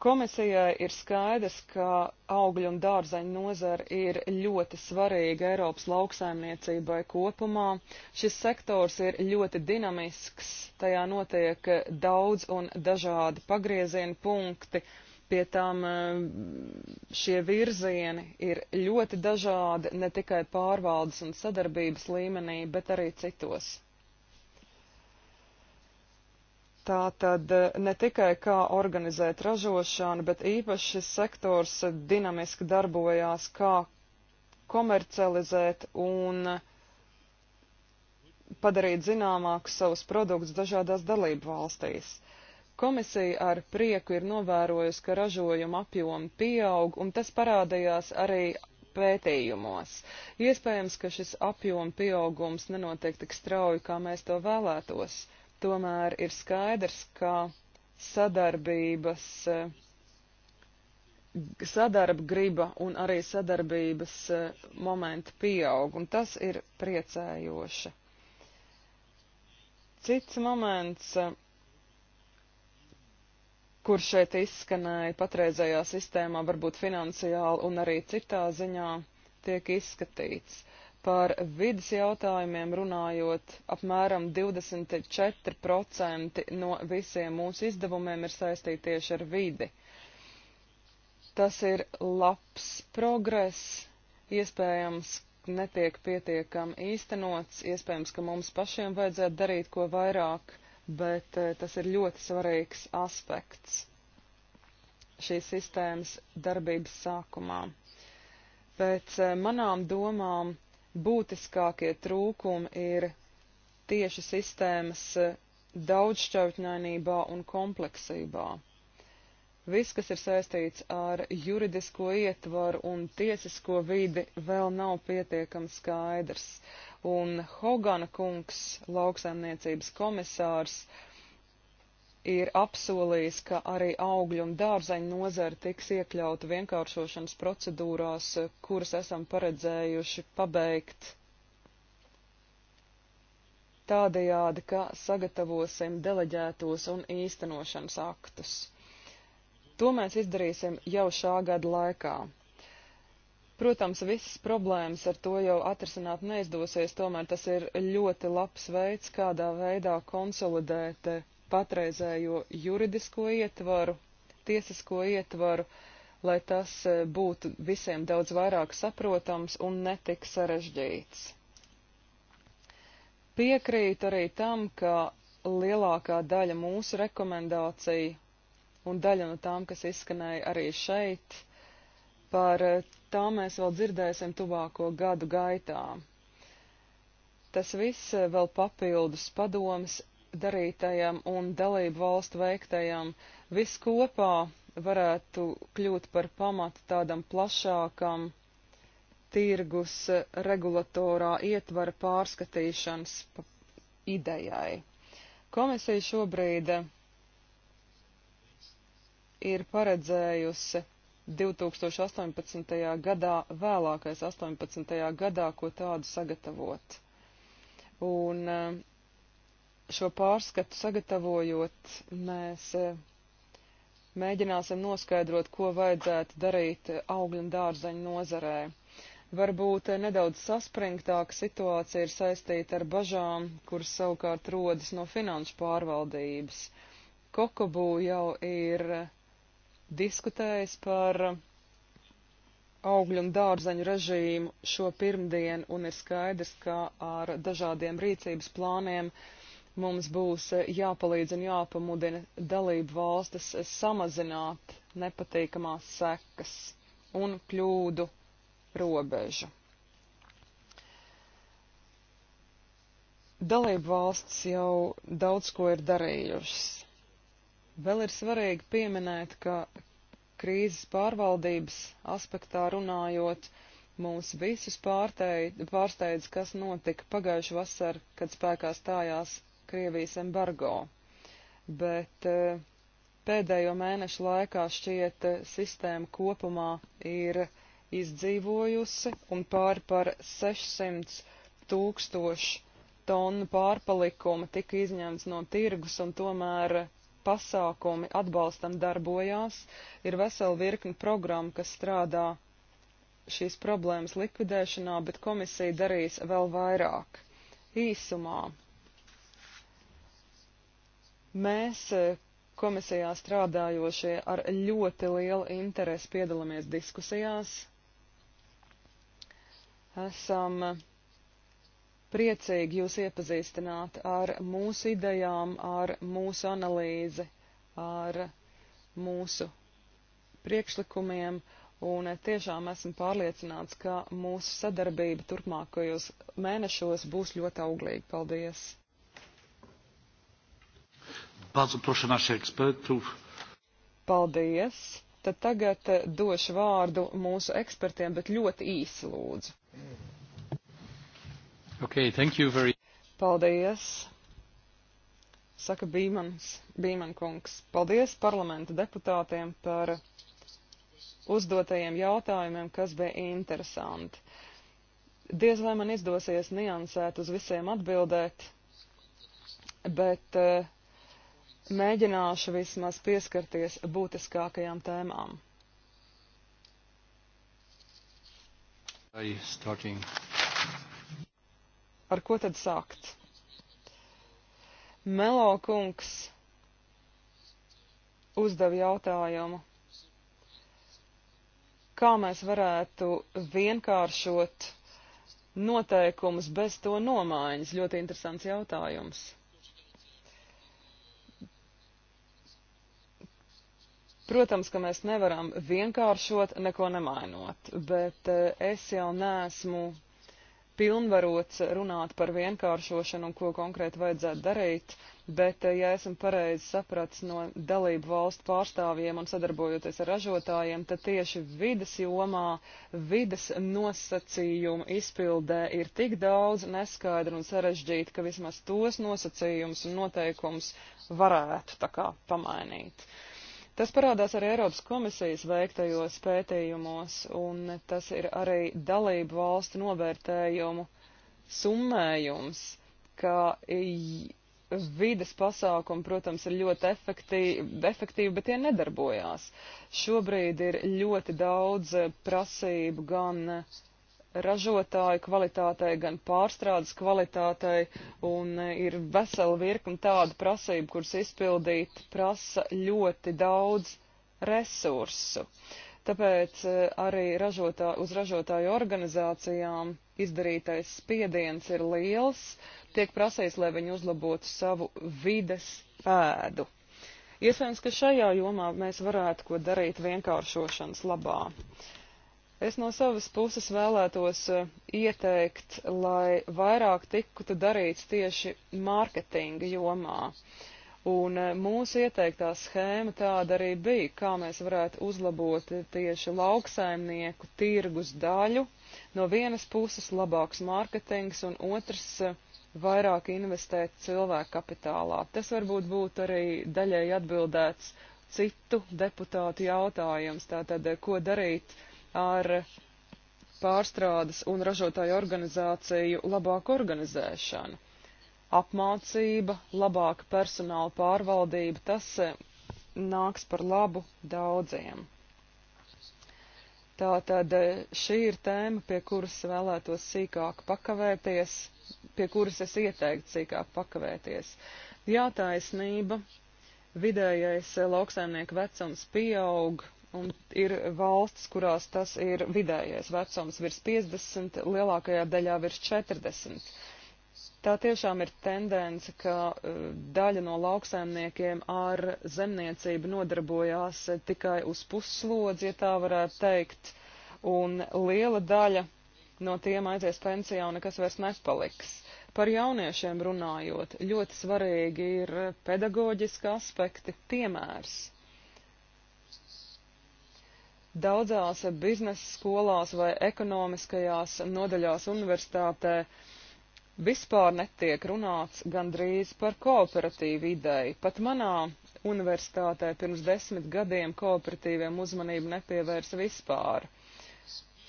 Komisijai ir skaidrs, ka augļu un dārzeņu nozara ir ļoti svarīga Eiropas lauksaimniecībai kopumā. Šis sektors ir ļoti dinamisks, tajā notiek daudz un dažādi pagrieziena punkti, pie tam eh, šie virzieni ir ļoti dažādi ne tikai pārvaldes un sadarbības līmenī, bet arī citos Tātad e, ne tikai kā organizēt ražošanu, bet īpaši šis sektors dinamiski darbojās, kā komercializēt un padarīt zināmākus savus produktus dažādās dalību valstīs. Komisija ar prieku ir novērojusi, ka ražojuma apjomi pieaug, un tas parādījās arī pētījumos. Iespējams, ka šis apjoma pieaugums nenotiek tik strauji, kā mēs to vēlētos. Tomēr ir skaidrs, ka sadarbības, eh, sadarba griba un arī sadarbības eh, momenti pieaug, un tas ir priecējoši. Cits moments, eh, kur šeit izskanēja patreizējā sistēmā, varbūt finansiāli un arī citā ziņā, tiek izskatīts. Par vidas jautājumiem runājot, apmēram 24% no visiem mūsu izdevumiem ir saistīti tieši ar vidi. Tas ir labs progress, iespējams, netiek pietiekami īstenots, iespējams, ka mums pašiem vajadzētu darīt ko vairāk, bet eh, tas ir ļoti svarīgs aspekts šīs sistēmas darbības sākumā. Pēc eh, manām domām būtiskākie trūkumi ir tieši sistēmas daudzšķautņainībā un kompleksībā. Viss, kas ir saistīts ar juridisko ietvaru un tiesisko vidi, vēl nav pietiekami skaidrs. Un Hogana kungs, lauksaimniecības komisārs, uh, ir apsolījis, ka arī augļu un dārzeņu nozara tiks iekļauta vienkāršošanas procedūrās, kuras esam paredzējuši pabeigt tādējādi, ka sagatavosim deleģētos un īstenošanas aktus. To mēs izdarīsim jau šā gada laikā. Protams, visas problēmas ar to jau atrisināt neizdosies, tomēr tas ir ļoti labs veids, kādā veidā konsolidēt patreizējo juridisko ietvaru, tiesisko ietvaru, lai tas e, būtu visiem daudz vairāk saprotams un netik sarežģīts. Piekrīt arī tam, ka lielākā daļa mūsu rekomendāciju un daļa no tām, kas izskanēja arī šeit, par e, tā mēs vēl dzirdēsim tuvāko gadu gaitā. Tas viss e, vēl papildus padomas darītajam un dalību valstu veiktajam viss kopā varētu kļūt par pamatu tādam plašākam tirgus regulatorā ietvara pārskatīšanas idejai. Komisija šobrīd ir paredzējusi 2018. gadā, vēlākais 18. gadā, ko tādu sagatavot. Un šo pārskatu sagatavojot, mēs eh, mēģināsim noskaidrot, ko vajadzētu darīt eh, augļu un dārzeņu nozarē. Varbūt eh, nedaudz saspringtāka situācija ir saistīta ar bažām, kuras savukārt rodas no finanšu pārvaldības. Kokobū jau ir diskutējis par augļu un dārzeņu režīmu šo pirmdienu, un ir skaidrs, ka ar dažādiem rīcības plāniem uh, mums būs eh, jāpalīdz un jāpamudina dalību valstis eh, samazināt nepatīkamās sekas un kļūdu robežu. Dalību valsts jau daudz ko ir darījušas. Vēl ir svarīgi pieminēt, ka krīzes pārvaldības aspektā runājot, mūs visus pārsteidz, kas notika pagājušu vasaru, kad spēkā stājās Krievijas embargo. Bet eh, pēdējo mēnešu laikā šķiet eh, sistēma kopumā ir izdzīvojusi un pāri par 600 tūkstošu tonu pārpalikuma tika izņemts no tirgus un tomēr pasākumi atbalstam darbojās. Ir vesela virkni programma, kas strādā šīs problēmas likvidēšanā, bet komisija darīs vēl vairāk. Īsumā Mēs e, komisijā strādājošie ar ļoti lielu interesi piedalāmies diskusijās. Esam priecīgi jūs iepazīstināt ar mūsu idejām, ar mūsu analīzi, ar mūsu priekšlikumiem, un tiešām esmu pārliecināts, ka mūsu sadarbība turpmākajos mēnešos būs ļoti auglīga. Paldies! Bardzo prošu našu ekspertu. Paldies. Tad tagad eh, došu vārdu mūsu ekspertiem, bet ļoti īsi lūdzu. Okay, thank you very... Paldies. Saka Bīmans, Bīman kungs. Paldies parlamenta deputātiem par uzdotajiem jautājumiem, kas bija interesanti. Diez vai man izdosies niansēt uz visiem atbildēt, bet uh, mēģināšu vismaz pieskarties būtiskākajām tēmām. Ar ko tad sākt? Melo kungs uzdeva jautājumu, kā mēs varētu vienkāršot noteikumus bez to nomaiņas. Ļoti interesants jautājums. Protams, ka mēs nevaram vienkāršot, neko nemainot, bet eh, es jau nesmu pilnvarots runāt par vienkāršošanu un ko konkrēti vajadzētu darīt, bet, eh, ja esmu pareizi sapratis no dalību valstu pārstāvjiem un sadarbojoties ar ražotājiem, tad tieši vidas jomā vidas nosacījumu izpildē ir tik daudz neskaidru un sarežģītu, ka vismaz tos nosacījumus un noteikumus varētu tā kā pamainīt. Uh, Tas parādās arī Eiropas komisijas veiktajos pētījumos, un tas ir arī dalību valstu novērtējumu summējums, ka vides pasākumi, protams, ir ļoti efektīvi, efektīvi, bet tie nedarbojās. Šobrīd ir ļoti daudz prasību gan ražotāju kvalitātei, gan pārstrādes kvalitātei, un ir vesela virkni tādu prasību, kuras izpildīt prasa ļoti daudz resursu. Tāpēc eh, arī ražotā, uz ražotāju organizācijām izdarītais spiediens ir liels, tiek prasīts, lai viņi uzlabotu savu vides pēdu. Iespējams, ka šajā jomā mēs varētu ko darīt vienkāršošanas labā. Uh, Es no savas puses vēlētos eh, ieteikt, lai vairāk tiktu darīts tieši mārketinga jomā. Un eh, mūsu ieteiktā schēma tāda arī bija, kā mēs varētu uzlabot tieši lauksaimnieku tirgus daļu. No vienas puses labāks mārketings un otrs eh, vairāk investēt cilvēku kapitālā. Tas varbūt būtu arī daļai atbildēts citu deputātu jautājums, tātad ko darīt ar pārstrādes un ražotāju organizāciju labāku organizēšanu. Apmācība, labāka personāla pārvaldība, tas e, nāks par labu daudziem. Tātad e, šī ir tēma, pie kuras vēlētos sīkāk pakavēties, pie kuras es ieteiktu sīkāk pakavēties. Jā, taisnība, vidējais e, lauksaimnieku vecums pieaug, un ir valstis, kurās tas ir vidējais vecums virs 50, lielākajā daļā virs 40. Tā tiešām ir tendence, ka e, daļa no lauksaimniekiem ar zemniecību nodarbojās tikai uz pusslodzi, ja tā varētu teikt, un liela daļa no tiem aizies pensijā un nekas vairs nepaliks. Par jauniešiem runājot, ļoti svarīgi ir pedagoģiski aspekti, piemērs, daudzās biznesa skolās vai ekonomiskajās nodaļās universitātē vispār netiek runāts gandrīz par kooperatīvu ideju. Pat manā universitātē pirms desmit gadiem kooperatīviem uzmanību nepievērsa vispār.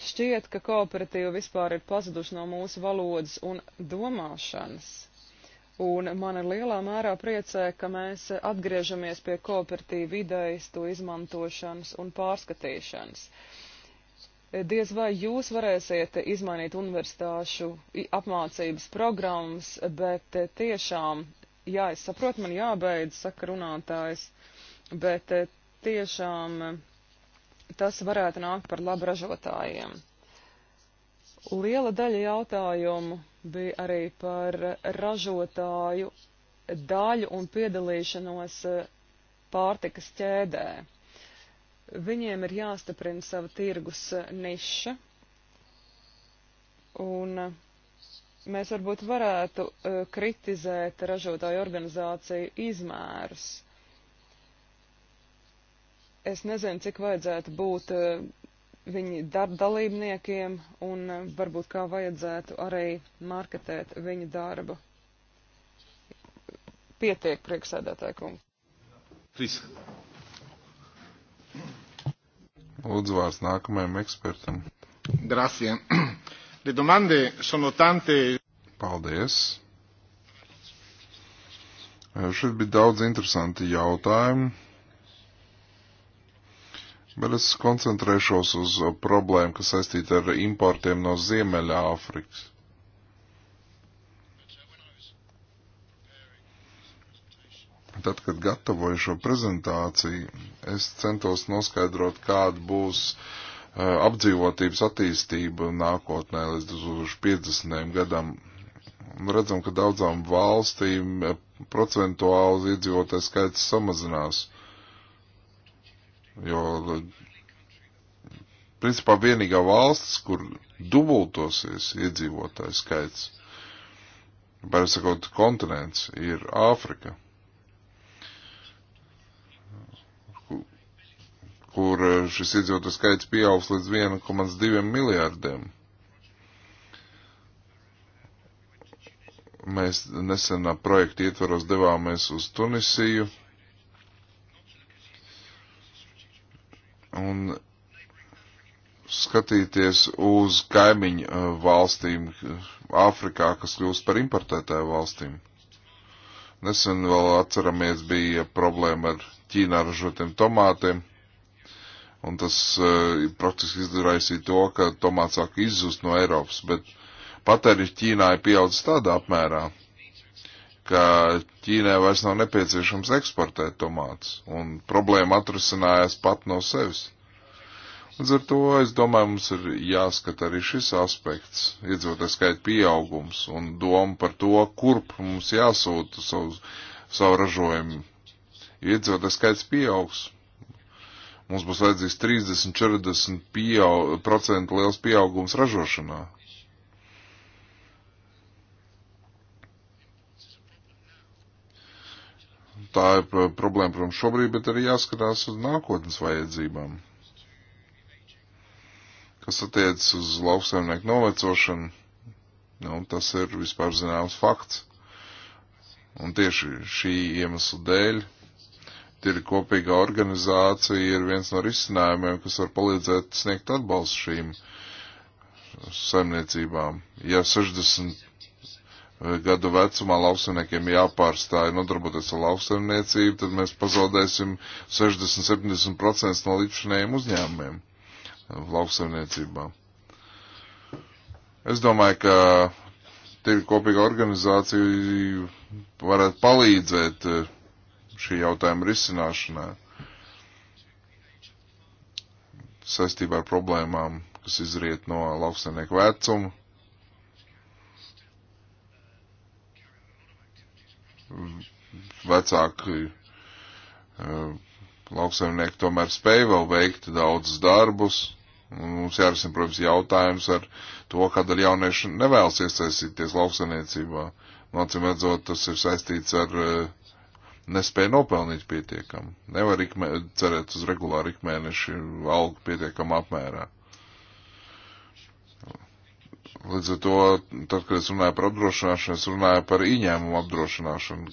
Šķiet, ka kooperatīva vispār ir pazuduši no mūsu valodas un domāšanas. Un man ir lielā mērā priecē, ka mēs atgriežamies pie kooperatīva idejas, to izmantošanas un pārskatīšanas. Diez vai jūs varēsiet izmainīt universitāšu apmācības programmas, bet eh, tiešām, jā, es saprotu, man jābeidz, saka runātājs, bet eh, tiešām eh, tas varētu nākt par labu ražotājiem. Liela daļa jautājumu bija arī par ražotāju daļu un piedalīšanos e, pārtikas ķēdē. Viņiem ir jāstiprina sava tirgus e, niša, un e, mēs varbūt varētu kritizēt ražotāju organizāciju izmērus. Es nezinu, cik vajadzētu būt viņu darba dalībniekiem un eh, varbūt kā vajadzētu arī marketēt viņu darbu. Pietiek, priekšsēdētāji kungi. Viss. Lūdzu vārds nākamajam ekspertam. Grazie. Le domande sono tante. Paldies. Šeit bija daudz interesanti jautājumi. Bet es koncentrēšos uz uh, problēmu, kas saistīta ar importiem no Ziemeļa Āfrikas. Tad, kad gatavoju šo prezentāciju, es centos noskaidrot, kāda būs uh, apdzīvotības attīstība nākotnē līdz 2050. gadam. Redzam, ka daudzām valstīm uh, procentuāli iedzīvotājs skaits samazinās. Uh, Jo, principā, vienīgā valsts, kur dubultosies iedzīvotāju skaits, varētu sakot, kontinents, ir Āfrika, kur šis iedzīvotāju skaits pieaugs līdz 1,2 miljārdiem. Mēs nesenā projekta ietvaros devāmies uz Tunisiju un skatīties uz kaimiņu uh, valstīm Āfrikā, kas kļūst par importētāju valstīm. Nesen vēl atceramies bija problēma ar Ķīnā ražotiem tomātiem, un tas uh, praktiski izraisīja to, ka tomāts sāk izzust no Eiropas, bet patēriņš Ķīnā ir pieaudzis tādā apmērā, ka Ķīnai vairs nav nepieciešams eksportēt tomātus, un problēma atrisinājās pat no sevis. Līdz ar to, es domāju, mums ir jāskata arī šis aspekts, iedzīvotāju skaita pieaugums un doma par to, kurp mums jāsūta savu, savu ražojumu. Iedzīvotāju skaits pieaugs. Mums būs vajadzīgs 30-40% liels pieaugums ražošanā. tā ir problēma, protams, šobrīd, bet arī jāskatās uz nākotnes vajadzībām. Kas attiec uz lauksaimnieku novecošanu, nu, tas ir vispār zināms fakts. Un tieši šī iemesla dēļ ir kopīga organizācija, ir viens no risinājumiem, kas var palīdzēt sniegt atbalstu šīm saimniecībām. Ja 60 gadu vecumā lauksaimniekiem jāpārstāja nodarboties ar lauksaimniecību, tad mēs pazaudēsim 60-70% no līdzšanējiem uzņēmumiem lauksaimniecībā. Es domāju, ka tīri kopīga organizācija varētu palīdzēt eh, šī jautājuma risināšanā saistībā ar problēmām, kas izriet no lauksaimnieku vecuma vecāki eh, lauksaimnieki tomēr spēja vēl veikt daudzus darbus. Un mums jārisina, protams, jautājums ar to, kādēļ jaunieši nevēlas iesaistīties lauksaimniecībā. Nācim nu, redzot, tas ir saistīts ar eh, nespēju nopelnīt pietiekam. Nevar ikmē, cerēt uz regulāru ikmēnešu algu pietiekam apmērā. Līdz ar to, tad, kad es runāju par apdrošināšanu, es runāju par ieņēmumu apdrošināšanu.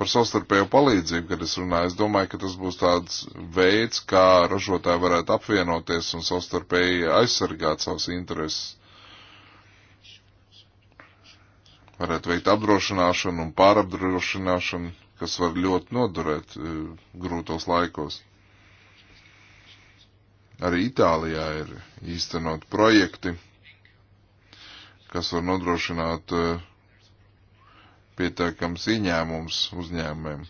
Par savstarpēju palīdzību, kad es runāju, es domāju, ka tas būs tāds veids, kā ražotāji varētu apvienoties un savstarpēji aizsargāt savus intereses. Varētu veikt apdrošināšanu un pārapdrošināšanu, kas var ļoti nodurēt e, grūtos laikos arī Itālijā ir īstenot projekti, kas var nodrošināt eh, pietiekams ieņēmums uzņēmumiem.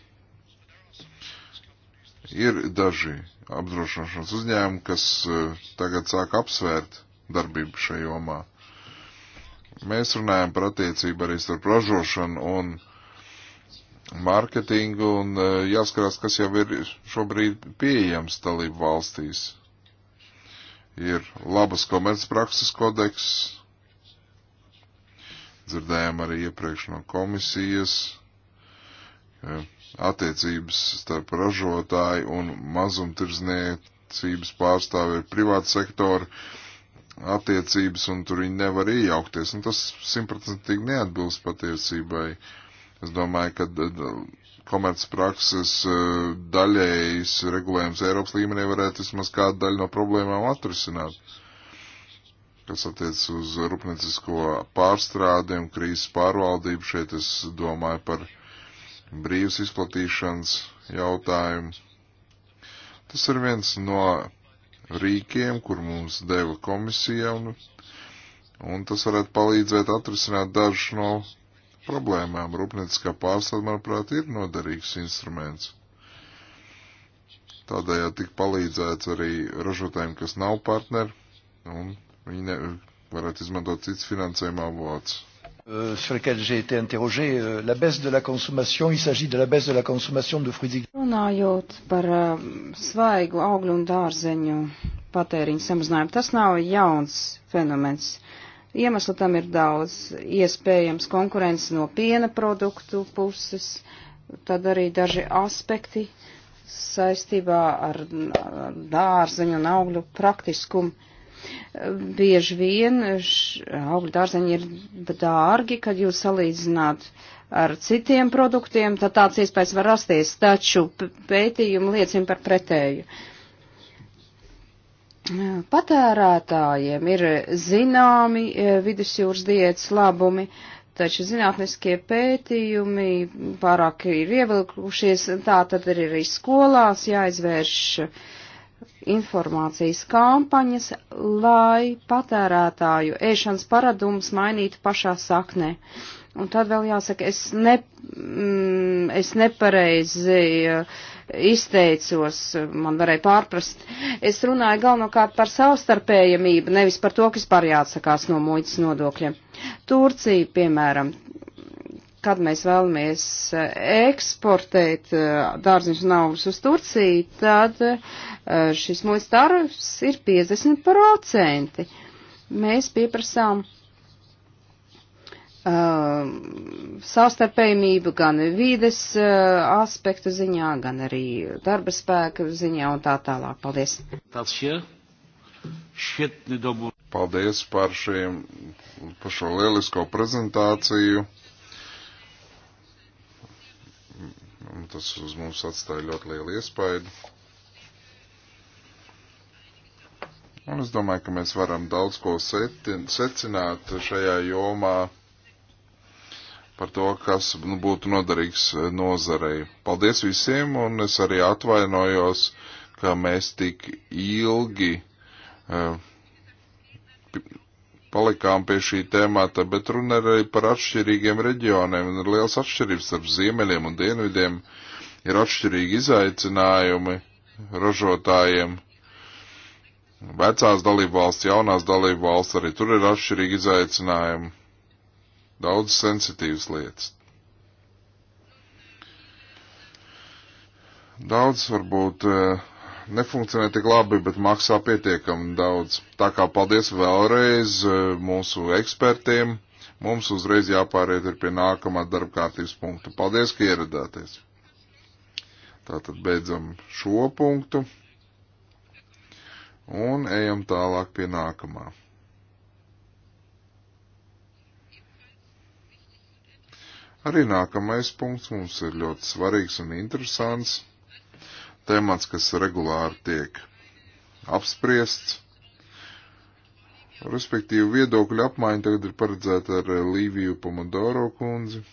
Ir daži apdrošināšanas uzņēmumi, kas eh, tagad sāk apsvērt darbību šajā jomā. Mēs runājam par attiecību arī starp ražošanu un mārketingu un eh, jāskarās, kas jau ir šobrīd pieejams dalību valstīs. Ir labas komercprakses kodeks, Dzirdējām arī iepriekš no komisijas attiecības starp ražotāju un mazumtirdzniecības pārstāvi ir privāta sektora attiecības, un tur viņi nevar iejaukties. Un tas simtprocentīgi neatbilst patiesībai. Es domāju, ka komercprakses e, daļējas regulējums Eiropas līmenī varētu vismaz kādu daļu no problēmām atrisināt kas attiec uz rūpniecisko pārstrādi un krīzes pārvaldību. Šeit es domāju par brīvas izplatīšanas jautājumu. Tas ir viens no rīkiem, kur mums deva komisija, un, un tas varētu palīdzēt atrisināt dažus no problēmām. Rūpnieciskā pārstrāde, manuprāt, ir noderīgs instruments. Tādējādi tik palīdzēts arī ražotājiem, kas nav partneri, un Viņi ne, varētu izmantot cits finansējuma avots. Euh, sur lesquels j'ai été interrogé, euh, la baisse de la consommation, il s'agit de la baisse de la consommation de fruits et Runājot par uh, svaigu augļu un dārzeņu patēriņu samazinājumu, tas nav jauns fenomens. Iemeslu tam ir daudz. Iespējams konkurence no piena produktu puses, tad arī daži aspekti saistībā ar, ar dārzeņu un augļu praktiskumu Bieži vien augļu dārzeņi ir dārgi, kad jūs salīdzināt ar citiem produktiem, tad tāds iespējas var rasties, taču pētījumi liecina par pretēju. Patērētājiem ir zināmi e, vidusjūras diētas labumi, taču zinātniskie pētījumi pārāk ir ievilkušies, tā tad ir arī skolās jāizvērš uh, informācijas kampaņas, lai patērētāju ēšanas paradums mainītu pašā saknē. Un tad vēl jāsaka, es, ne, mm, es nepareizi eh, izteicos, man varēja pārprast. Es runāju galvenokārt par savstarpējamību, nevis par to, kas par jāatsakās no muitas nodokļiem. Turcija, piemēram, kad mēs vēlamies eh, eksportēt eh, dārziņus un augļus uz Turciju, tad eh, šis mūsu tarifs ir 50%. Mēs pieprasām uh, savstarpējumību gan vīdes uh, aspektu ziņā, gan arī darba spēka ziņā un tā tālāk. Paldies! Paldies par, šiem, par šo lielisko prezentāciju. Tas uz mums atstāja ļoti lielu iespaidu. Un es domāju, ka mēs varam daudz ko secināt šajā jomā par to, kas nu, būtu noderīgs nozarei. Paldies visiem, un es arī atvainojos, ka mēs tik ilgi uh, palikām pie šī tēmata, bet runa ir arī par atšķirīgiem reģioniem, un ir liels atšķirības starp ziemeļiem un dienvidiem, ir atšķirīgi izaicinājumi ražotājiem. Vecās dalībvalsts, jaunās dalībvalsts, arī tur ir atšķirīgi izaicinājumi, daudz sensitīvas lietas. Daudz varbūt uh, nefunkcionē tik labi, bet maksā pietiekami daudz. Tā kā paldies vēlreiz e, mūsu ekspertiem. Mums uzreiz jāpāriet ir pie nākamā darba kārtības punkta. Paldies, ka ieradāties. Tātad beidzam šo punktu un ejam tālāk pie nākamā. Arī nākamais punkts mums ir ļoti svarīgs un interesants temats, kas regulāri tiek apspriests. Respektīvi, viedokļu apmaiņa tagad ir paredzēta ar Līviju Pomodoro kundzi.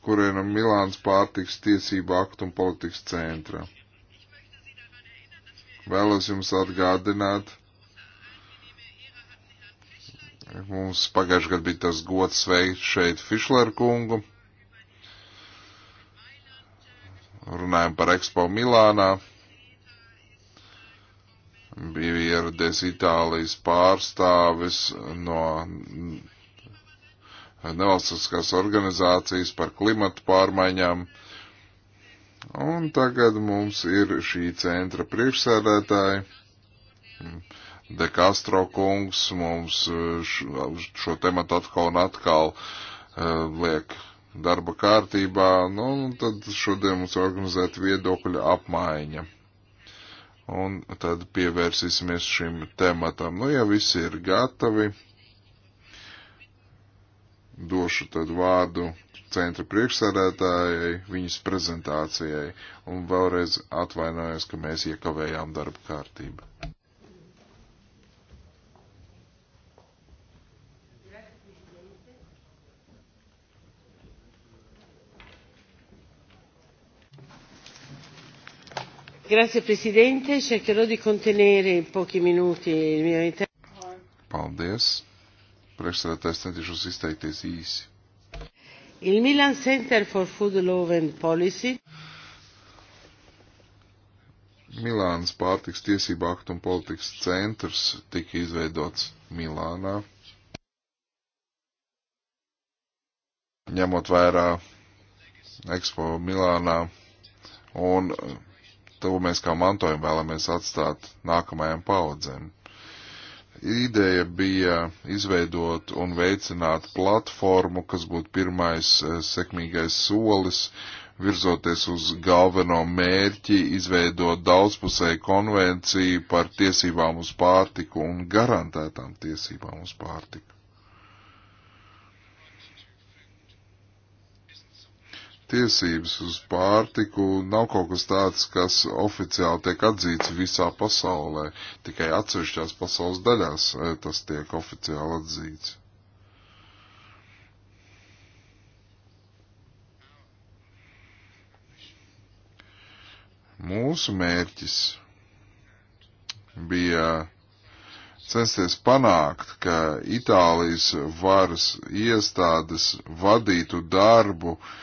kuriem ir Milāns pārtiks tiesība aktu un politikas centra. Vēlos jums atgādināt, mums pagājušajā gadā bija tas gods sveikt šeit Fišler kungu runājam par Expo Milānā. Bija ieradies Itālijas pārstāvis no nevalstiskās organizācijas par klimatu pārmaiņām. Un tagad mums ir šī centra priekšsēdētāji. De Castro kungs mums šo tematu atkal un atkal uh, liek darba kārtībā, nu, tad šodien mums organizēt viedokļa apmaiņa. Un tad pievērsīsimies šim tematam. Nu, ja visi ir gatavi, došu tad vārdu centra priekšsēdētājai, viņas prezentācijai, un vēlreiz atvainojos, ka mēs iekavējām darba kārtību. Grazie Presidente, cercherò di contenere in pochi minuti il mio intervento. Paldies. Priekšsēdētājs centīšos izteikties īsi. Il Milan Center for Food Law and Policy. Milānas pārtiks tiesību aktu un politikas centrs tika izveidots Milānā. Ņemot vērā Expo Milānā un to mēs kā mantojumu vēlamies atstāt nākamajām paudzēm. Ideja bija izveidot un veicināt platformu, kas būtu pirmais eh, sekmīgais solis, virzoties uz galveno mērķi, izveidot daudzpusēju konvenciju par tiesībām uz pārtiku un garantētām tiesībām uz pārtiku. tiesības uz pārtiku nav kaut kas tāds, kas oficiāli tiek atzīts visā pasaulē. Tikai atsevišķās pasaules daļās eh, tas tiek oficiāli atzīts. Mūsu mērķis bija censties panākt, ka Itālijas varas iestādes vadītu darbu uh,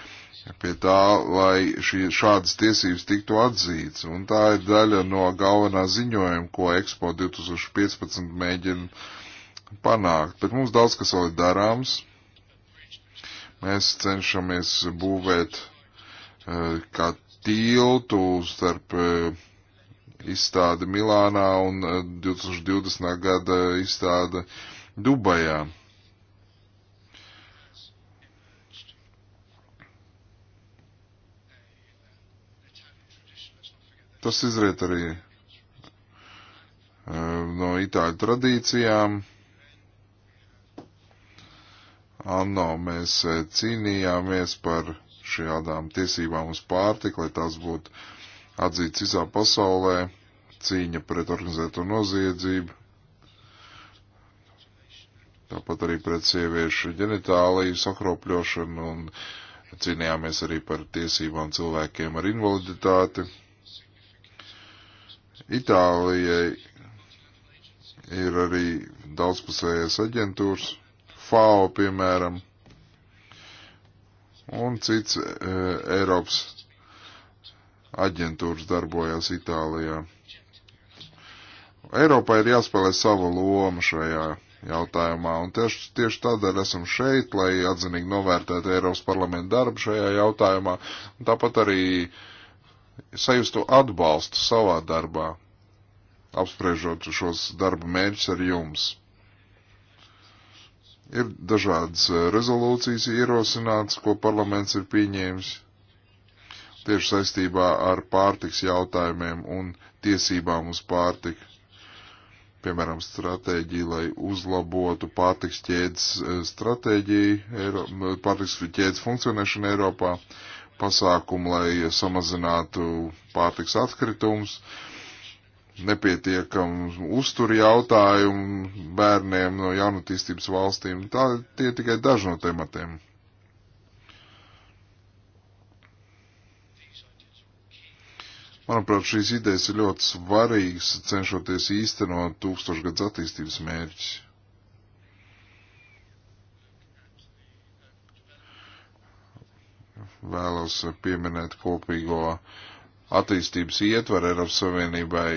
pie tā, lai šī, šādas tiesības tiktu atzīts. Un tā ir daļa no galvenā ziņojuma, ko Expo 2015 mēģina panākt. Bet mums daudz kas vēl ir darāms. Mēs cenšamies būvēt eh, kā tiltu starp eh, izstādi Milānā un 2020. Eh, gada izstādi Dubajā. Tas izriet arī eh, no itāļu tradīcijām. Anno mēs eh, cīnījāmies par šādām tiesībām uz pārtiku, lai tās būtu atzīts visā pasaulē, cīņa pret organizēto noziedzību, tāpat arī pret sieviešu ģenitāliju sakropļošanu un cīnījāmies arī par tiesībām cilvēkiem ar invaliditāti. Itālijai ir arī daudzpusējais aģentūras, FAO piemēram, un cits e, Eiropas aģentūras darbojās Itālijā. Eiropai ir jāspēlē sava loma šajā jautājumā, un tieši, tieši tādēļ esam šeit, lai atzinīgi novērtētu Eiropas parlamentu darbu šajā jautājumā, un tāpat arī uh, sajustu atbalstu savā darbā, apspriežot šos darba mērķus ar jums. Ir dažādas e, rezolūcijas ierosināts, ko parlaments ir pieņēmis tieši saistībā ar pārtiks jautājumiem un tiesībām uz pārtiku. Piemēram, stratēģija, lai uzlabotu pārtiks ķēdes e, stratēģiju, pārtiks ķēdes funkcionēšanu Eiropā. Uh, pasākumu, lai samazinātu pārtiks atkritumus, nepietiekam uzturi jautājumu bērniem no jaunatīstības valstīm. Tā tie tikai daži no tematiem. Manuprāt, šīs idejas ir ļoti svarīgas, cenšoties īstenot tūkstošgads attīstības mērķis. vēlos pieminēt kopīgo attīstības ietvaru Eiropas Savienībai,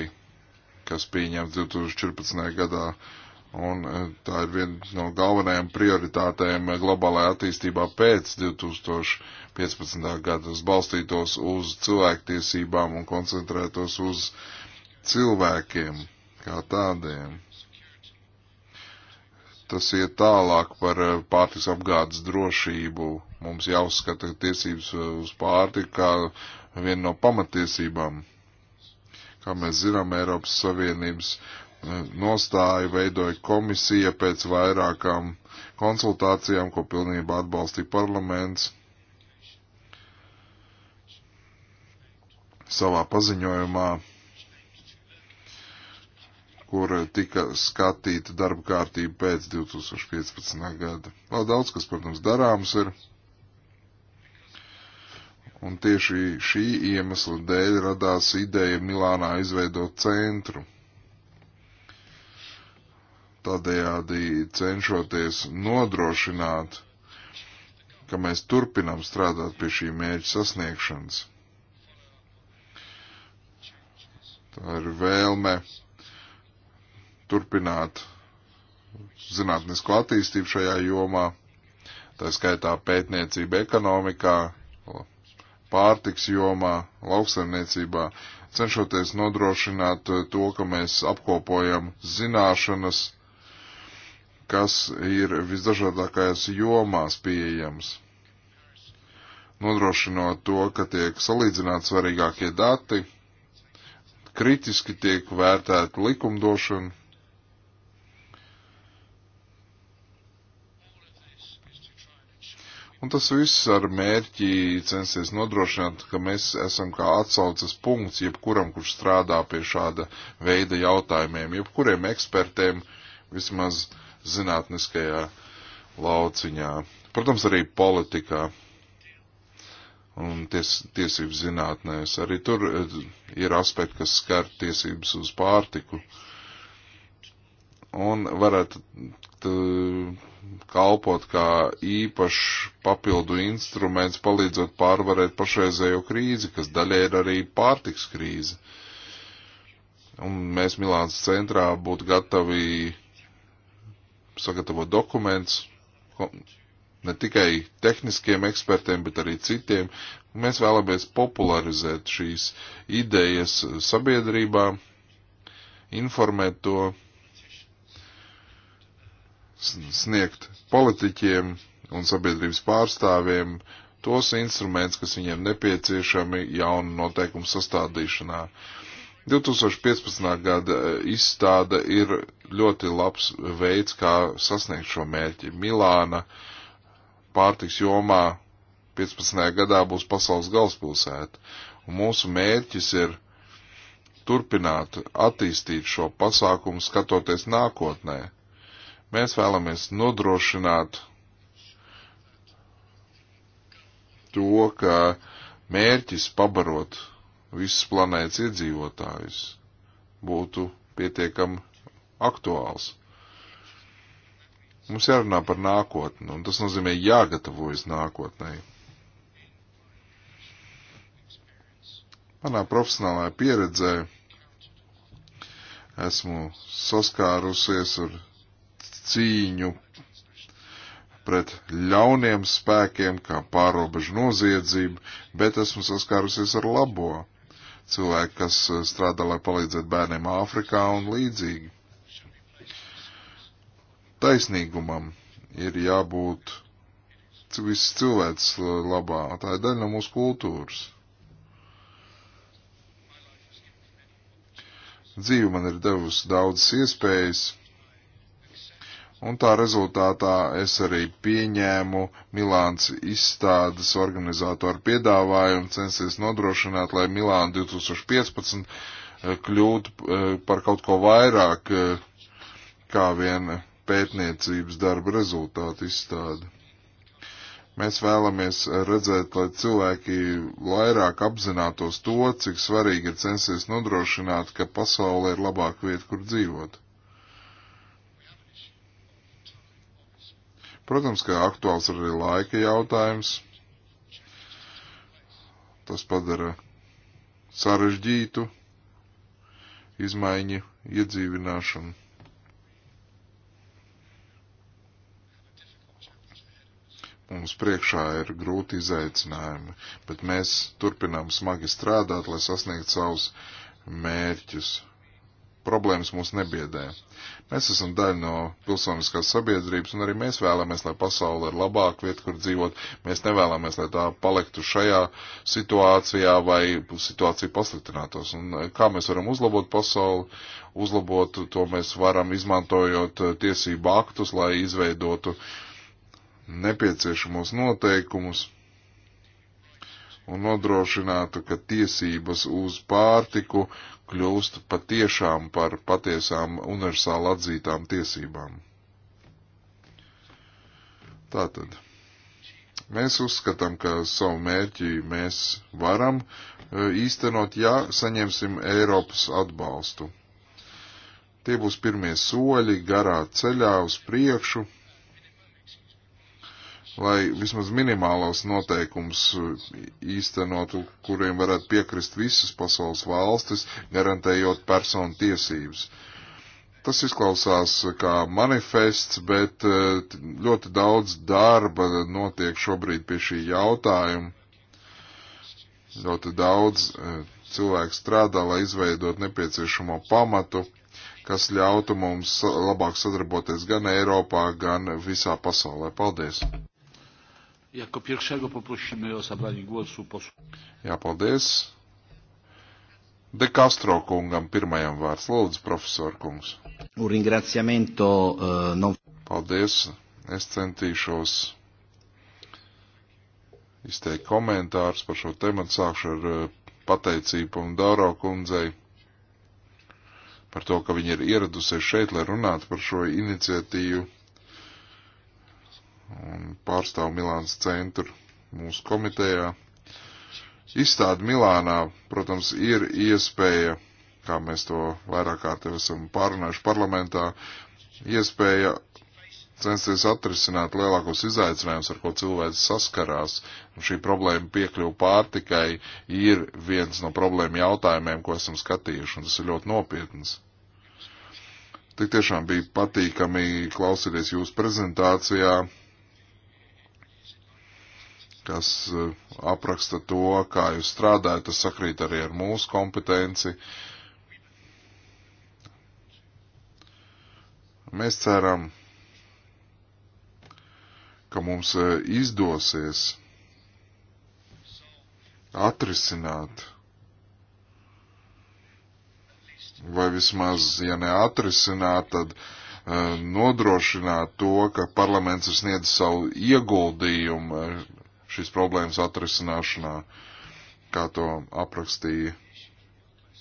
kas pieņemts 2014. gadā. Un e, tā ir viena no galvenajām prioritātēm globālajā attīstībā pēc 2015. gada. Es balstītos uz cilvēktiesībām un koncentrētos uz cilvēkiem kā tādiem. Tas iet tālāk par e, pārtiks apgādes drošību Mums jāuzskata tiesības uh, uz pārtiku kā viena no pamatiesībām. Kā mēs zinām, Eiropas Savienības uh, nostāju veidoja komisija pēc vairākām konsultācijām, ko pilnībā atbalstīja parlaments. Savā paziņojumā kur tika skatīta darba kārtība pēc 2015. gada. Vēl daudz, kas, protams, darāms ir. Un tieši šī iemesla dēļ radās ideja Milānā izveidot centru. Tādējādi cenšoties nodrošināt, ka mēs turpinām strādāt pie šī mērķa sasniegšanas. Tā ir vēlme turpināt zinātnisko attīstību šajā jomā, tā skaitā pētniecība ekonomikā, pārtiks jomā, lauksaimniecībā, cenšoties nodrošināt eh, to, ka mēs apkopojam zināšanas, kas ir visdažādākajās jomās pieejams. Nodrošinot to, ka tiek salīdzināt svarīgākie dati, kritiski tiek vērtēta likumdošana, Un tas viss ar mērķi censties nodrošināt, ka mēs esam kā atsaucas punkts jebkuram, kurš strādā pie šāda veida jautājumiem, jebkuriem ekspertiem vismaz zinātniskajā lauciņā. Protams, arī politikā un ties, tiesību zinātnēs. Arī tur eh, ir aspekti, kas skar tiesības uz pārtiku. Un varētu t, kalpot kā īpašs papildu instruments, palīdzot pārvarēt pašreizējo krīzi, kas daļai ir arī pārtiks krīze. Un mēs Milāns centrā būtu gatavi sagatavot dokumentus ne tikai tehniskiem ekspertiem, bet arī citiem. Mēs vēlamies popularizēt šīs idejas sabiedrībā, informēt to sniegt politiķiem un sabiedrības pārstāvjiem tos instrumentus, kas viņiem nepieciešami jaunu noteikumu sastādīšanā. 2015. gada izstāde ir ļoti labs veids, kā sasniegt šo mērķi. Milāna pārtiks jomā 15. gadā būs pasaules galvaspilsēta, un mūsu mērķis ir turpināt attīstīt šo pasākumu skatoties nākotnē Mēs vēlamies nodrošināt to, ka mērķis pabarot visas planētas iedzīvotājus būtu pietiekami aktuāls. Mums jārunā par nākotni, un tas nozīmē jāgatavojas nākotnē. Manā profesionālajā pieredzē esmu saskārusies ar cīņu pret ļauniem spēkiem, kā pārobežu noziedzību, bet esmu saskārusies ar labo cilvēku, kas eh, strādā, lai palīdzētu bērniem Āfrikā un līdzīgi. Taisnīgumam ir jābūt viss cilvēks eh, labā, tā ir daļa no mūsu kultūras. Dzīve man ir devusi daudzas iespējas un tā rezultātā es arī pieņēmu Milāns izstādes organizatoru piedāvājumu censties nodrošināt, lai Milāna 2015 eh, kļūtu eh, par kaut ko vairāk eh, kā vien pētniecības darba rezultātu izstādi. Mēs vēlamies redzēt, lai cilvēki vairāk apzinātos to, cik svarīgi ir censties nodrošināt, ka pasaulē ir labāka vieta, kur dzīvot. Protams, ka aktuāls ir arī laika jautājums. Tas padara sarežģītu izmaiņu iedzīvināšanu. Mums priekšā ir grūti izaicinājumi, bet mēs turpinām smagi strādāt, lai sasniegtu savus mērķus. Problēmas mūs nebiedē. Mēs esam daļa no pilsoniskās sabiedrības, un arī mēs vēlamies, lai pasaule ir labāka vieta, kur dzīvot. Mēs nevēlamies, lai tā paliktu šajā situācijā vai situācija pasliktinātos. Un eh, kā mēs varam uzlabot pasauli? Uzlabot to mēs varam izmantojot eh, tiesību aktus, lai izveidotu nepieciešamos noteikumus un nodrošinātu, ka tiesības uz pārtiku, kļūst patiešām par patiesām universāli atzītām tiesībām. Tātad. Mēs uzskatām, ka savu mērķi mēs varam e, īstenot, ja saņemsim Eiropas atbalstu. Tie būs pirmie soļi garā ceļā uz priekšu, lai vismaz minimālos noteikums eh, īstenotu, kuriem varētu piekrist visas pasaules valstis, garantējot personu tiesības. Tas izklausās kā manifests, bet eh, ļoti daudz darba notiek šobrīd pie šī jautājuma. Ļoti daudz eh, cilvēku strādā, lai izveidot nepieciešamo pamatu, kas ļautu mums labāk sadarboties gan Eiropā, gan visā pasaulē. Paldies! Jako pierwszego poprosimy o zabranie głosu posłów. Jā, paldies. De Castro kungam pirmajam vārds. Lūdzu, profesor kungs. Un ringraciamento uh, eh, non... Paldies. Es centīšos izteikt komentārus par šo tematu. Sākšu ar uh, pateicību un Dāro kundzei par to, ka viņi ir ieradusies šeit, lai runātu par šo iniciatīvu un pārstāv Milānas centru mūsu komitejā. Izstāde Milānā, protams, ir iespēja, kā mēs to vairāk kārt jau esam pārunājuši parlamentā, iespēja censties atrisināt lielākos izaicinājumus, ar ko cilvēks saskarās. Un šī problēma piekļuva pārtikai ir viens no problēma jautājumiem, ko esam skatījuši, un tas ir ļoti nopietns. Tik tiešām bija patīkami klausīties jūsu prezentācijā, kas eh, apraksta to, kā jūs strādājat, tas sakrīt arī ar mūsu kompetenci. Mēs ceram, ka mums eh, izdosies atrisināt, vai vismaz, ja neatrisināt, tad uh, nodrošināt to, ka parlaments ir sniedzis savu ieguldījumu šīs problēmas atrisināšanā, kā to aprakstīja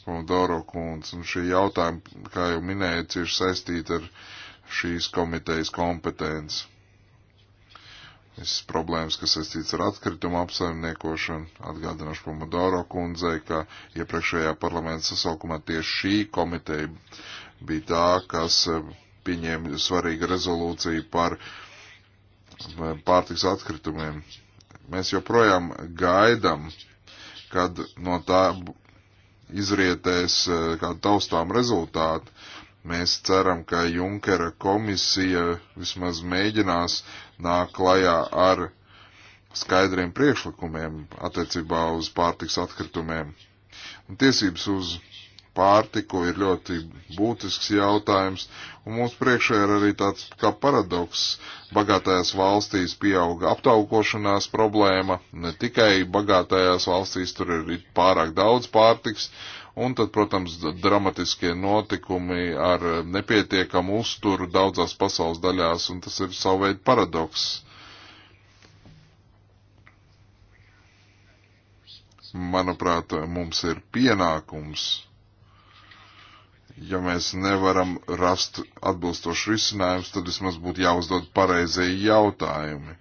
Pomodoro kundze. Un šī jautājuma, kā jau minēju, cieši saistīta ar šīs komitejas kompetenci. Visas problēmas, kas saistīts ar atkritumu apsaimniekošanu, atgādināšu Pomodoro kundzei, ka iepriekšējā parlamenta sasaukumā tieši šī komiteja bija tā, kas eh, pieņēma svarīgu rezolūciju par eh, pārtiks atkritumiem. Mēs joprojām gaidām, kad no tā izrietēs eh, kādu taustām rezultātu. Mēs ceram, ka Junkera komisija vismaz mēģinās nāk klajā ar skaidriem priekšlikumiem attiecībā uz pārtiks atkritumiem. Un tiesības uz pārtiku ir ļoti būtisks jautājums, un mums priekšā ir arī tāds kā paradoks. Bagātajās valstīs pieauga aptaukošanās problēma, ne tikai bagātajās valstīs tur ir pārāk daudz pārtiks, un tad, protams, dramatiskie notikumi ar nepietiekamu uzturu daudzās pasaules daļās, un tas ir savu veidu paradoks. manuprāt, mums ir pienākums ja mēs nevaram rast atbilstošu risinājumus, tad vismaz būtu jāuzdod pareizie jautājumi.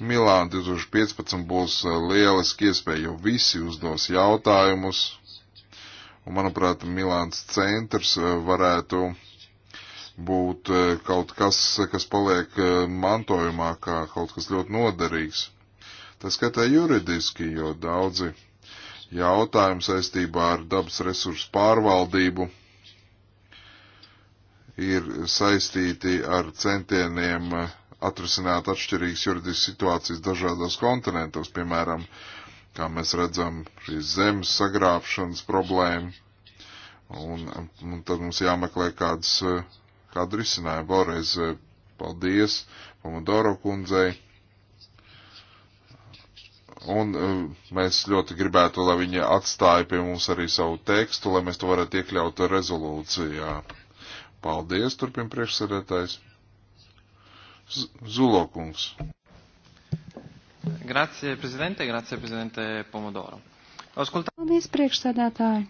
Milāna 2015 būs e, lieliski iespēja, jo visi uzdos jautājumus, un manuprāt, Milāns centrs e, varētu būt e, kaut kas, kas paliek mantojumā, kā kaut kas ļoti noderīgs. Tas skatā juridiski, jo daudzi jautājumi saistībā ar dabas resursu pārvaldību ir saistīti ar centieniem eh, atrisināt atšķirīgas juridiskas situācijas dažādos kontinentos, piemēram, kā mēs redzam, šīs zemes sagrābšanas problēma, un, un tad mums jāmeklē kāds, eh, kādu risinājumu. Vēlreiz eh, paldies Pomodoro kundzei. Un mēs ļoti gribētu, lai viņa atstāja pie mums arī savu tekstu, lai mēs to varētu iekļaut rezolūcijā. Paldies, turpina priekšsēdētājs. Zulokungs. Grazie, prezidente, grazie, prezidente Pomodoro. Auskultā... Paldies, priekšsēdētāji.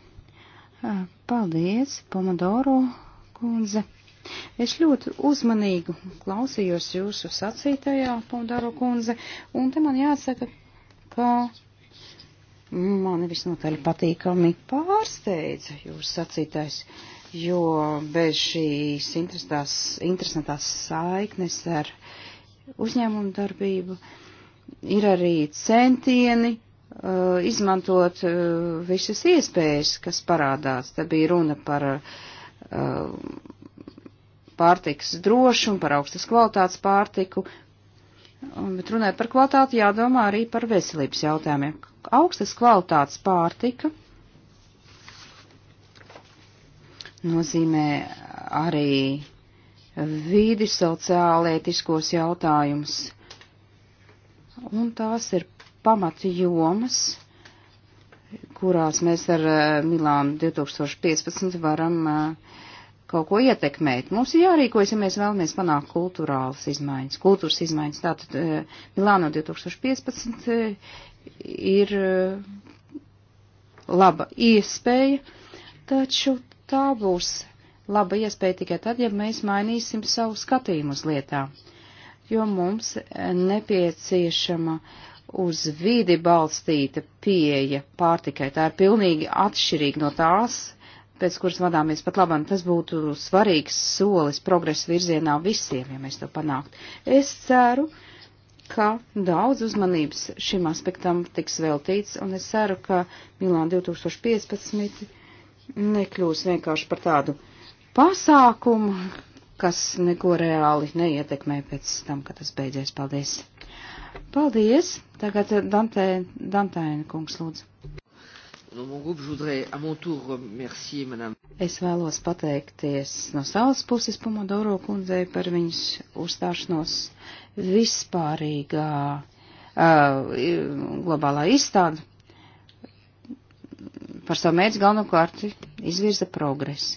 Paldies, Pomodoro kundze. Es ļoti uzmanīgi klausījos jūsu sacītajā, Pomodoro kundze, un te man jāsaka, ka mani visnotaļ patīkami pārsteidza jūsu sacītais. Uh, jo bez šīs interesantās saiknes ar uzņēmumu darbību ir arī centieni uh, izmantot uh, visas iespējas, kas parādās. Te bija runa par uh, pārtikas drošumu, par augstas kvalitātes pārtiku, bet runājot par kvalitāti jādomā arī par veselības jautājumiem. Augstas kvalitātes pārtika nozīmē arī vīdi sociālētiskos jautājumus. Un tās ir pamati jomas, kurās mēs ar eh, Milānu 2015 varam eh, kaut ko ietekmēt. Mums ir jārīkojas, ja mēs vēlamies panākt kultūrāls izmaiņas, kultūras izmaiņas. Tātad eh, Milāno 2015 ir laba iespēja, taču tā būs laba iespēja tikai tad, ja mēs mainīsim savu skatījumu uz lietām, jo mums nepieciešama uz vidi balstīta pieeja pārtikai. Tā ir pilnīgi atšķirīga no tās, pēc kuras vadāmies pat labam. Tas būtu svarīgs solis progresa virzienā visiem, ja mēs to panākt. Es ceru, ka daudz uzmanības šim aspektam tiks veltīts, un es ceru, ka Milāna 2015 nekļūs vienkārši par tādu pasākumu, kas neko reāli neietekmē pēc tam, kad tas beidzies. Paldies! Paldies! Tagad Dantē, Dantēna kungs lūdzu. Es vēlos pateikties no savas puses Pomodoro kundzei par viņas uzstāšanos vispārīgā uh, globālā izstāde par savu mērķi galvenokārt izvirza progresi.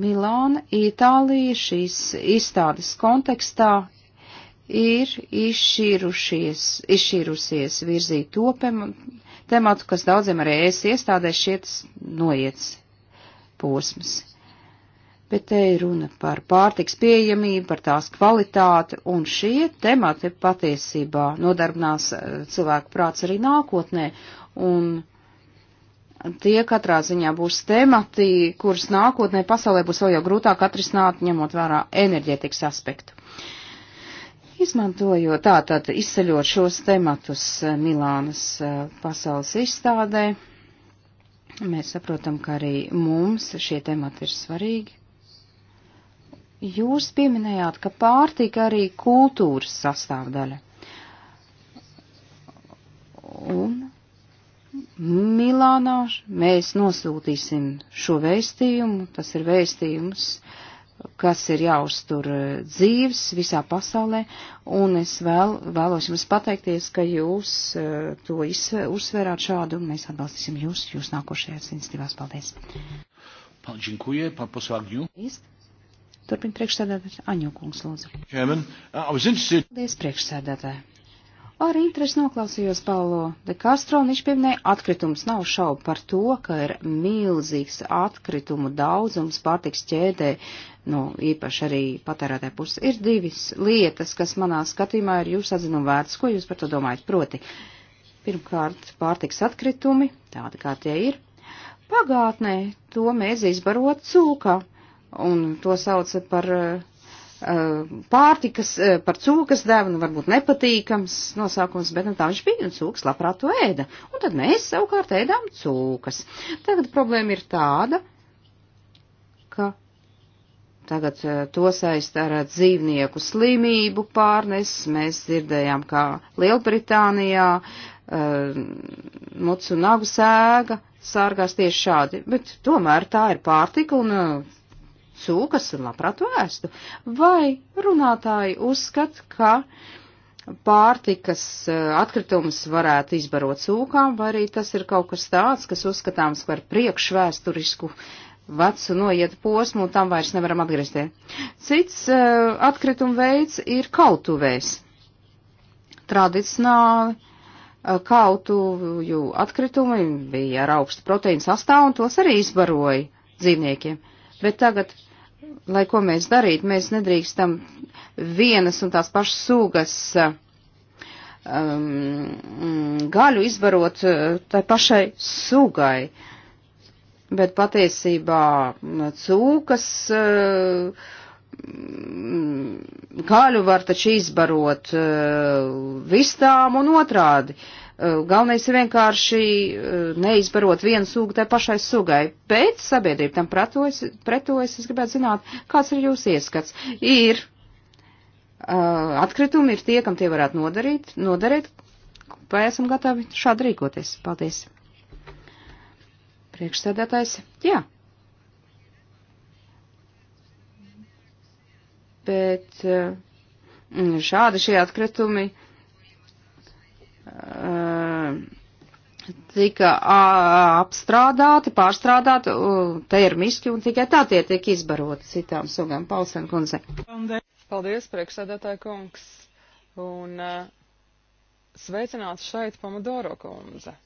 Milāna, Itālija šīs izstādes kontekstā ir izšķīrusies virzīt to tematu, kas daudziem arī es iestādēs šiet noiets posms. Bet te ir runa par pārtiks pieejamību, par tās kvalitāti, un šie temati patiesībā nodarbinās eh, cilvēku prāts arī nākotnē, un Tie katrā ziņā būs temati, kurus nākotnē pasaulē būs vēl jau grūtāk atrisināt, ņemot vērā enerģētikas aspektu. Izmantojot tātad izceļot šos tematus eh, Milānas eh, pasaules izstādē, mēs saprotam, ka arī mums šie temati ir svarīgi. Jūs pieminējāt, ka pārtika arī kultūras sastāvdaļa. Un Milānā mēs nosūtīsim šo vēstījumu. Tas ir vēstījums, kas ir jāuztur eh, dzīves visā pasaulē, un es vēl, vēlos jums pateikties, ka jūs eh, to uzsverāt šādu, un mēs atbalstīsim jūs, jūs nākošajās institīvās. Paldies! Dziękuję, pan poseł Agniu. Turpin priekšsēdētājs Aņokungs, lūdzu. Paldies, priekšsēdētāji. Ar interesi noklausījos Paulo de Castro, un viņš pieminēja atkritumus. Nav šaubu par to, ka ir milzīgs atkritumu daudzums pārtiks ķēdē, nu, īpaši arī patērētē puses. Ir divas lietas, kas manā skatījumā ir jūsu atzinumu vērts. Ko jūs par to domājat? Proti, pirmkārt, pārtiks atkritumi, tādi kā tie ir. Pagātnē to mēs izbarot cūkā, un to sauca par uh, Eh, pārtikas, eh, par cūkas dēvnu, varbūt nepatīkams nosaukums, bet nu, tā viņš bija, un cūkas labprāt to ēda. Un tad mēs savukārt ēdām cūkas. Tagad problēma ir tāda, ka tagad eh, to saist ar dzīvnieku slimību pārnes. Mēs dzirdējām, kā Lielbritānijā uh, mucu nagu sēga sārgās tieši šādi, bet tomēr tā ir pārtika un uh, cūkas labprāt vēstu, vai runātāji uzskat, ka pārtikas e, atkritumus varētu izbarot cūkām, vai arī tas ir kaut kas tāds, kas uzskatāms par priekšvēsturisku vecu noiet posmu un tam vairs nevaram atgriezties. Cits uh, e, atkrituma veids ir kautuvēs. Tradicionāli uh, e, kautuvju atkritumi bija ar augstu proteīnu sastāvu un tos arī izbaroja dzīvniekiem. Bet tagad lai ko mēs darītu, mēs nedrīkstam vienas un tās pašas sūgas um, gaļu izvarot uh, tai pašai sūgai. Bet patiesībā mm, cūkas uh, gaļu var taču izbarot uh, vistām un otrādi. Uh, Eh, galvenais ir vienkārši eh, neizbarot vienu sugu tai pašai sugai, bet sabiedrība tam pretojas, pretojas, es gribētu zināt, kāds ir jūsu ieskats. Ir uh, atkritumi, ir tie, kam tie varētu nodarīt, nodarīt, vai esam gatavi šādi rīkoties. Paldies. Priekšsēdētājs, jā. Bet uh, šādi šie atkritumi Uh, tika uh, apstrādāti, pārstrādāti uh, termiski un tikai tā tie tiek izbaroti citām sugām. Palsen kundze. Paldies, priekšsēdētāja kungs. Un uh, sveicināts šeit Pomodoro kundze.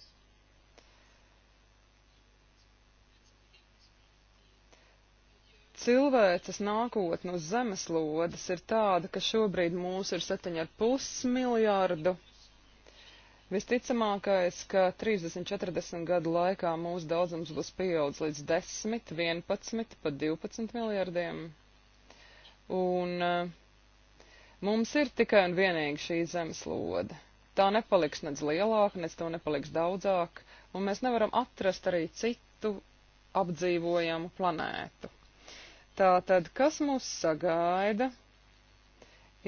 cilvēces nākotne uz zemeslodes ir tāda, ka šobrīd mūs ir 7,5 miljārdu Visticamākais, ka 30-40 gadu laikā mūsu daudzums būs pieaudzis līdz 10, 11, pat 12 miljardiem. Un eh, mums ir tikai un vienīgi šī zemeslode. Tā nepaliks nedz lielāka, nedz to nepaliks daudzāk, un mēs nevaram atrast arī citu apdzīvojamu planētu. Tātad, kas mūs sagaida?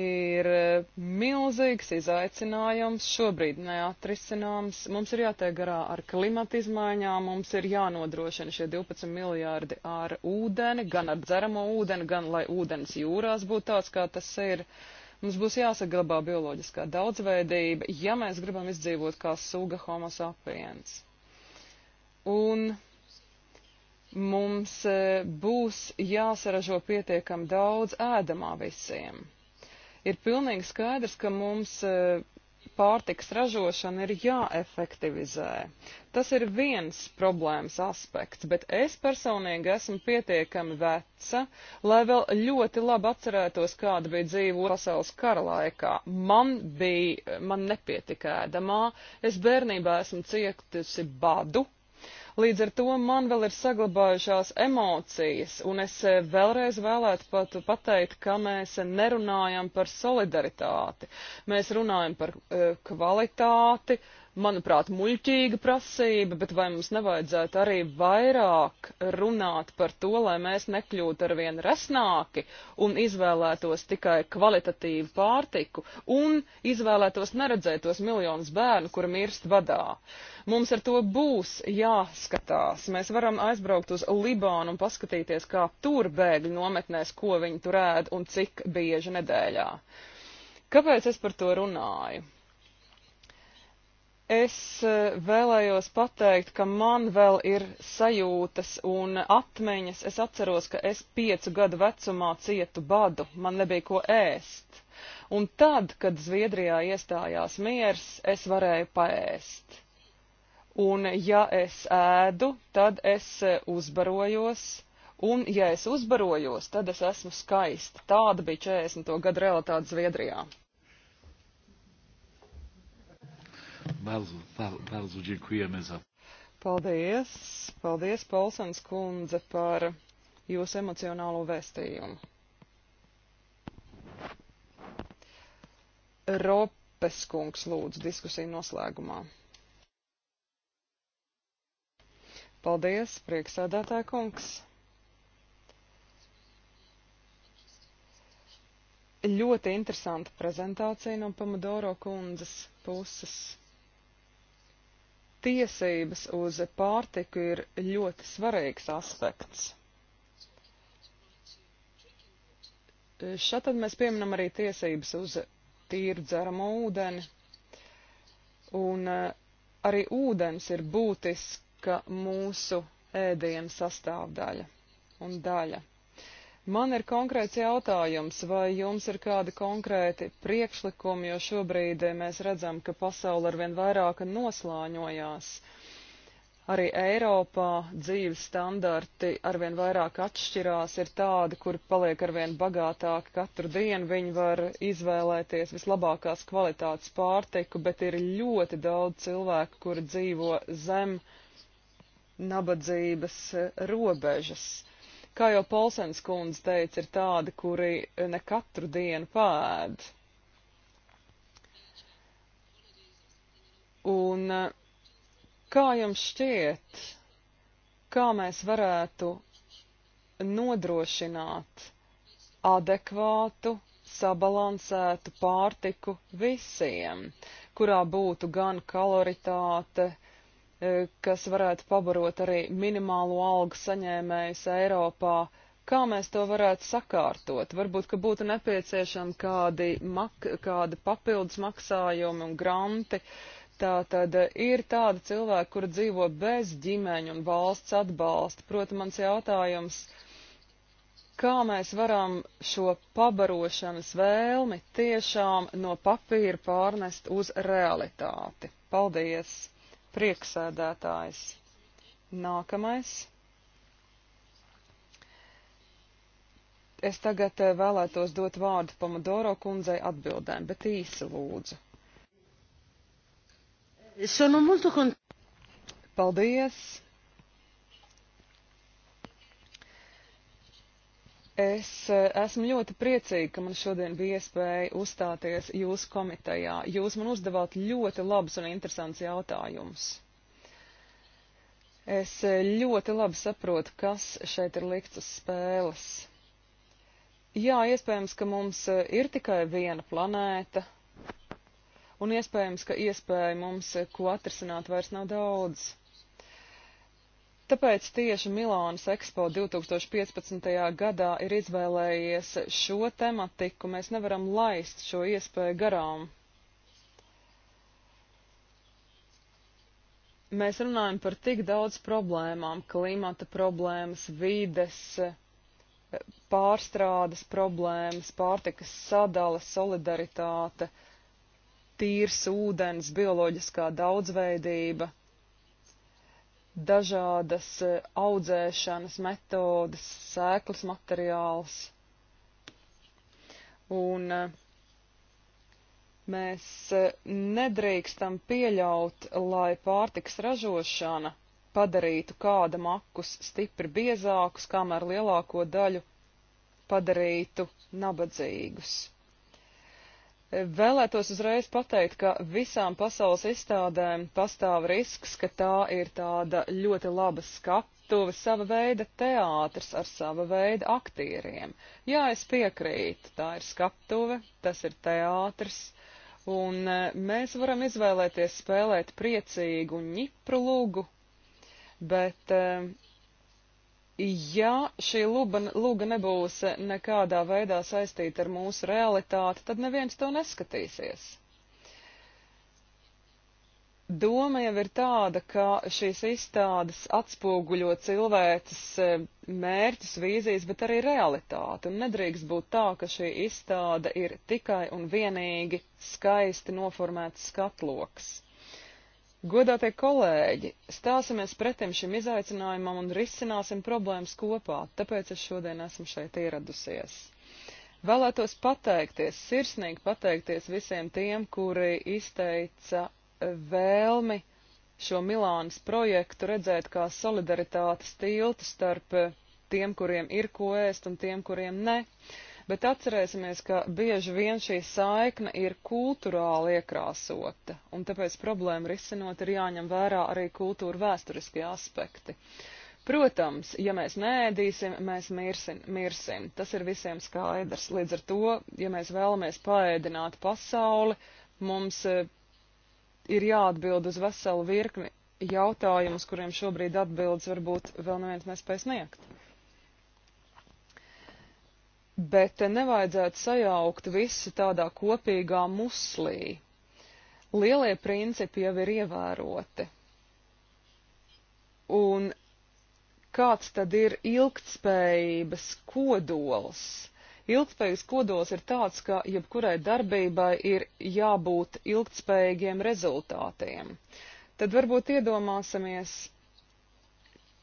ir eh, milzīgs izaicinājums, šobrīd neatrisināms. Mums ir jātiek garā ar klimata izmaiņām, mums ir jānodrošina šie 12 miljārdi ar ūdeni, gan ar dzeramo ūdeni, gan lai ūdens jūrās būtu tāds, kā tas ir. Mums būs jāsaglabā bioloģiskā daudzveidība, ja mēs gribam izdzīvot kā suga homo sapiens. Un mums eh, būs jāsaražo pietiekam daudz ēdamā visiem. Ir pilnīgi skaidrs, ka mums e, pārtiks ražošana ir jāefektivizē. Tas ir viens problēmas aspekts, bet es personīgi esmu pietiekami veca, lai vēl ļoti labi atcerētos, kāda bija dzīvo pasaules kara laikā. Man bija, man nepietika ēdamā, es bērnībā esmu cietusi badu, Līdz ar to man vēl ir saglabājušās emocijas, un es eh, vēlreiz vēlētu pat pateikt, ka mēs nerunājam par solidaritāti. Mēs runājam par eh, kvalitāti, manuprāt, muļķīga prasība, bet vai mums nevajadzētu arī vairāk runāt par to, lai mēs nekļūtu ar vien resnāki un izvēlētos tikai kvalitatīvu pārtiku un izvēlētos neredzētos miljonus bērnu, kuri mirst vadā. Mums ar to būs jāskatās. Mēs varam aizbraukt uz Libānu un paskatīties, kā tur bēgļu nometnēs, ko viņi tur ēd un cik bieži nedēļā. Kāpēc es par to runāju? es eh, vēlējos pateikt, ka man vēl ir sajūtas un atmiņas. Es atceros, ka es piecu gadu vecumā cietu badu, man nebija ko ēst. Un tad, kad Zviedrijā iestājās miers, es varēju paēst. Un ja es ēdu, tad es eh, uzbarojos. Un ja es uzbarojos, tad es esmu skaista. Tāda bija 40. gadu realitāte Zviedrijā. Bardzo, bardzo, bardzo dziękujemy za. Paldies, paldies Polsens kundze par jūsu emocionālo vēstījumu. Ropes kungs lūdzu diskusiju noslēgumā. Paldies, prieksēdētāja kungs. Ļoti interesanta prezentācija no Pamodoro kundzes puses tiesības uz pārtiku ir ļoti svarīgs aspekts. Šeit tad mēs pieminam arī tiesības uz tīru dzeramu ūdeni, un eh, arī ūdens ir būtiska mūsu ēdienas sastāvdaļa un daļa. Man ir konkrēts jautājums, vai jums ir kādi konkrēti priekšlikumi, jo šobrīd mēs redzam, ka pasaule arvien vairāk noslāņojās. Arī Eiropā dzīves standarti arvien vairāk atšķirās, ir tādi, kur paliek arvien bagātāki katru dienu, viņi var izvēlēties vislabākās kvalitātes pārtiku, bet ir ļoti daudz cilvēku, kuri dzīvo zem nabadzības robežas kā jau Polsens kundze teica, ir tādi, kuri ne katru dienu pēd. Un eh, kā jums šķiet, kā mēs varētu nodrošināt adekvātu, sabalansētu pārtiku visiem, kurā būtu gan kaloritāte, uh, kas varētu pabarot arī minimālo algu saņēmējus Eiropā. Kā mēs to varētu sakārtot? Varbūt, ka būtu nepieciešami kādi, mak kādi papildus maksājumi un granti. Tātad e, ir tādi cilvēki, kuri dzīvo bez ģimeņa un valsts atbalsta. Protams, mans jautājums, kā mēs varam šo pabarošanas vēlmi tiešām no papīra pārnest uz realitāti? Paldies! Prieksēdētājs. Nākamais. Es tagad eh, vēlētos dot vārdu Pomodoro kundzei atbildēm, bet īsi lūdzu. Paldies! Es e, esmu ļoti priecīga, ka man šodien bija iespēja uzstāties jūsu komitejā. Jūs man uzdevāt ļoti labus un interesants jautājumus. Es e, ļoti labi saprotu, kas šeit ir likts uz spēles. Jā, iespējams, ka mums e, ir tikai viena planēta, un iespējams, ka iespēja mums ko atrisināt vairs nav daudz. Tāpēc tieši Milānas Expo 2015. gadā ir izvēlējies šo tematiku. Mēs nevaram laist šo iespēju garām. Mēs runājam par tik daudz problēmām - klimata problēmas, vides, pārstrādes problēmas, pārtikas sadale, solidaritāte, tīrs ūdens, bioloģiskā daudzveidība – dažādas eh, audzēšanas metodas, sēklas materiāls. Un eh, mēs eh, nedrīkstam pieļaut, lai pārtiks ražošana padarītu kāda makus stipri biezākus, kamēr lielāko daļu padarītu nabadzīgus. Vēlētos uzreiz pateikt, ka visām pasaules izstādēm pastāv risks, ka tā ir tāda ļoti laba skatuve, sava veida teātris ar sava veida aktieriem. Jā, es piekrītu, tā ir skatuve, tas ir teātris, un e, mēs varam izvēlēties spēlēt priecīgu un ņipru lūgu, bet e, ja šī luba, luga nebūs nekādā veidā saistīta ar mūsu realitāti, tad neviens to neskatīsies. Doma jau ir tāda, ka šīs izstādes atspoguļo cilvēces e, mērķus, vīzijas, bet arī realitāti, un nedrīkst būt tā, ka šī izstāde ir tikai un vienīgi skaisti noformēts skatloks. Godātie kolēģi, stāsimies pretim šim izaicinājumam un risināsim problēmas kopā, tāpēc es šodien esmu šeit ieradusies. Vēlētos pateikties, sirsnīgi pateikties visiem tiem, kuri izteica vēlmi šo Milānas projektu redzēt kā solidaritātes tiltu starp tiem, kuriem ir ko ēst un tiem, kuriem ne. Uh, bet atcerēsimies, ka bieži vien šī saikne ir kultūrāli iekrāsota, un tāpēc problēma risinot ir jāņem vērā arī kultūra vēsturiskie aspekti. Protams, ja mēs neēdīsim, mēs mirsim, mirsim. Tas ir visiem skaidrs. Līdz ar to, ja mēs vēlamies paēdināt pasauli, mums eh, ir jāatbild uz veselu virkni jautājumus, kuriem šobrīd atbildes varbūt vēl neviens nespēj sniegt bet nevajadzētu sajaukt visu tādā kopīgā muslī. Lielie principi jau ir ievēroti. Un kāds tad ir ilgtspējības kodols? Ilgtspējas kodols ir tāds, ka jebkurai darbībai ir jābūt ilgtspējīgiem rezultātiem. Tad varbūt iedomāsimies,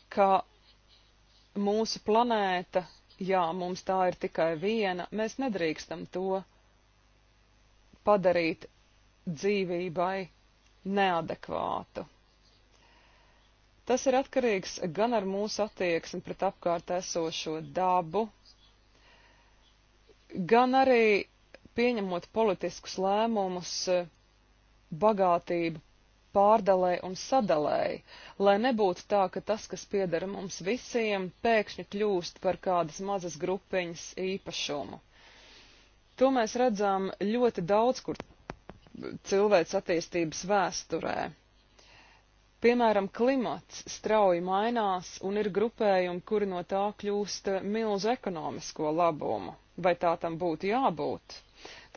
ka mūsu planēta jā, mums tā ir tikai viena, mēs nedrīkstam to padarīt dzīvībai neadekvātu. Tas ir atkarīgs gan ar mūsu attieksmi pret apkārt esošo dabu, gan arī pieņemot politiskus lēmumus bagātību pārdalē un sadalēji, lai nebūtu tā, ka tas, kas piedara mums visiem, pēkšņi kļūst par kādas mazas grupiņas īpašumu. To mēs redzam ļoti daudz kur cilvēks attīstības vēsturē. Piemēram, klimats strauji mainās un ir grupējumi, kuri no tā kļūst milzu ekonomisko labumu. Vai tā tam būtu jābūt?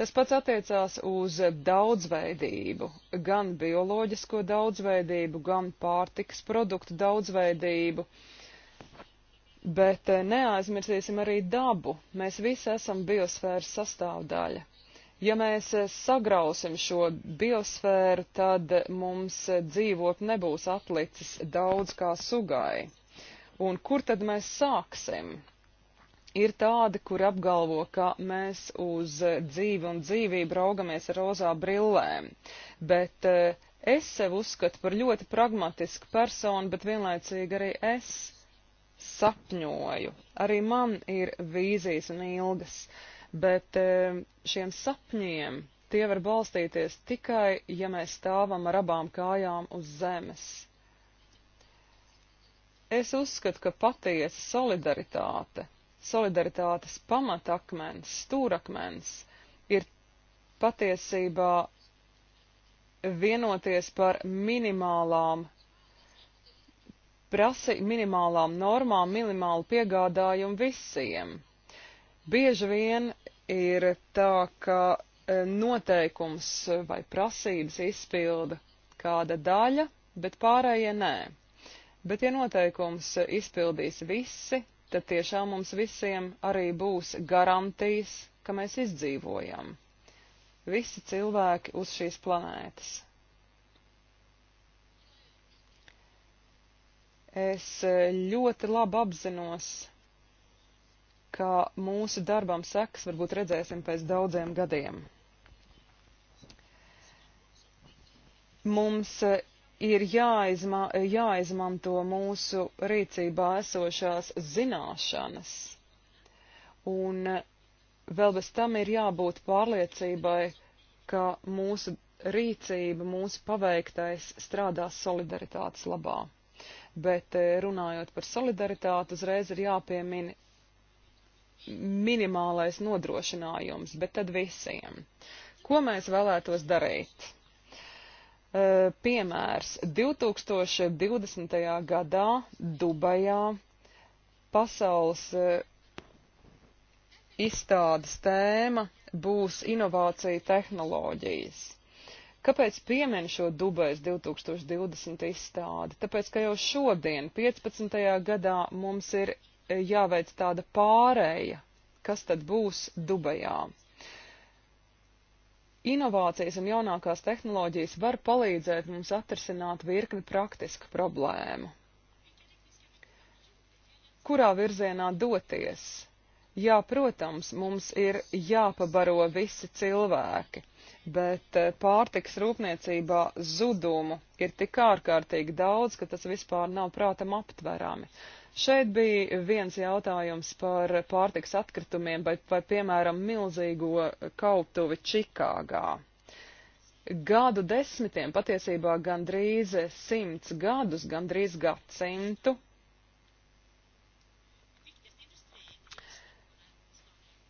Tas pats attiecās uz daudzveidību, gan bioloģisko daudzveidību, gan pārtikas produktu daudzveidību. Bet eh, neaizmirsīsim arī dabu. Mēs visi esam biosfēras sastāvdaļa. Ja mēs eh, sagrausim šo biosfēru, tad mums eh, dzīvot nebūs atlicis daudz kā sugai. Un kur tad mēs sāksim? Ir tādi, kur apgalvo, ka mēs uz dzīvi un dzīvību raugamies ar rozā brillēm, bet eh, es sev uzskatu par ļoti pragmatisku personu, bet vienlaicīgi arī es sapņoju. Arī man ir vīzijas un ilgas, bet eh, šiem sapņiem tie var balstīties tikai, ja mēs stāvam ar abām kājām uz zemes. Es uzskatu, ka patiesa solidaritāte solidaritātes pamatakmens, stūrakmens ir patiesībā vienoties par minimālām prasi, minimālām normām, minimālu piegādājumu visiem. Bieži vien ir tā, ka e, noteikums vai prasības izpilda kāda daļa, bet pārējie nē. Bet, ja noteikums izpildīs visi, tad tiešām mums visiem arī būs garantijas, ka mēs izdzīvojam. Visi cilvēki uz šīs planētas. Es e, ļoti labi apzinos, ka mūsu darbam seks varbūt redzēsim pēc daudziem gadiem. Mums e, ir jāizma, jāizmanto mūsu rīcībā esošās zināšanas. Un vēl bez tam ir jābūt pārliecībai, ka mūsu rīcība, mūsu paveiktais strādās solidaritātes labā. Bet eh, runājot par solidaritāti, uzreiz ir jāpiemina minimālais nodrošinājums, bet tad visiem. Ko mēs vēlētos darīt? Eh, piemērs. 2020. gadā Dubajā pasaules eh, izstādes tēma būs inovācija tehnoloģijas. Kāpēc piemēra šo Dubajas 2020 izstādi? Tāpēc, ka jau šodien, 15. gadā, mums ir eh, jāveic tāda pārēja, kas tad būs Dubajā. Inovācijas un jaunākās tehnoloģijas var palīdzēt mums atrisināt virkni praktisku problēmu. Kurā virzienā doties? Jā, protams, mums ir jāpabaro visi cilvēki, bet eh, pārtiks rūpniecībā zudumu ir tik ārkārtīgi daudz, ka tas vispār nav prātam aptverami. Uh, Šeit bija viens jautājums par pārtiks atkritumiem, vai, vai piemēram milzīgo kautuvi Čikāgā. Gadu desmitiem, patiesībā gandrīz simts gadus, gandrīz gadsimtu.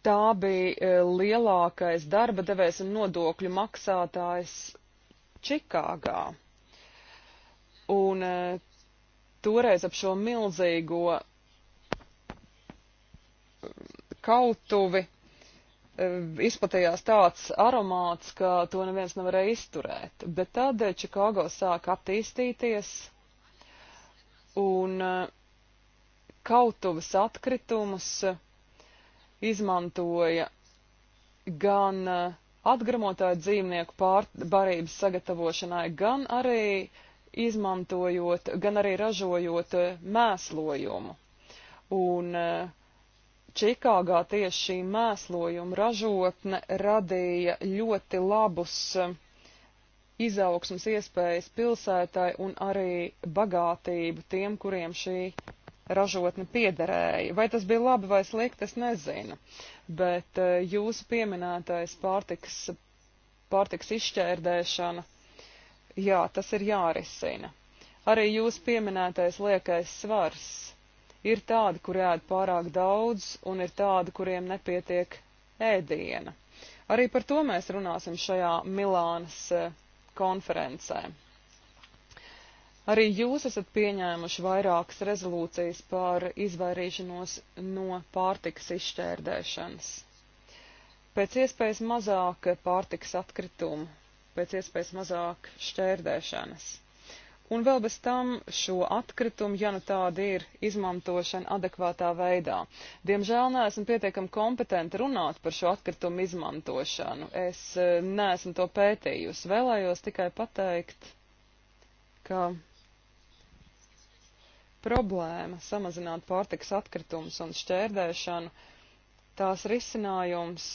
Tā bija e, lielākais darba devējs un nodokļu maksātājs Čikāgā. Un e, toreiz ap šo milzīgo eh, kautuvi eh, izplatījās tāds aromāts, ka to neviens nevarēja izturēt. Bet tad eh, Čikāgo sāk attīstīties un kautuves atkritumus izmantoja gan atgramotāju dzīvnieku pārbarības sagatavošanai, gan arī uh, izmantojot, gan arī ražojot eh, mēslojumu. Un eh, Čikāgā tieši šī mēslojuma ražotne radīja ļoti labus eh, izaugsmas iespējas pilsētai un arī bagātību tiem, kuriem šī ražotne piederēja. Vai tas bija labi vai slikti, es nezinu, bet jūsu pieminētais pārtiks, pārtiks izšķērdēšana Jā, tas ir jārisina. Arī jūs pieminētais liekais svars. Ir tādi, kur ēd pārāk daudz, un ir tādi, kuriem nepietiek ēdiena. Arī par to mēs runāsim šajā Milānas eh, konferencē. Arī jūs esat pieņēmuši vairākas rezolūcijas par izvairīšanos no pārtikas izšķērdēšanas. Pēc iespējas mazāk pārtikas atkritumu pēc iespējas mazāk šķērdēšanas. Un vēl bez tam šo atkritumu, ja nu tāda ir, izmantošana adekvātā veidā. Diemžēl neesmu pietiekami kompetenti runāt par šo atkritumu izmantošanu. Es e, neesmu to pētījusi. Vēlējos tikai pateikt, ka problēma samazināt pārtiks atkritumus un šķērdēšanu, tās risinājums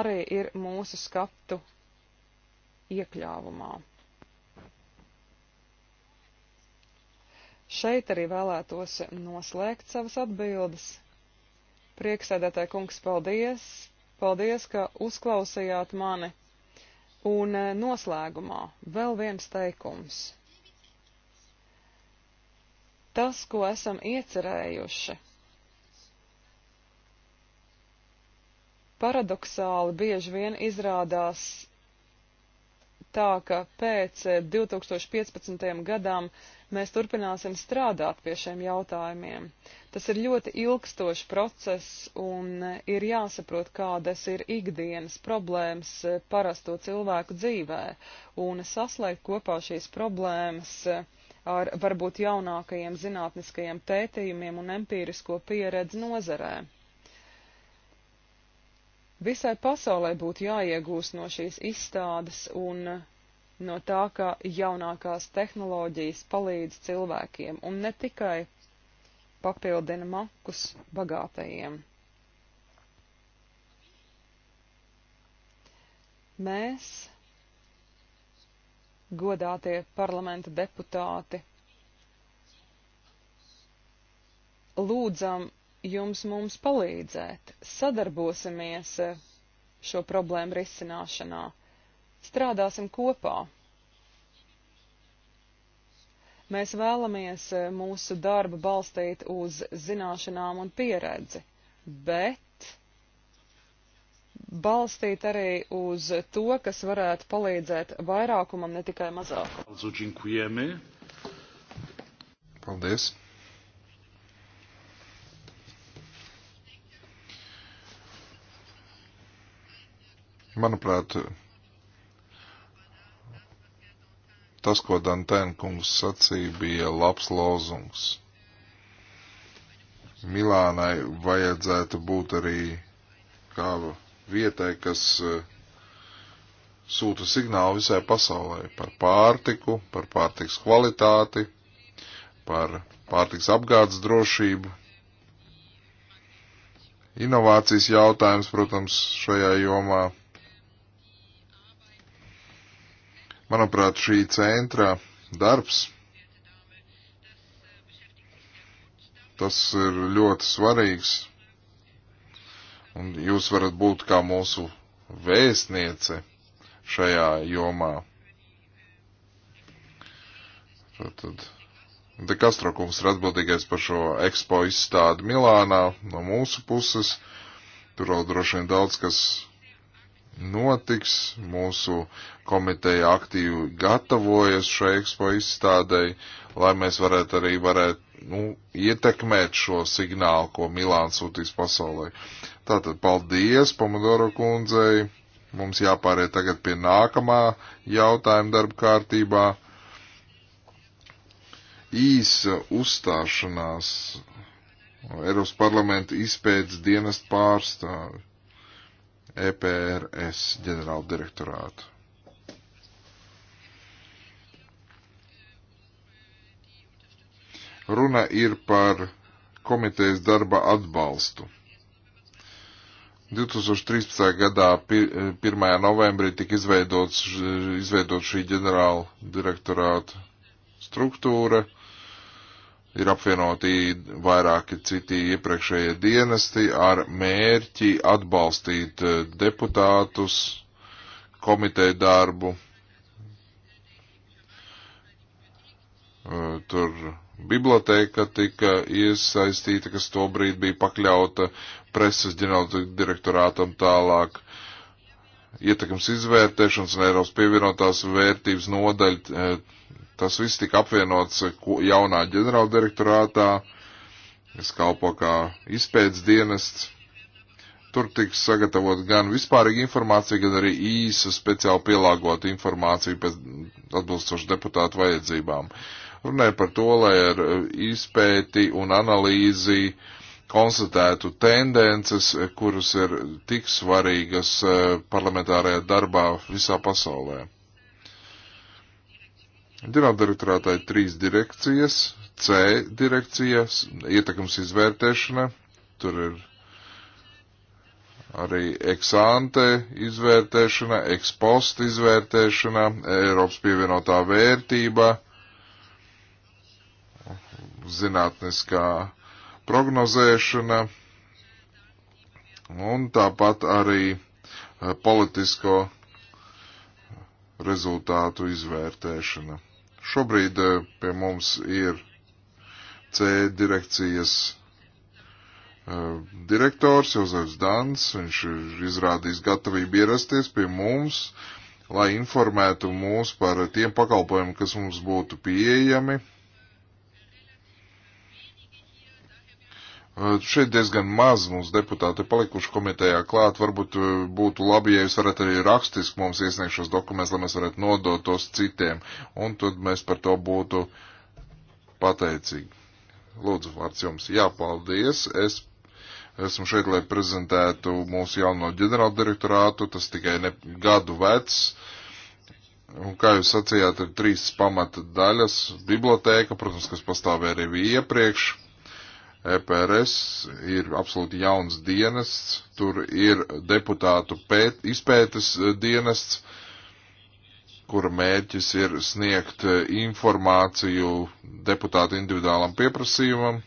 arī ir mūsu skatu iekļāvumā. Šeit arī vēlētos noslēgt savas atbildes. Prieksēdētāji kungs, paldies! Paldies, ka uzklausījāt mani! Un eh, noslēgumā vēl viens teikums. Tas, ko esam iecerējuši, paradoxāli bieži vien izrādās tā, ka pēc 2015. Eh, gadam mēs turpināsim strādāt pie šiem jautājumiem. Tas ir ļoti ilgstošs process un eh, ir jāsaprot, kādas ir ikdienas problēmas eh, parasto cilvēku dzīvē un saslēgt kopā šīs problēmas ar varbūt jaunākajiem zinātniskajiem pētījumiem un empīrisko pieredzi nozarē. Visai pasaulē būtu jāiegūst no šīs izstādes un no tā, ka jaunākās tehnoloģijas palīdz cilvēkiem un ne tikai papildina makus bagātajiem. Mēs, godātie parlamenta deputāti, lūdzam jums mums palīdzēt. Sadarbosimies šo problēmu risināšanā. Strādāsim kopā. Mēs vēlamies mūsu darbu balstīt uz zināšanām un pieredzi, bet balstīt arī uz to, kas varētu palīdzēt vairākumam, ne tikai mazākumam. Paldies! Manuprāt, tas, ko Dantēna kungs sacīja, bija labs lozungs. Milānai vajadzētu būt arī kā vietai, kas eh, sūta signālu visai pasaulē par pārtiku, par pārtiks kvalitāti, par pārtiks apgādes drošību. Inovācijas jautājums, protams, šajā jomā Manuprāt, šī centra darbs, tas ir ļoti svarīgs. Un jūs varat būt kā mūsu vēstniece šajā jomā. Tad De Castro kungs ir atbildīgais par šo ekspo izstādi Milānā no mūsu puses. Tur vēl droši vien daudz kas notiks. Mūsu komiteja aktīvi gatavojas šo ekspo izstādei, lai mēs varētu arī varētu, nu, ietekmēt šo signālu, ko Milāns sūtīs pasaulē. Tātad paldies Pomodoro kundzei. Mums jāpāriet tagad pie nākamā jautājuma darba kārtībā. Īsa uzstāšanās Eiropas parlamenta izpētes dienas pārstāvi. EPRS ģenerāla direktorātu. Runa ir par komitejas darba atbalstu. 2013. gadā 1. novembrī tika izveidots, izveidot šī ģenerāla direktorāta struktūra ir apvienoti vairāki citi iepriekšējie dienesti ar mērķi atbalstīt eh, deputātus, komiteju darbu. Eh, tur biblioteka tika iesaistīta, kas tobrīd bija pakļauta preses ģenerāldirektorātam tālāk ietekmes izvērtēšanas un Eiropas pievienotās vērtības nodaļa eh, Tas viss tika apvienots eh, jaunā ģenerāldirektorātā, kas kalpo kā izpētes dienests. Tur tiks sagatavot gan vispārīga informācija, gan arī īsa speciāli pielāgota informācija pēc atbilstoši deputātu vajadzībām. Runāja par to, lai ar eh, izpēti un analīzi konstatētu tendences, eh, kuras ir tik svarīgas parlamentārajā darbā visā pasaulē. Ģenerāldirektorātā ir trīs direkcijas, C direkcijas, ietekmes izvērtēšana, tur ir arī eksante izvērtēšana, ekspost izvērtēšana, Eiropas pievienotā vērtība, zinātniskā prognozēšana un tāpat arī eh, politisko rezultātu izvērtēšana. Šobrīd eh, pie mums ir C direkcijas eh, direktors Jozefs Dans, viņš ir izrādījis gatavību ierasties pie mums, lai informētu mūs par tiem pakalpojumiem, kas mums būtu pieejami Eh, šeit diezgan maz mums deputāti palikuši komitejā klāt. Varbūt eh, būtu labi, ja jūs varat arī rakstiski mums iesniegt šos dokumentus, lai mēs varētu nodot tos citiem. Un tad mēs par to būtu pateicīgi. Lūdzu, vārds jums. Jā, paldies. Es esmu šeit, lai prezentētu mūsu jauno ģenerāldirektorātu. Tas tikai ne gadu vecs. Un, kā jūs sacījāt, ir trīs pamata daļas. Bibliotēka, protams, kas pastāvēja arī iepriekš EPRS ir absolūti jauns dienests, tur ir deputātu pēt, izpētes e, dienests, kura mērķis ir sniegt e, informāciju deputātu individuālam pieprasījumam,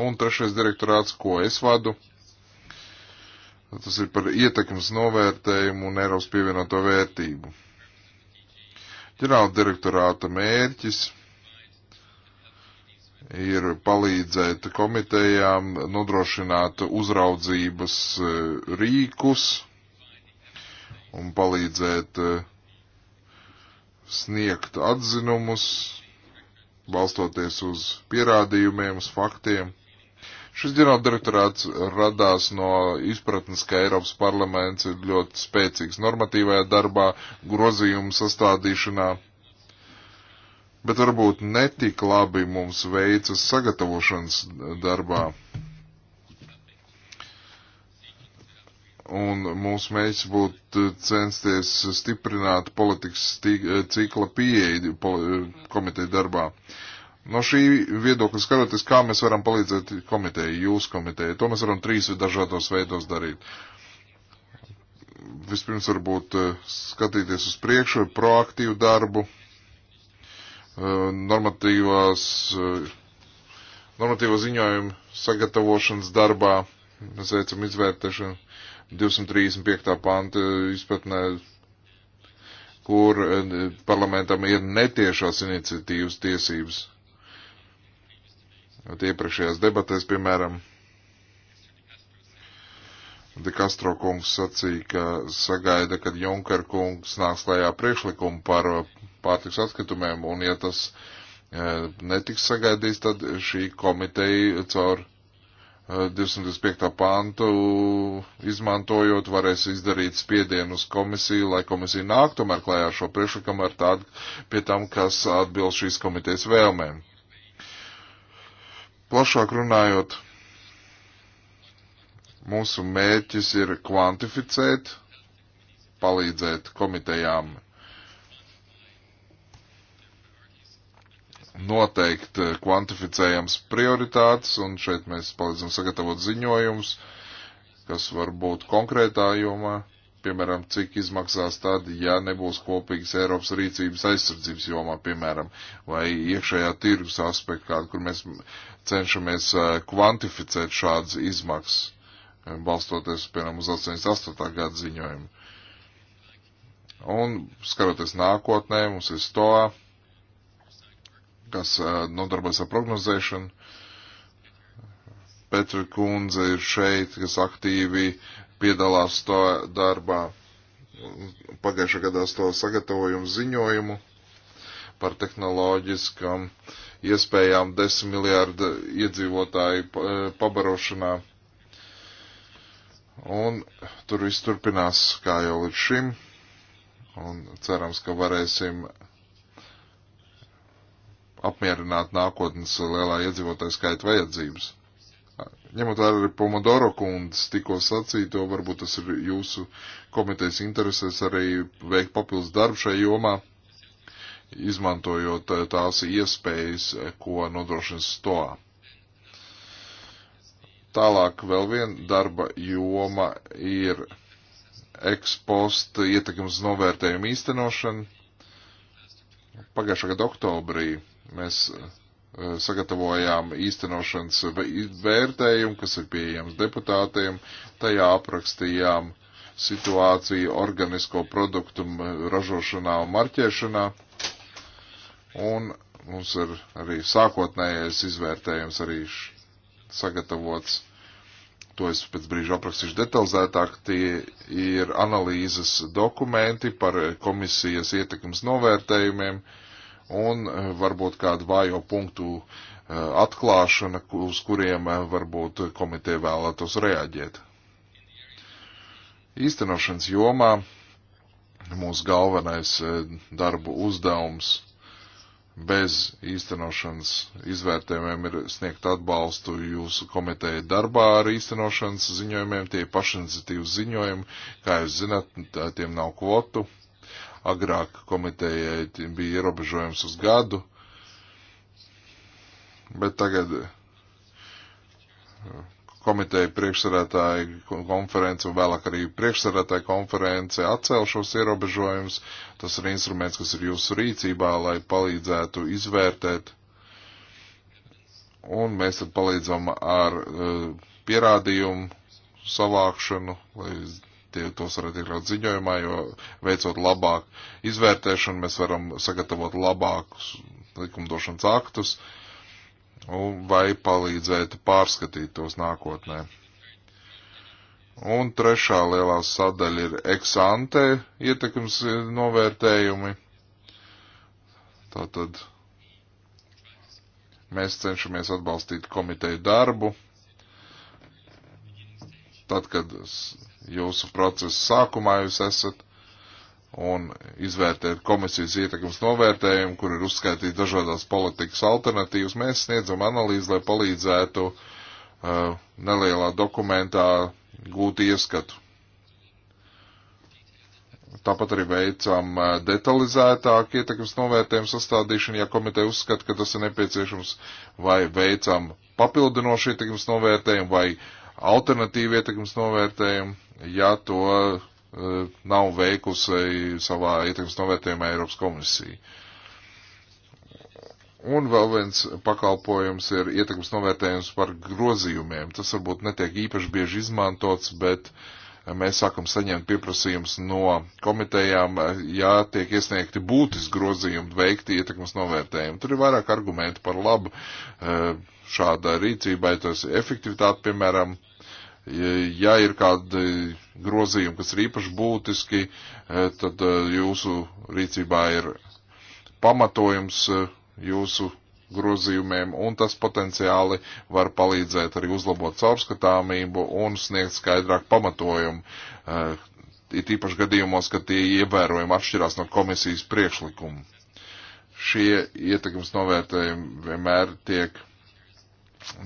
un trešais direktorāts, ko es vadu. Tas ir par ietekmes novērtējumu un Eiropas pievienoto vērtību. Ģenerāla direktorāta mērķis ir palīdzēt komitejām nodrošināt uzraudzības e, rīkus un palīdzēt e, sniegt atzinumus, balstoties uz pierādījumiem, uz faktiem. Šis ģenerāldirektorāts radās no izpratnes, ka Eiropas parlaments ir ļoti spēcīgs normatīvajā darbā, grozījuma sastādīšanā bet varbūt netik labi mums veicas sagatavošanas darbā. Un mūsu mērķis būtu censties stiprināt politikas cikla pieeja komiteja darbā. No šī viedokļa skatoties, kā mēs varam palīdzēt komiteju, jūs komiteju, to mēs varam trīs dažādos veidos darīt. Vispirms varbūt eh, skatīties uz priekšu, proaktīvu darbu, Eh, normatīvās, eh, normatīvo ziņojumu sagatavošanas darbā. Mēs veicam izvērtēšanu 235. panta izpratnē, kur eh, parlamentam ir netiešās iniciatīvas tiesības. Iepriekšējās debatēs, piemēram, De Castro kungs sacīja, ka sagaida, kad Junker kungs nāks lējā priekšlikumu par uh, pārtiks atkritumiem, un ja tas e, netiks sagaidīts, tad šī komiteja caur 225. Uh, pantu izmantojot varēs izdarīt spiedienu uz komisiju, lai komisija nāk tomēr klājā šo priekšlikumu ar tādu pie tam, kas atbilst šīs komitejas vēlmēm. Plašāk runājot, Mūsu mērķis ir kvantificēt, palīdzēt komitejām noteikt eh, kvantificējams prioritātes, un šeit mēs palīdzam sagatavot ziņojumus, kas var būt konkrētā jomā, piemēram, cik izmaksās tad, ja nebūs kopīgas Eiropas rīcības aizsardzības jomā, piemēram, vai iekšējā tirgus aspektā, kur mēs cenšamies eh, kvantificēt šādas izmaksas balstoties, piemēram, uz 88. gada ziņojumu. Un skatoties nākotnē, mums ir stoa, kas eh, nodarbojas ar prognozēšanu. Petra Kunze ir šeit, kas aktīvi piedalās to darbā pagājušā gadā to sagatavojumu ziņojumu par tehnoloģiskam iespējām 10 miljārdu iedzīvotāju eh, pabarošanā. Pa Un tur viss turpinās kā jau līdz šim. Un cerams, ka varēsim apmierināt nākotnes lielā iedzīvotāja skaita vajadzības. Ņemot vērā arī Pomodoro kundas tikko sacīto, varbūt tas ir jūsu komitejas interesēs arī veikt papildus darbu šai jomā, izmantojot tās iespējas, ko nodrošina stoā. Tālāk vēl viena darba joma ir ekspost ietekmes novērtējuma īstenošana. Pagājušā gada oktobrī mēs eh, sagatavojām īstenošanas vērtējumu, kas ir pieejams deputātiem. Tajā aprakstījām situāciju organisko produktu ražošanā un marķēšanā. Un mums ir arī sākotnējais izvērtējums arī š sagatavots. To es pēc brīža aprakstīšu detalizētāk. Tie ir analīzes dokumenti par komisijas ietekmes novērtējumiem un eh, varbūt kādu vājo punktu eh, atklāšana, uz kuriem eh, varbūt komiteja vēlētos reaģēt. Īstenošanas jomā mūsu galvenais darbu uzdevums bez īstenošanas izvērtējumiem ir sniegt atbalstu jūsu komiteja darbā ar īstenošanas ziņojumiem, tie ir pašiniciatīvas ziņojumi, kā jūs zināt, tiem nav kvotu. Agrāk komitejai bija ierobežojums uz gadu, bet tagad komiteja priekšsarētāja konference un vēlāk arī priekšsarētāja konference atcēl šos ierobežojumus. Tas ir instruments, kas ir jūsu rīcībā, lai palīdzētu izvērtēt. Un mēs tad palīdzam ar uh, pierādījumu savākšanu, lai tie, tos varētu iekļaut ziņojumā, jo veicot labāk izvērtēšanu, mēs varam sagatavot labākus likumdošanas aktus. Uh, Nu, vai palīdzētu pārskatīt tos nākotnē. Un trešā lielā sadaļa ir eksante ietekmes novērtējumi. Tātad mēs cenšamies atbalstīt komiteju darbu. Tad, kad jūsu procesa sākumā jūs esat, un izvērtēt komisijas ietekmes novērtējumu, kur ir uzskaitīti dažādās politikas alternatīvas. Mēs sniedzam analīzi, lai palīdzētu uh, nelielā dokumentā gūt ieskatu. Tāpat arī veicam uh, detalizētāk ietekmes novērtējumu sastādīšanu, ja komiteja uzskata, ka tas ir nepieciešams, vai veicam papildinošu ietekmes novērtējumu vai alternatīvu ietekmes novērtējumu, ja to Eh, nav veikusi savā ietekmes novērtējumā Eiropas komisija. Un vēl viens pakalpojums ir ietekmes novērtējums par grozījumiem. Tas varbūt netiek īpaši bieži izmantots, bet eh, mēs sākam saņemt pieprasījums no komitejām, eh, ja tiek iesniegti būtiski grozījumi veikti ietekmes novērtējumi. Tur ir vairāk argumentu par labu šādai rīcībai, tas efektivitāte, piemēram, Ja ir kādi grozījumi, kas ir īpaši būtiski, eh, tad eh, jūsu rīcībā ir pamatojums eh, jūsu grozījumiem, un tas potenciāli var palīdzēt arī uzlabot caurskatāmību un sniegt skaidrāk pamatojumu. Ir īpaši gadījumos, ka tie ievērojami atšķirās no komisijas priekšlikuma. Šie ietekmes novērtējumi vienmēr tiek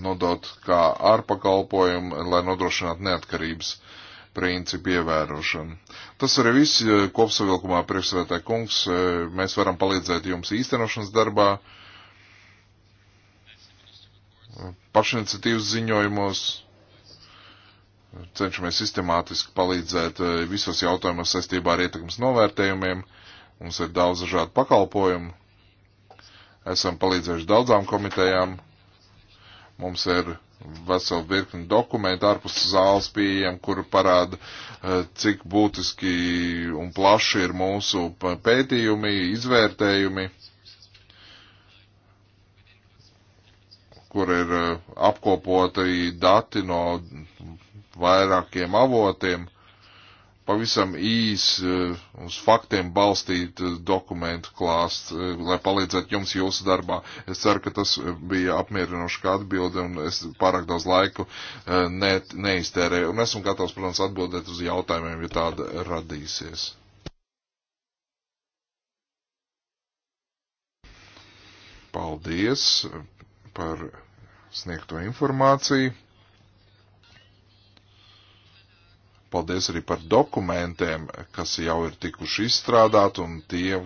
nodot kā ārpakalpojumu, lai nodrošinātu neatkarības principu ievērošanu. Tas arī viss kopsavilkumā priekšsēdētāji kungs. Eh, mēs varam palīdzēt jums īstenošanas darbā, pašiniciatīvas ziņojumos. Cenšamies sistemātiski palīdzēt eh, visos jautājumos saistībā ar ietekmes novērtējumiem. Mums ir daudz dažādu pakalpojumu. Esam palīdzējuši daudzām komitejām, Mums ir vesela virkni dokumentu ārpus zāles pieejam, kur parāda, eh, cik būtiski un plaši ir mūsu pētījumi, izvērtējumi, kur ir eh, apkopoti dati no vairākiem avotiem pavisam īs eh, uz faktiem balstīt eh, dokumentu klāsts, eh, lai palīdzētu jums jūsu darbā. Es ceru, ka tas bija apmierinoši kā atbilde un es pārāk daudz laiku ne, neiztērēju. Un esmu gatavs, protams, atbildēt uz jautājumiem, ja tāda radīsies. Paldies par sniegto informāciju. Paldies arī par dokumentiem, kas jau ir tikuši izstrādāti un tie,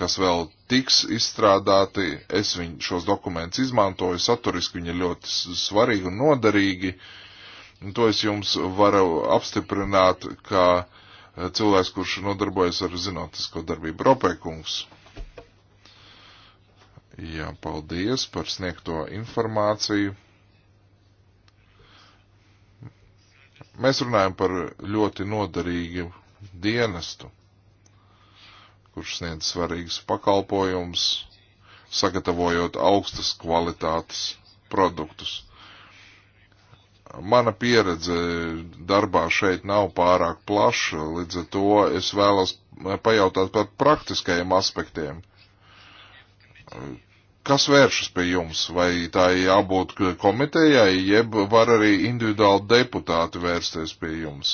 kas vēl tiks izstrādāti. Es viņu šos dokumentus izmantoju, saturiski viņi ir ļoti svarīgi un noderīgi. Un to es jums varu apstiprināt, kā e, cilvēks, kurš nodarbojas ar zinātnisko darbību. Ropēkungs. Jā, paldies par sniegto informāciju. Mēs runājam par ļoti noderīgu dienestu, kurš sniedz svarīgus pakalpojumus, sagatavojot augstas kvalitātes produktus. Mana pieredze darbā šeit nav pārāk plaša, līdz ar to es vēlos pajautāt par praktiskajiem aspektiem kas vēršas pie jums? Vai tā ir jābūt komitejai, jeb var arī individuāli deputāti vērsties pie jums?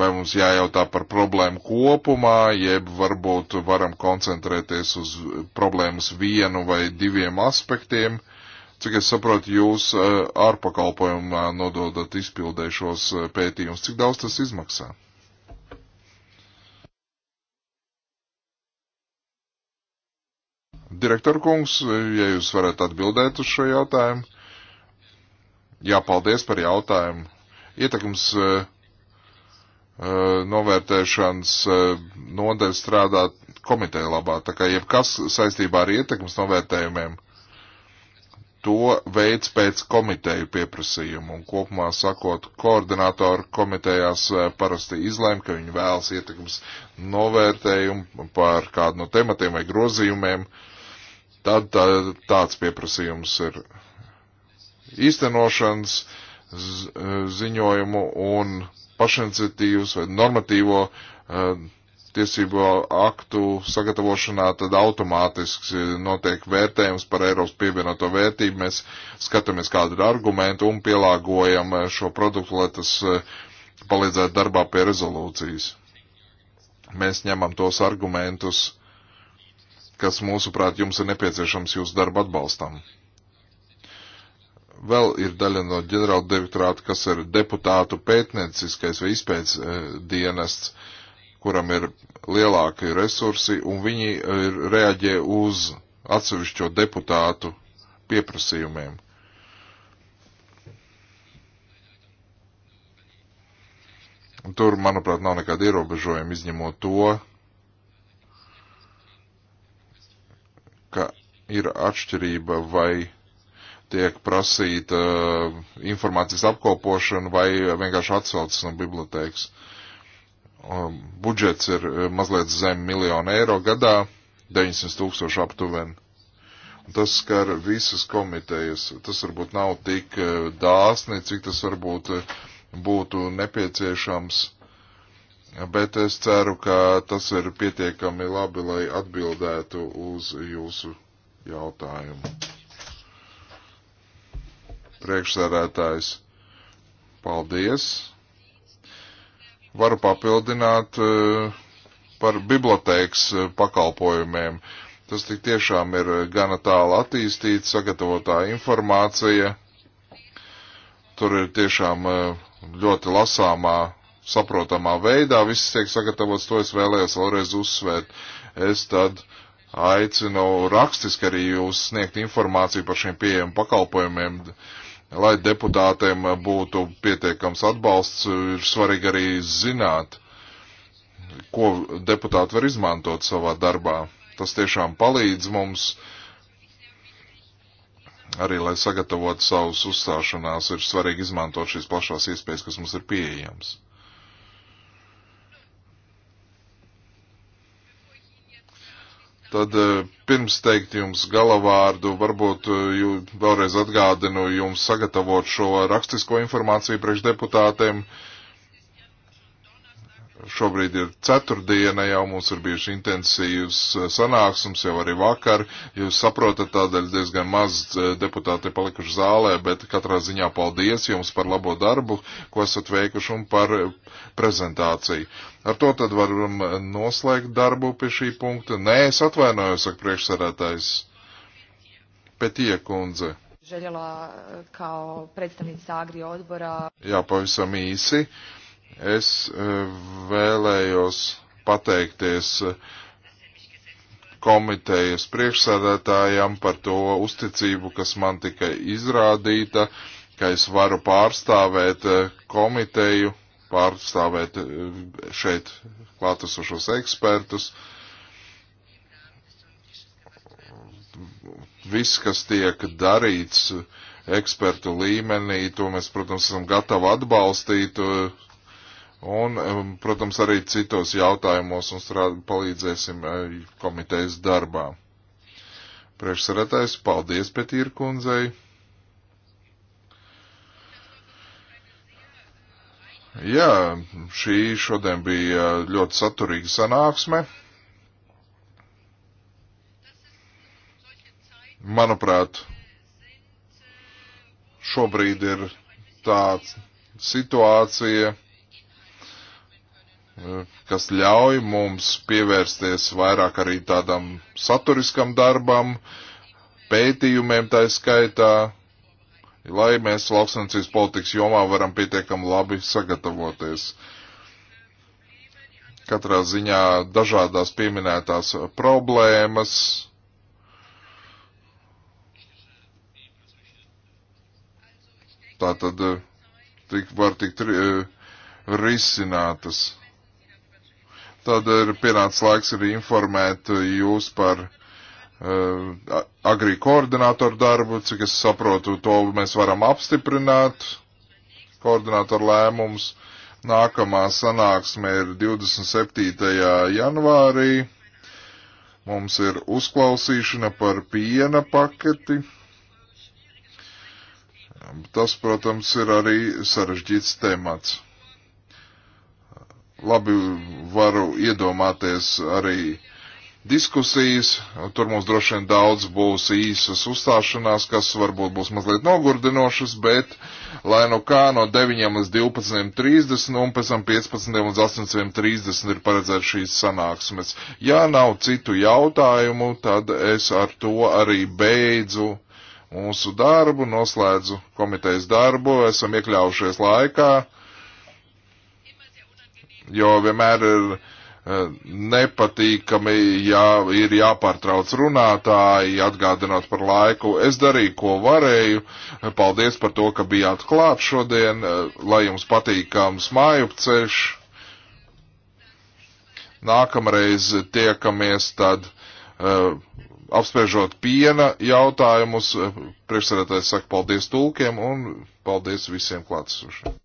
Vai mums jājautā par problēmu kopumā, jeb varbūt varam koncentrēties uz problēmas vienu vai diviem aspektiem? Cik es saprotu, jūs eh, ārpakalpojumā nododat izpildēšos eh, pētījumus. Cik daudz tas izmaksā? Direktor kungs, ja jūs varat atbildēt uz šo jautājumu. Jā, paldies par jautājumu. Ietekums uh, eh, eh, novērtēšanas uh, nodeļa strādā komiteja labā, tā kā jebkas saistībā ar ietekmes novērtējumiem, to veids pēc komiteju pieprasījumu, un kopumā sakot, koordinātori komitejās parasti izlēma, ka viņi vēlas ietekmes novērtējumu par kādu no tematiem vai grozījumiem, uh, Tad tā, tāds pieprasījums ir īstenošanas ziņojumu un pašiniciatīvas vai normatīvo uh, tiesību aktu sagatavošanā tad automātisks notiek vērtējums par Eiropas pievienoto vērtību. Mēs skatāmies, kāda ir argumenta un pielāgojam eh, šo produktu, lai tas eh, palīdzētu darbā pie rezolūcijas. Mēs ņemam tos argumentus, kas, mūsuprāt, jums ir nepieciešams jūsu darba atbalstam. Vēl ir daļa no ģenerāla direktorāta, kas ir deputātu pētnieciskais vai izpētes e, dienests, kuram ir lielāki resursi, un viņi e, ir reaģē uz atsevišķo deputātu pieprasījumiem. Un tur, manuprāt, nav nekāda ierobežojuma izņemot to, ir atšķirība, vai tiek prasīta uh, informācijas apkopošana vai vienkārši atsaucas no bibliotēkas. Um, budžets ir uh, mazliet zem miljonu eiro gadā, 900 tūkstoši aptuveni. Tas skar visas komitejas. Tas varbūt nav tik uh, dāsni, cik tas varbūt būtu nepieciešams, bet es ceru, ka tas ir pietiekami labi, lai atbildētu uz jūsu jautājumu. Priekšsēdētājs, paldies! Varu papildināt eh, par bibliotēkas eh, pakalpojumiem. Tas tik tiešām ir gana tālu attīstīts, sagatavotā informācija. Tur ir tiešām eh, ļoti lasāmā, saprotamā veidā viss tiek sagatavots, to es vēlējos vēlreiz uzsvērt. Es tad uh, aicinu rakstiski arī jūs sniegt informāciju par šiem pieejamiem pakalpojumiem, lai deputātiem būtu pietiekams atbalsts. Ir svarīgi arī zināt, ko deputāti var izmantot savā darbā. Tas tiešām palīdz mums arī, lai sagatavotu savus uzstāšanās, ir svarīgi izmantot šīs plašās iespējas, kas mums ir pieejams. Tad eh, pirms teikt jums galavārdu, varbūt eh, jū, vēlreiz atgādinu jums sagatavot šo rakstisko informāciju priekšdeputātiem. deputātiem Šobrīd ir ceturtdiena, jau mums ir bijuši intensīvs eh, sanāksums, jau arī vakar. Jūs saprotat, tādēļ diezgan maz eh, deputāti ir palikuši zālē, bet katrā ziņā paldies jums par labo darbu, ko esat veikuši un par eh, prezentāciju. Ar to tad varam noslēgt darbu pie šī punkta. Nē, es atvainojos, saka priekšsarētājs Petie kundze. Željela kao predstavnica Agri odbora. Jā, pavisam īsi. Uh, Es e, vēlējos pateikties komitejas priekšsēdētājam par to uzticību, kas man tika izrādīta, ka es varu pārstāvēt e, komiteju, pārstāvēt e, šeit klātesošos ekspertus. Viss, kas tiek darīts ekspertu līmenī, to mēs, protams, esam gatavi atbalstīt Un, um, protams, arī citos jautājumos un strād, palīdzēsim uh, komitejas darbā. Priekšsarētājs, paldies Petīra kundzei. Jā, šī šodien bija ļoti saturīga sanāksme. Manuprāt, šobrīd ir tā situācija, kas ļauj mums pievērsties vairāk arī tādam saturiskam darbam, pētījumiem tā skaitā, lai mēs lauksancības politikas jomā varam pietiekam labi sagatavoties. Katrā ziņā dažādās pieminētās problēmas. Tātad eh, tik var tikt eh, risinātas. Tad ir pienācis laiks arī informēt jūs par uh, eh, agrī koordinātoru darbu, cik es saprotu, to mēs varam apstiprināt, koordinātoru lēmums. Nākamā sanāksme ir 27. janvārī. Mums ir uzklausīšana par piena paketi. Tas, protams, ir arī sarežģīts temats labi varu iedomāties arī diskusijas, tur mums droši vien daudz būs īsas uzstāšanās, kas varbūt būs mazliet nogurdinošas, bet lai nu kā no 9 līdz 12.30 un pēc tam 15 līdz 18.30 ir paredzēts šīs sanāksmes. Ja nav citu jautājumu, tad es ar to arī beidzu mūsu darbu, noslēdzu komitejas darbu, esam iekļaujušies laikā jo vienmēr ir eh, nepatīkami, ja ir jāpārtrauc runātāji, atgādinot par laiku. Es darīju, ko varēju. Paldies par to, ka bijāt klāt šodien. Eh, lai jums patīkams mājupceļš. Nākamreiz tiekamies tad uh, apspriežot piena jautājumus. Priekšsēdētājs saka paldies tulkiem un paldies visiem klātesošiem.